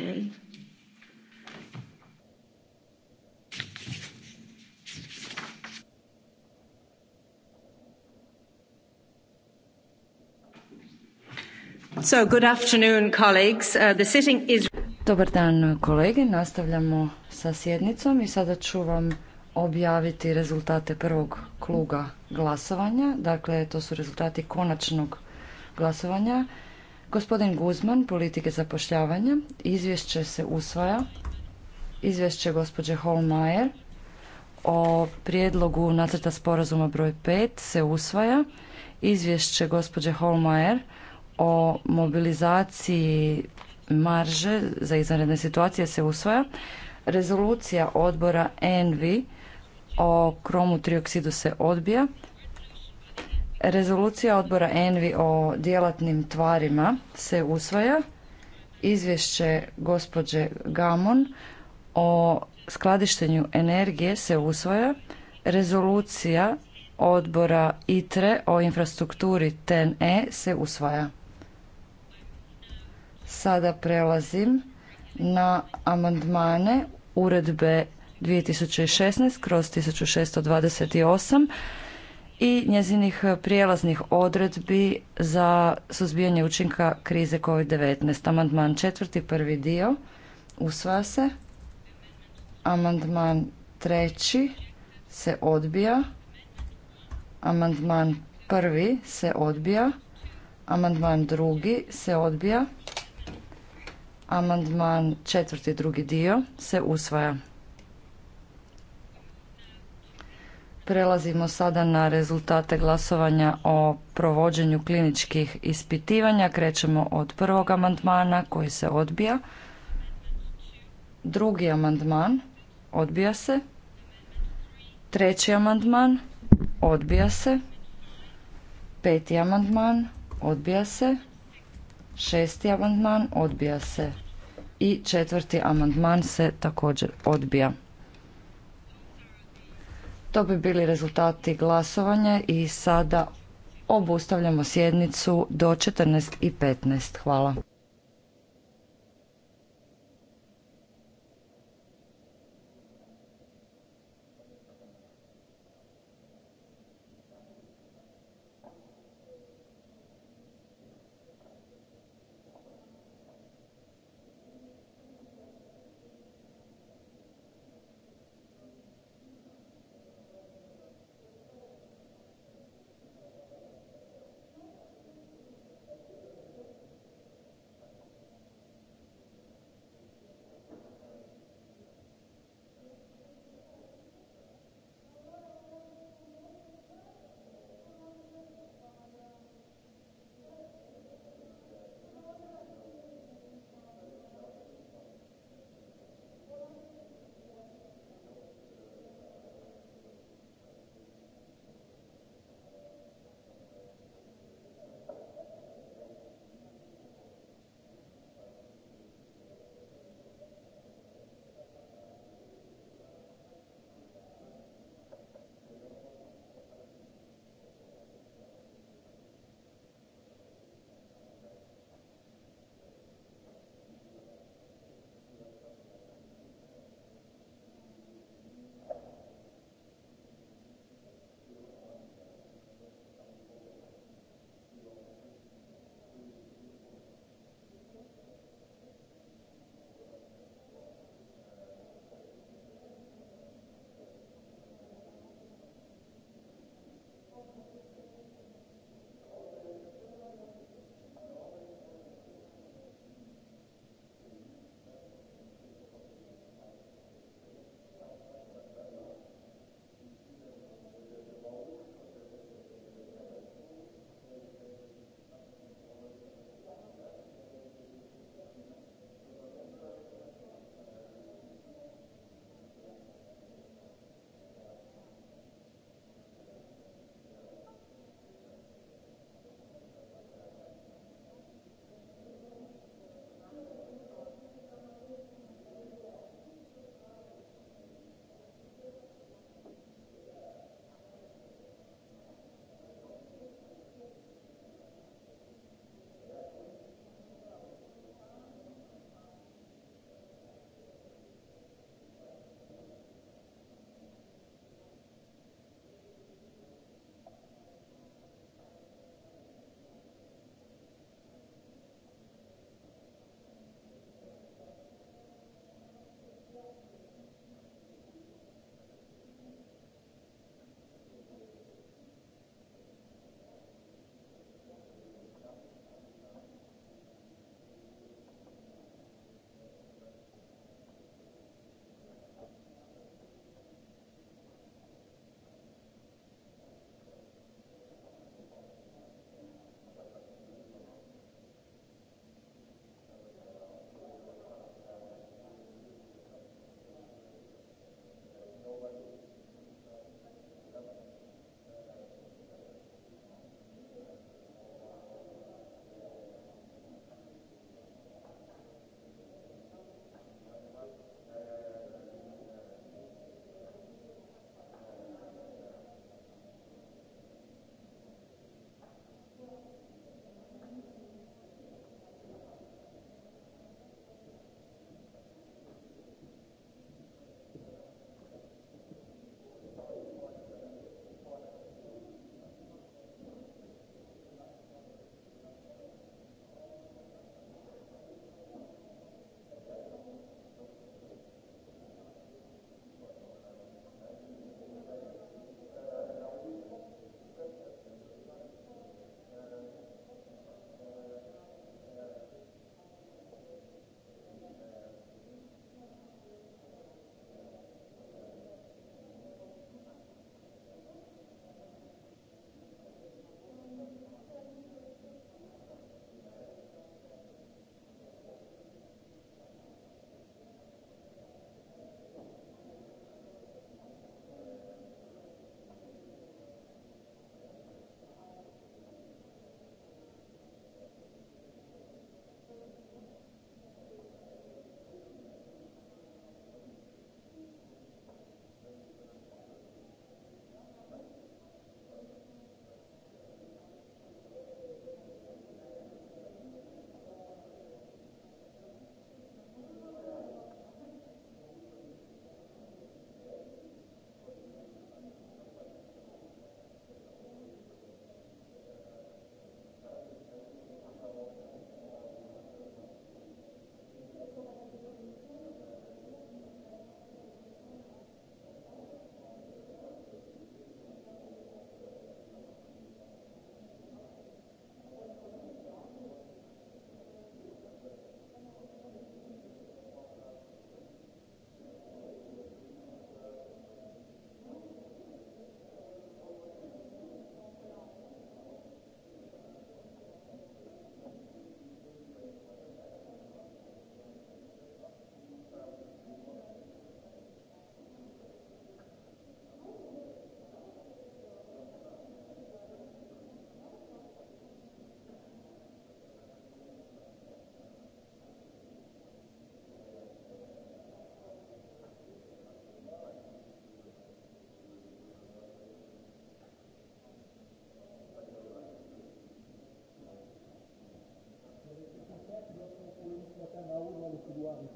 So, uh, Dobar dan kolege, nastavljamo sa sjednicom i sada ću vam objaviti rezultate prvog kluga glasovanja. Dakle, to su rezultati konačnog glasovanja. Gospodin Guzman, politike zapošljavanja. Izvješće se usvaja. Izvješće gospođe Holmajer o prijedlogu nacrta sporazuma broj 5 se usvaja. Izvješće gospođe Holmajer o mobilizaciji marže za izvanredne situacije se usvaja. Rezolucija odbora ENVI o kromu trioksidu se odbija. Rezolucija odbora Envi o djelatnim tvarima se usvaja. Izvješće gospođe Gamon o skladištenju energije se usvaja. Rezolucija odbora ITRE o infrastrukturi e se usvaja. Sada prelazim na amandmane uredbe 2016 kroz 1628 i njezinih e, prijelaznih odredbi za suzbijanje učinka krize COVID-19. Amandman četvrti, prvi dio, usvaja se. Amandman treći se odbija. Amandman prvi se odbija. Amandman drugi se odbija. Amandman četvrti drugi dio se usvaja. Prelazimo sada na rezultate glasovanja o provođenju kliničkih ispitivanja. Krećemo od prvog amandmana koji se odbija. Drugi amandman odbija se. Treći amandman odbija se. Peti amandman odbija se. Šesti amandman odbija se. I četvrti amandman se također odbija. To bi bili rezultati glasovanja i sada obustavljamo sjednicu do 14.15. i Hvala.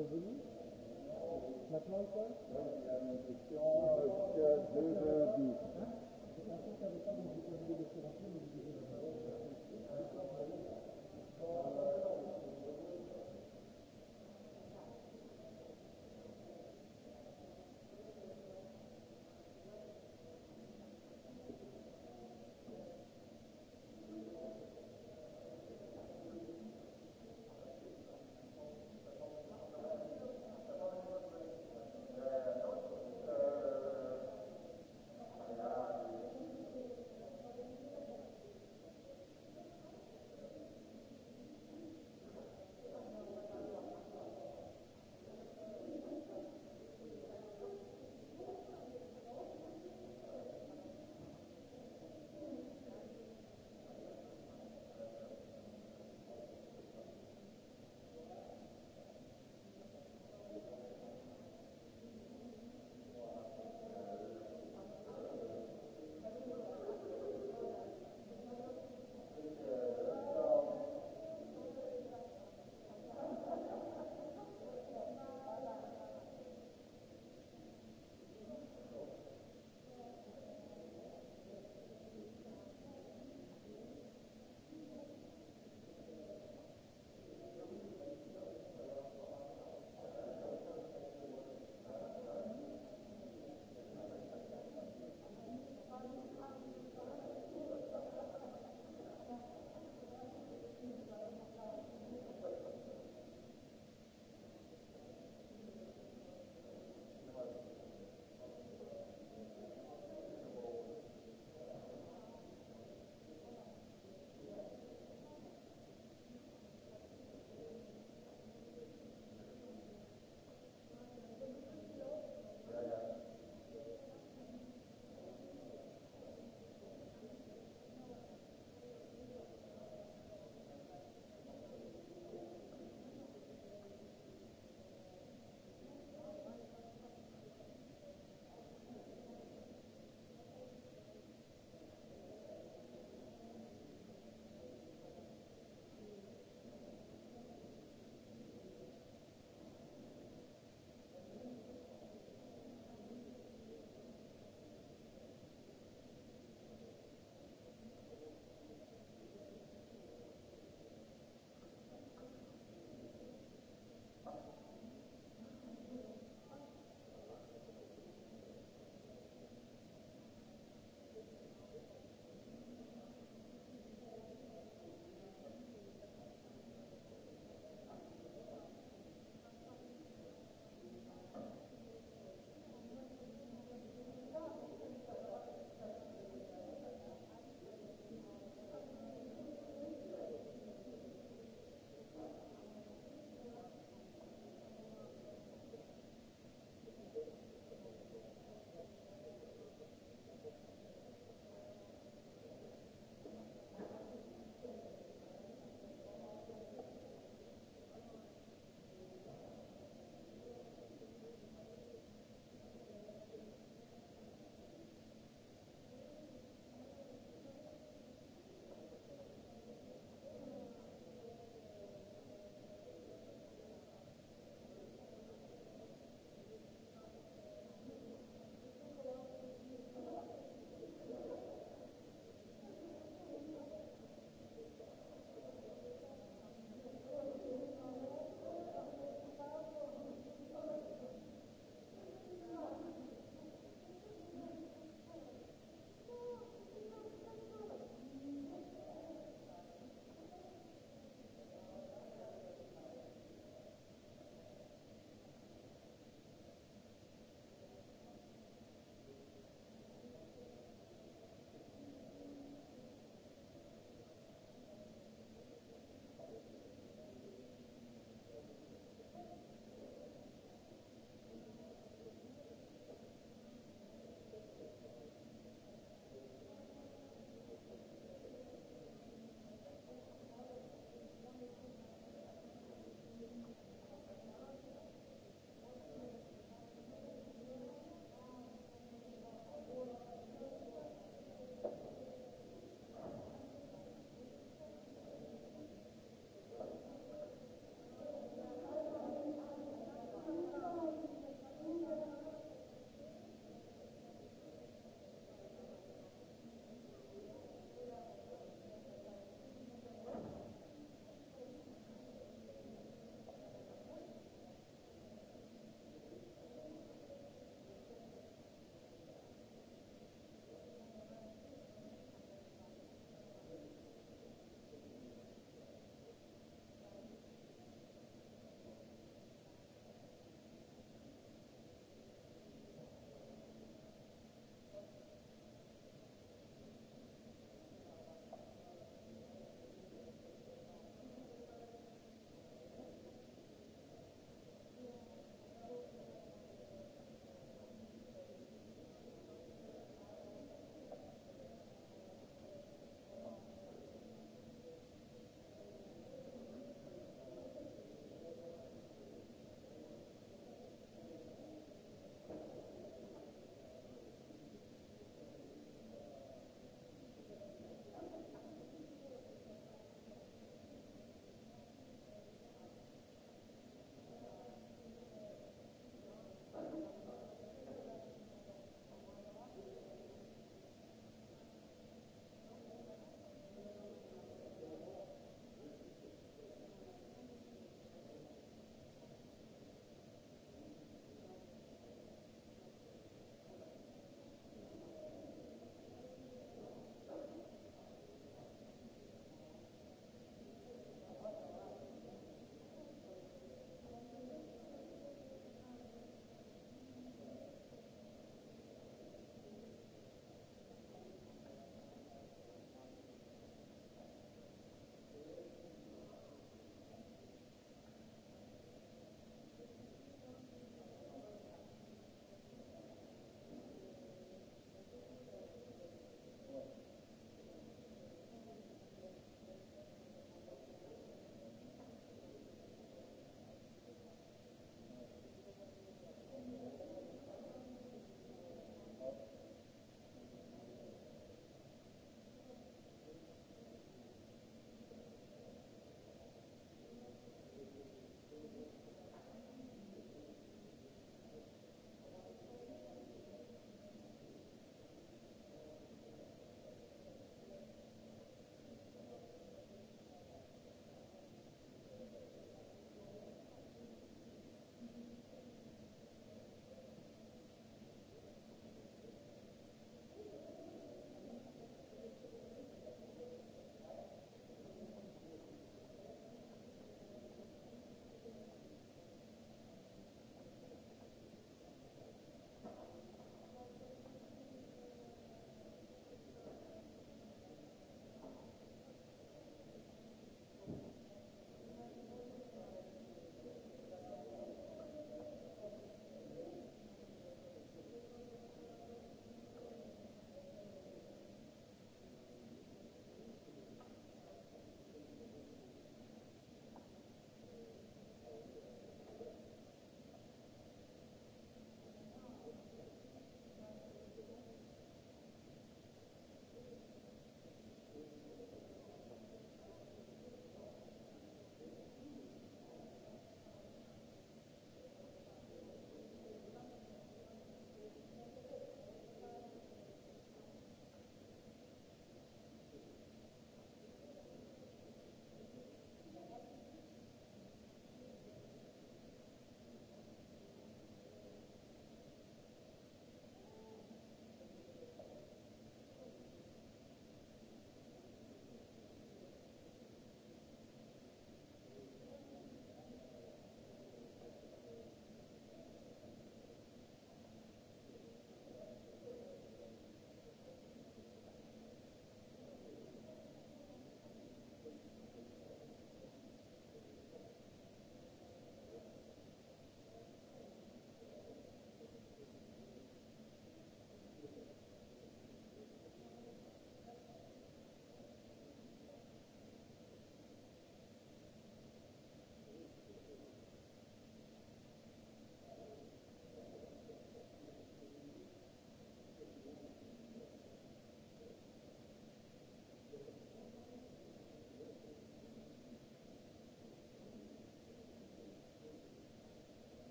Slovénie. Maintenant,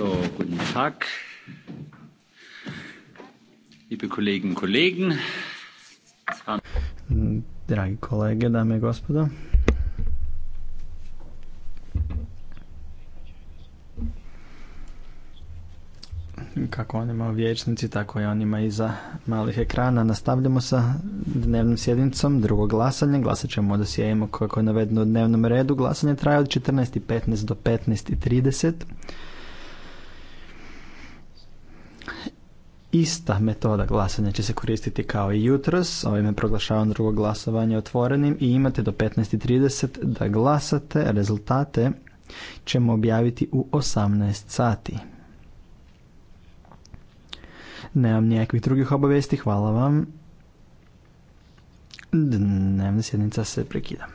So, guten Tag, Dragi kolege, dame i gospodo. Kako onima u vječnici, tako i onima iza malih ekrana. Nastavljamo sa dnevnom sjednicom, drugog glasanje. Glasat ćemo da sjejemo kako je navedeno u dnevnom redu. Glasanje traje od 14.15 do 15.30. Ista metoda glasanja će se koristiti kao i jutros. Ovime proglašavam drugo glasovanje otvorenim i imate do 15.30 da glasate. Rezultate ćemo objaviti u 18 sati. Nemam nijakvih drugih obavijesti. Hvala vam. Dnevna sjednica se prekida.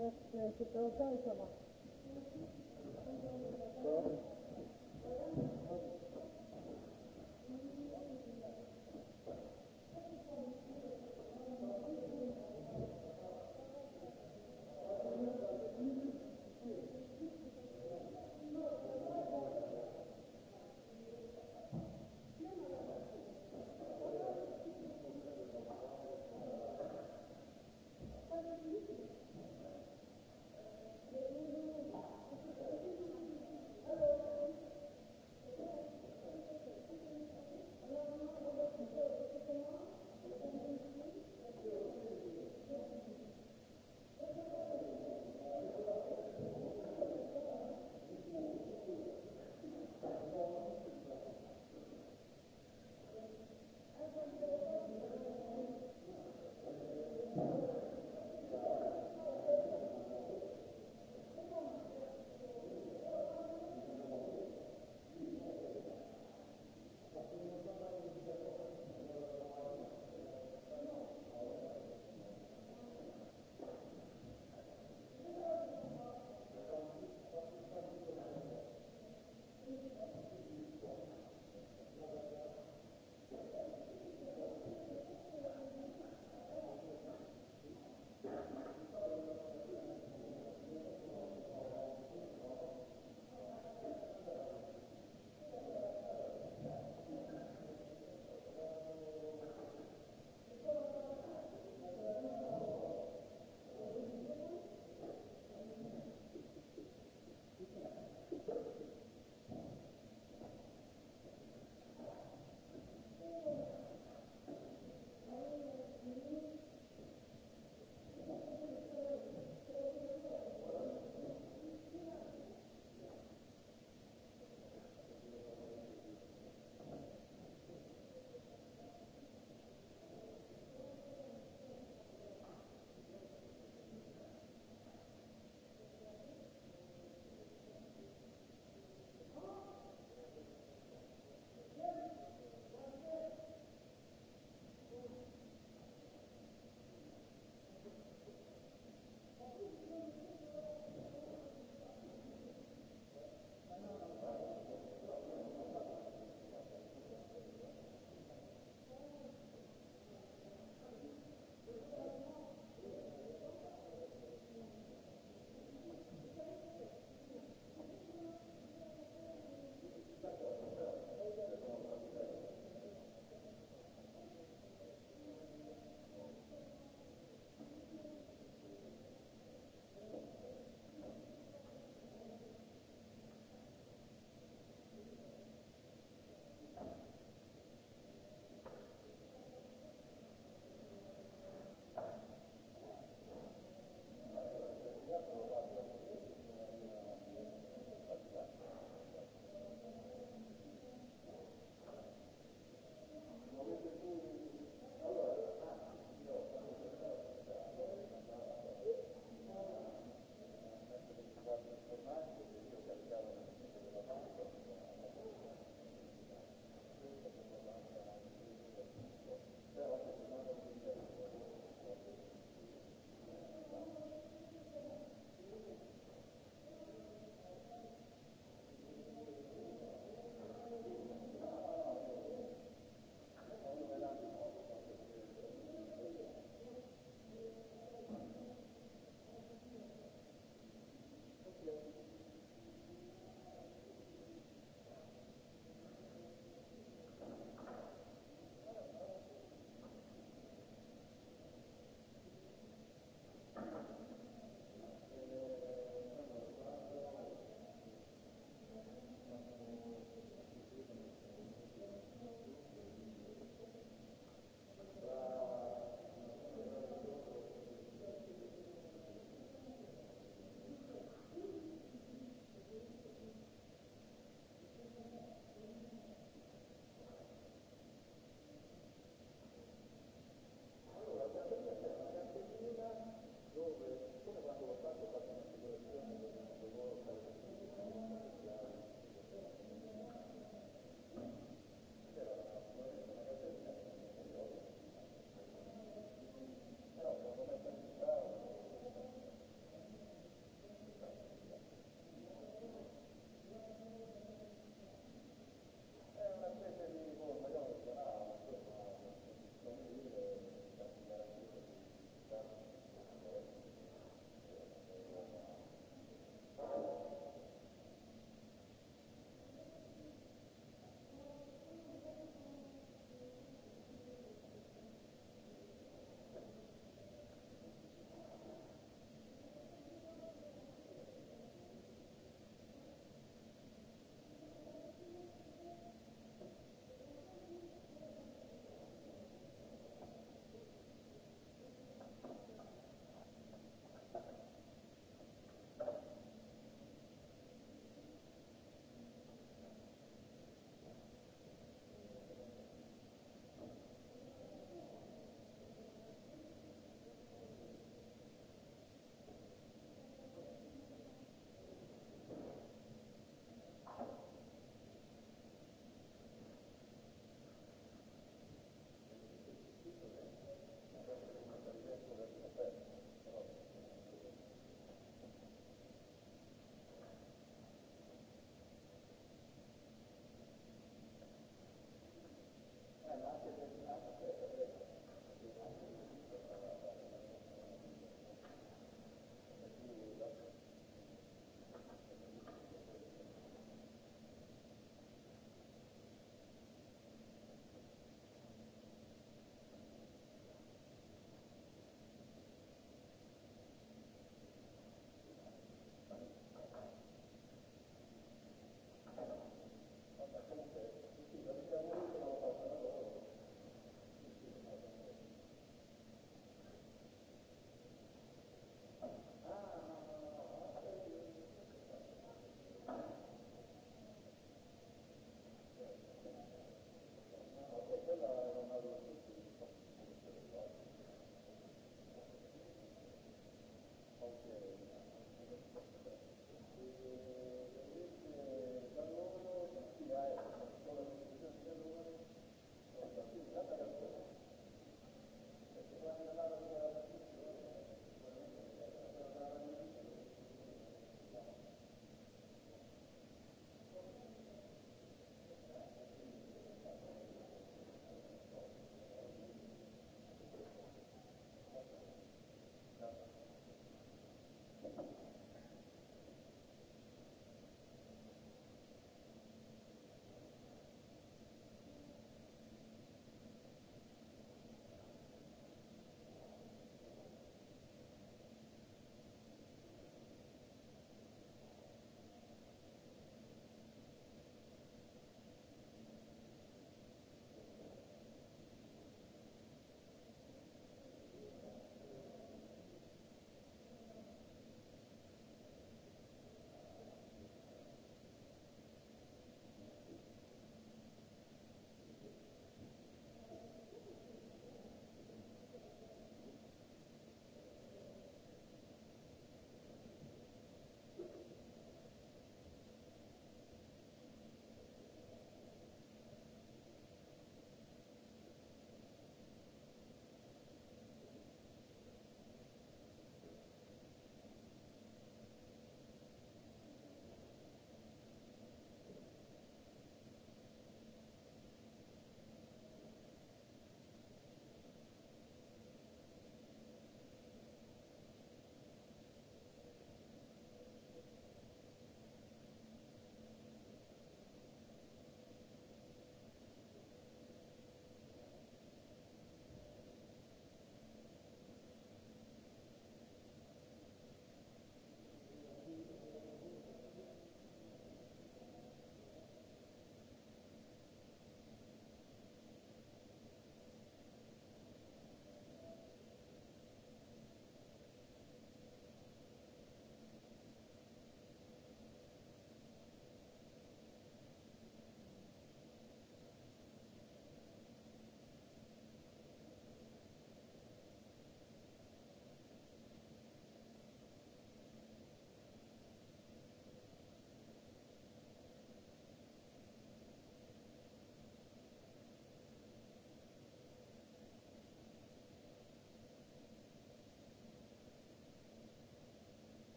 Več što to je samo.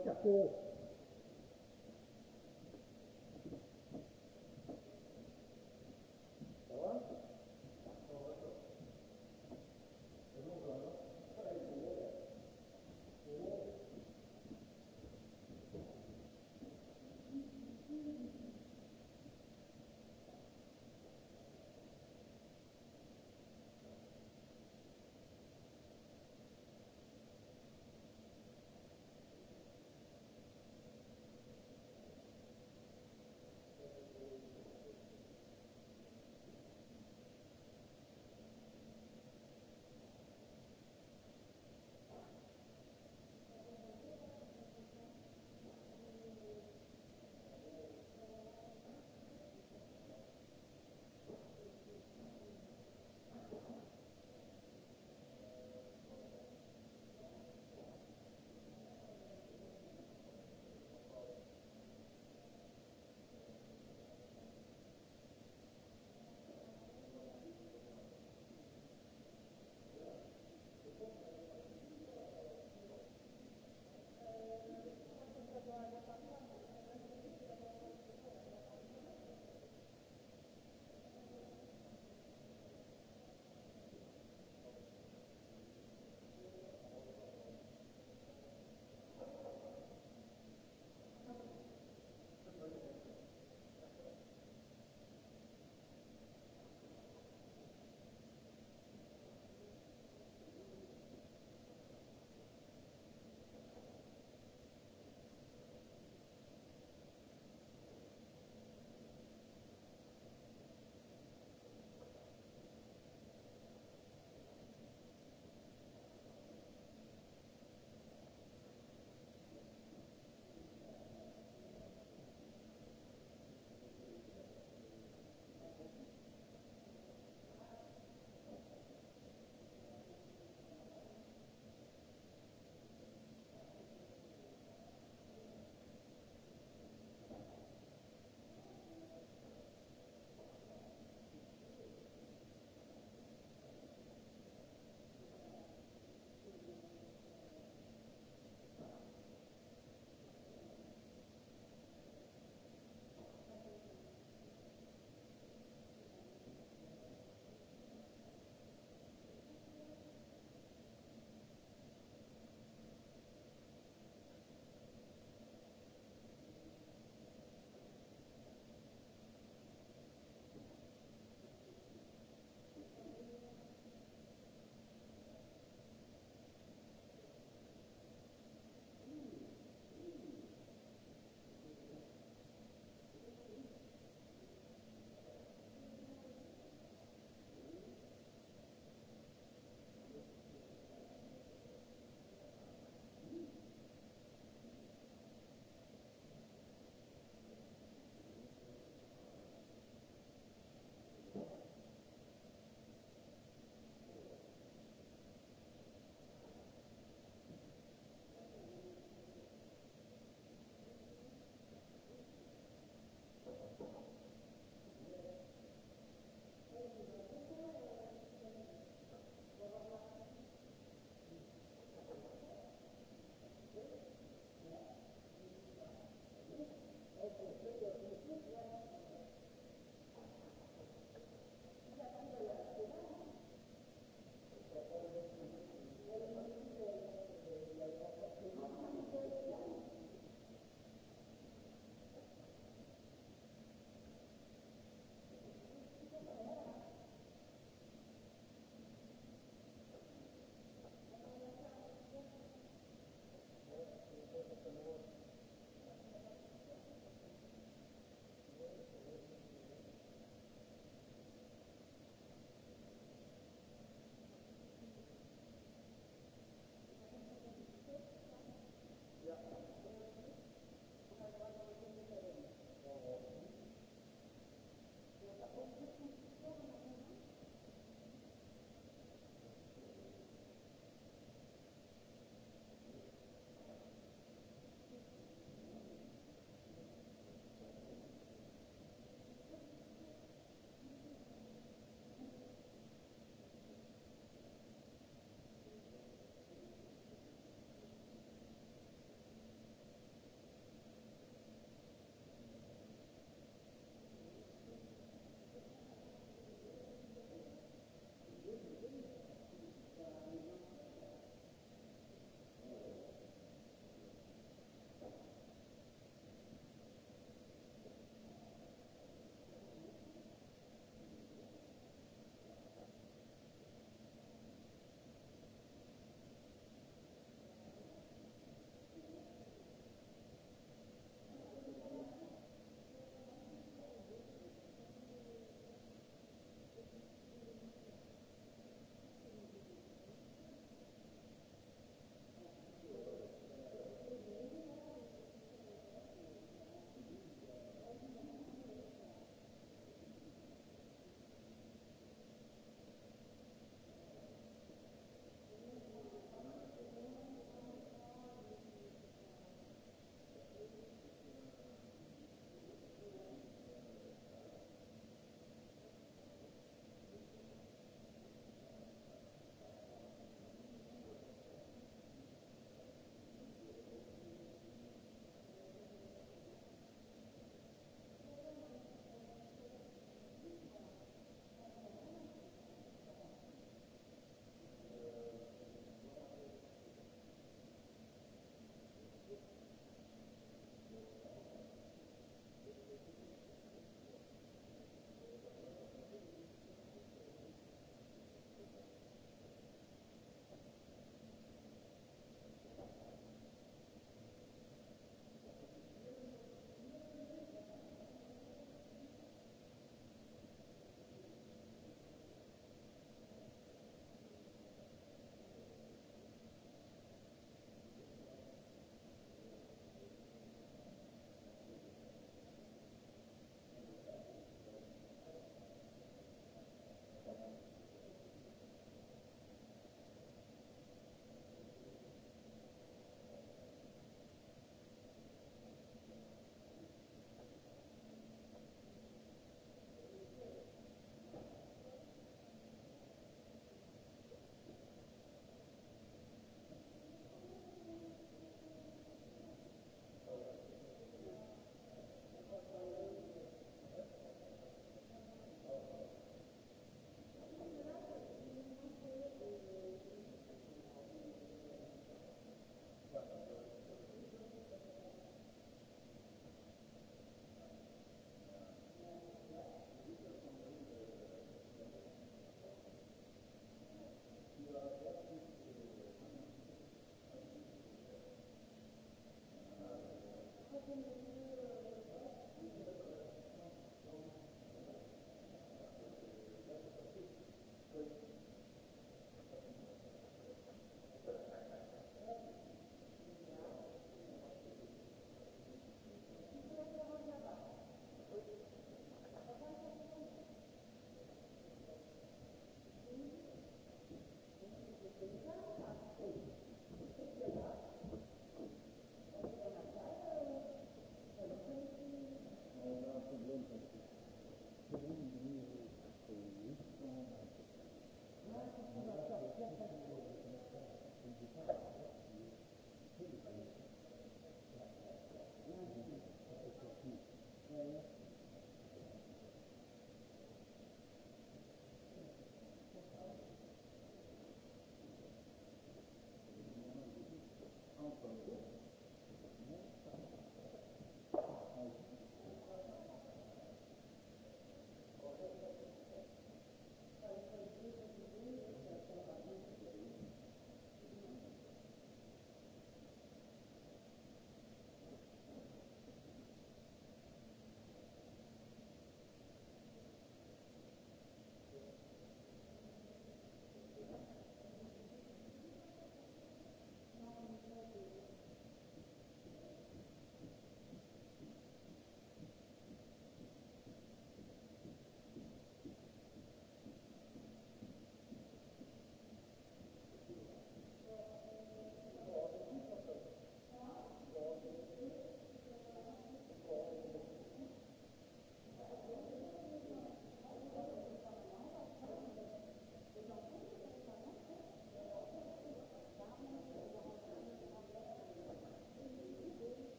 kako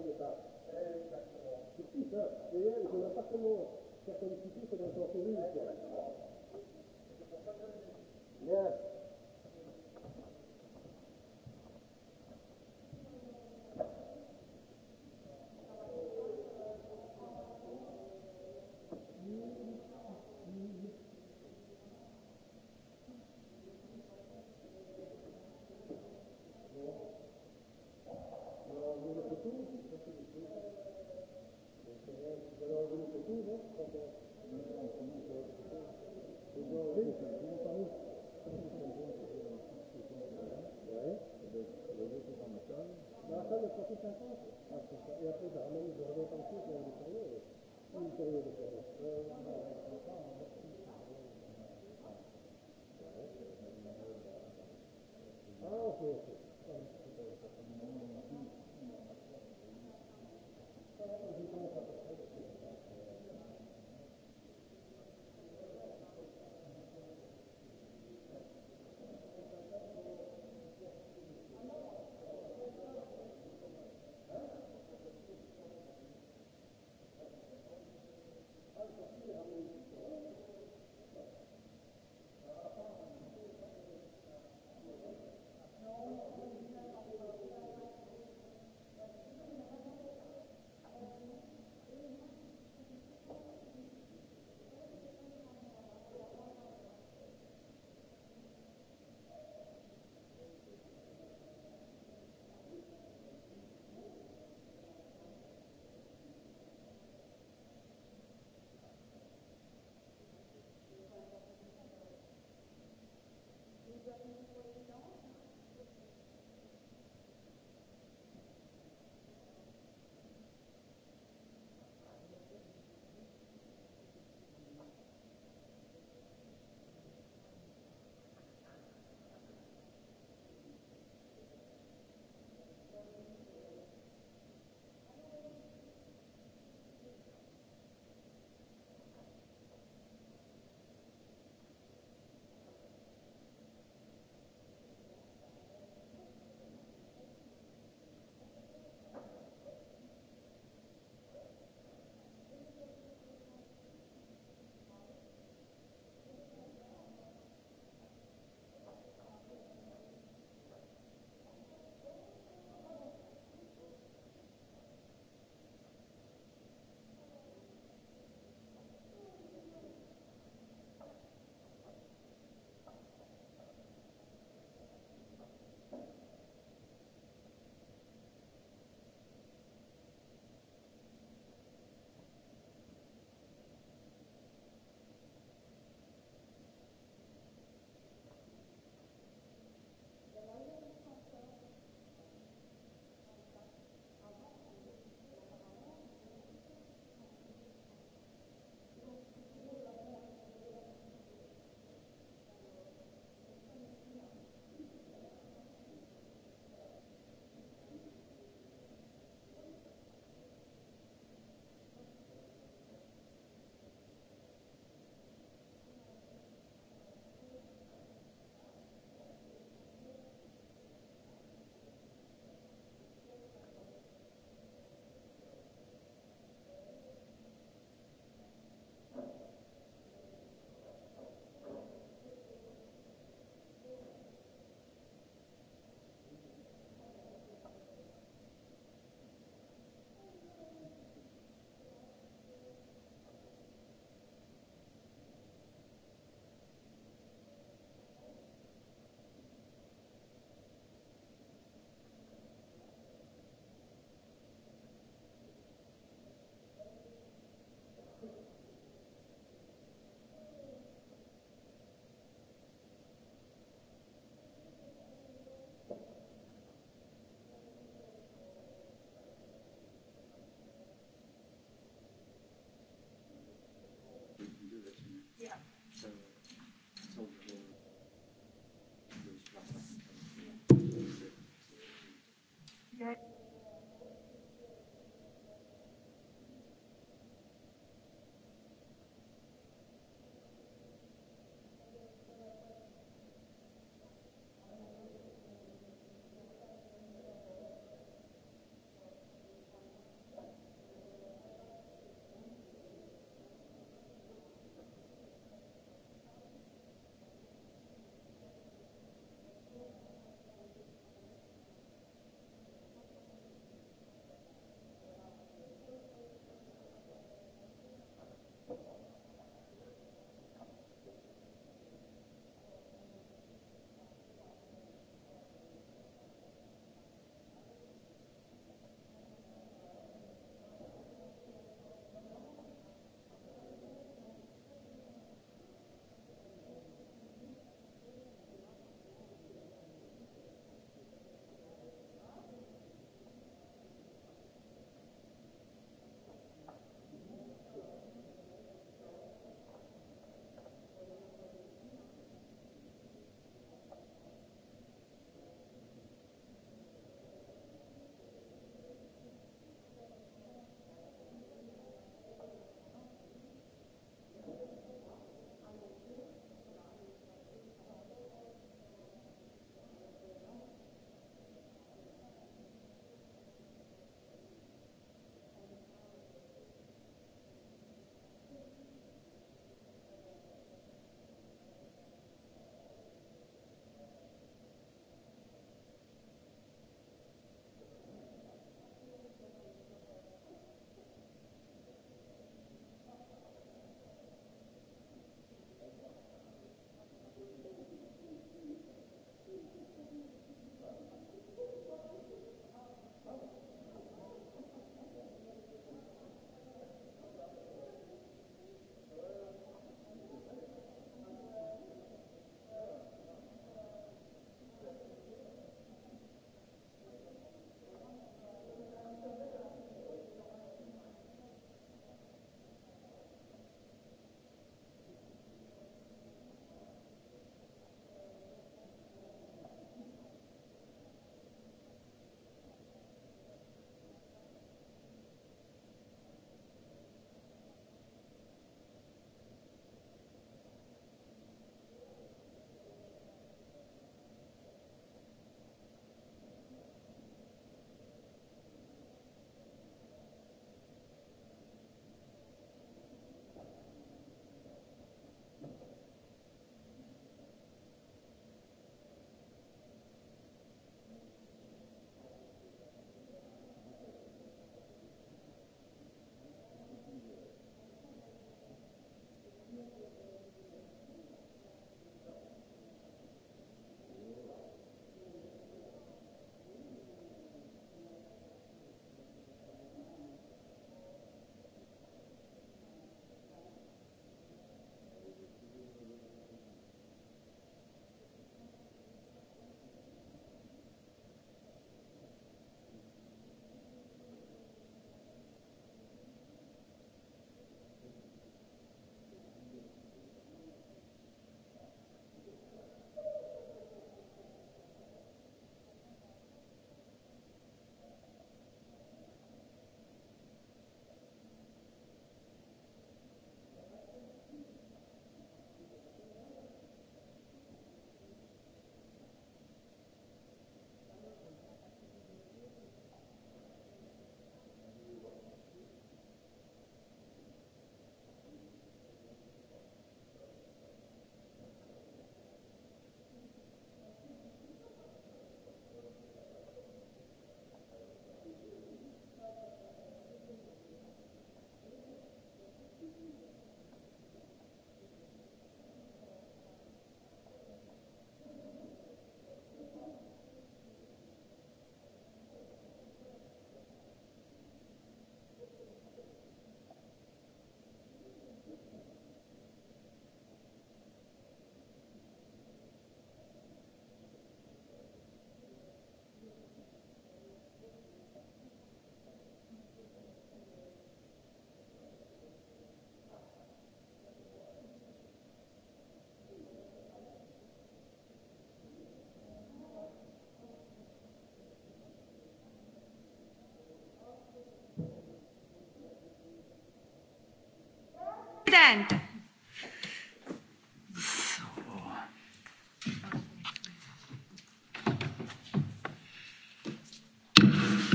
società. Eh, esatto. Sì, sì, certo. je ieri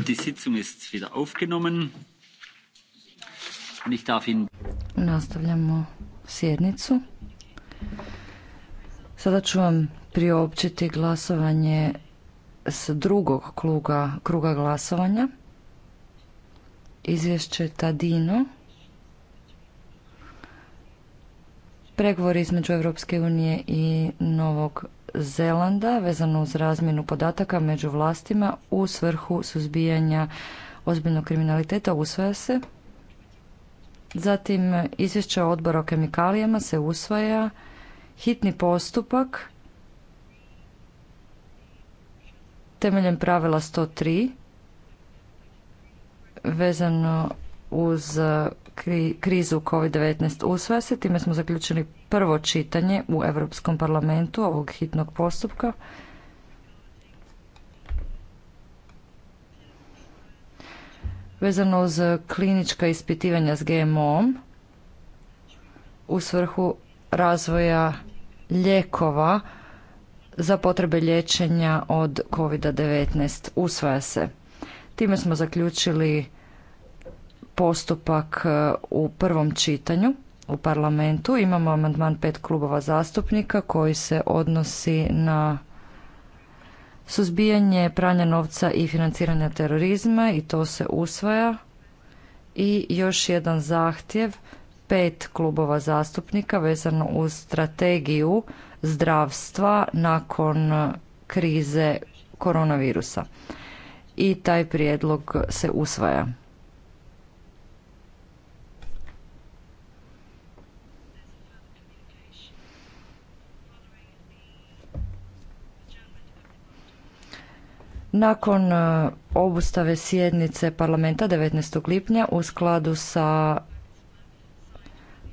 Die Sitzung ist wieder aufgenommen. ich darf Nastavljamo sjednicu. Sada ću vam priopćiti glasovanje s drugog kruga glasovanja. Izvješće Tadino. Pregovori između Europske unije i Novog Zelanda vezano uz razmjenu podataka među vlastima u svrhu suzbijanja ozbiljnog kriminaliteta usvaja se. Zatim izvješće odbora o kemikalijama se usvaja. Hitni postupak temeljem pravila 103 vezano uz e, krizu COVID-19 usvaja se. Time smo zaključili prvo čitanje u Europskom parlamentu ovog hitnog postupka. Vezano uz klinička ispitivanja s GMO-om u svrhu razvoja ljekova za potrebe liječenja od COVID-19 usvaja se. Time smo zaključili postupak e, u prvom čitanju u parlamentu. Imamo amandman pet klubova zastupnika koji se odnosi na suzbijanje pranja novca i financiranja terorizma i to se usvaja. I još jedan zahtjev pet klubova zastupnika vezano uz strategiju zdravstva nakon krize koronavirusa. I taj prijedlog se usvaja. Nakon e, obustave sjednice parlamenta 19. lipnja u skladu sa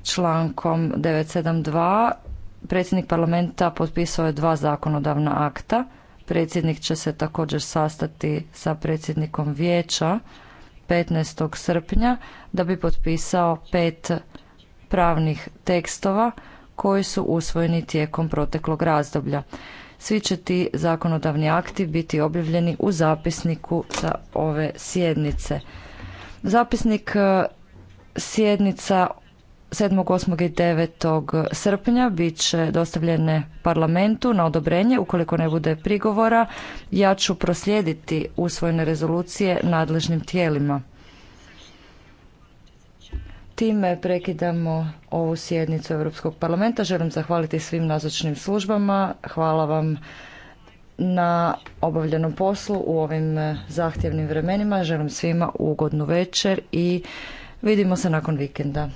člankom 972 predsjednik parlamenta potpisao je dva zakonodavna akta. Predsjednik će se također sastati sa predsjednikom vijeća 15. srpnja da bi potpisao pet pravnih tekstova koji su usvojeni tijekom proteklog razdoblja. Svi će ti zakonodavni akti biti objavljeni u zapisniku sa ove sjednice. Zapisnik e, sjednica 7., 8. i 9. srpnja bit će dostavljene parlamentu na odobrenje. Ukoliko ne bude prigovora, ja ću proslijediti usvojene rezolucije nadležnim tijelima. Time prekidamo ovu sjednicu Europskog parlamenta. Želim zahvaliti svim nazočnim službama. Hvala vam na obavljenom poslu u ovim zahtjevnim vremenima. Želim svima ugodnu večer i vidimo se nakon vikenda.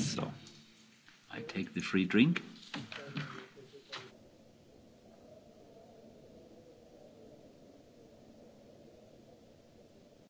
So, I take the free drink.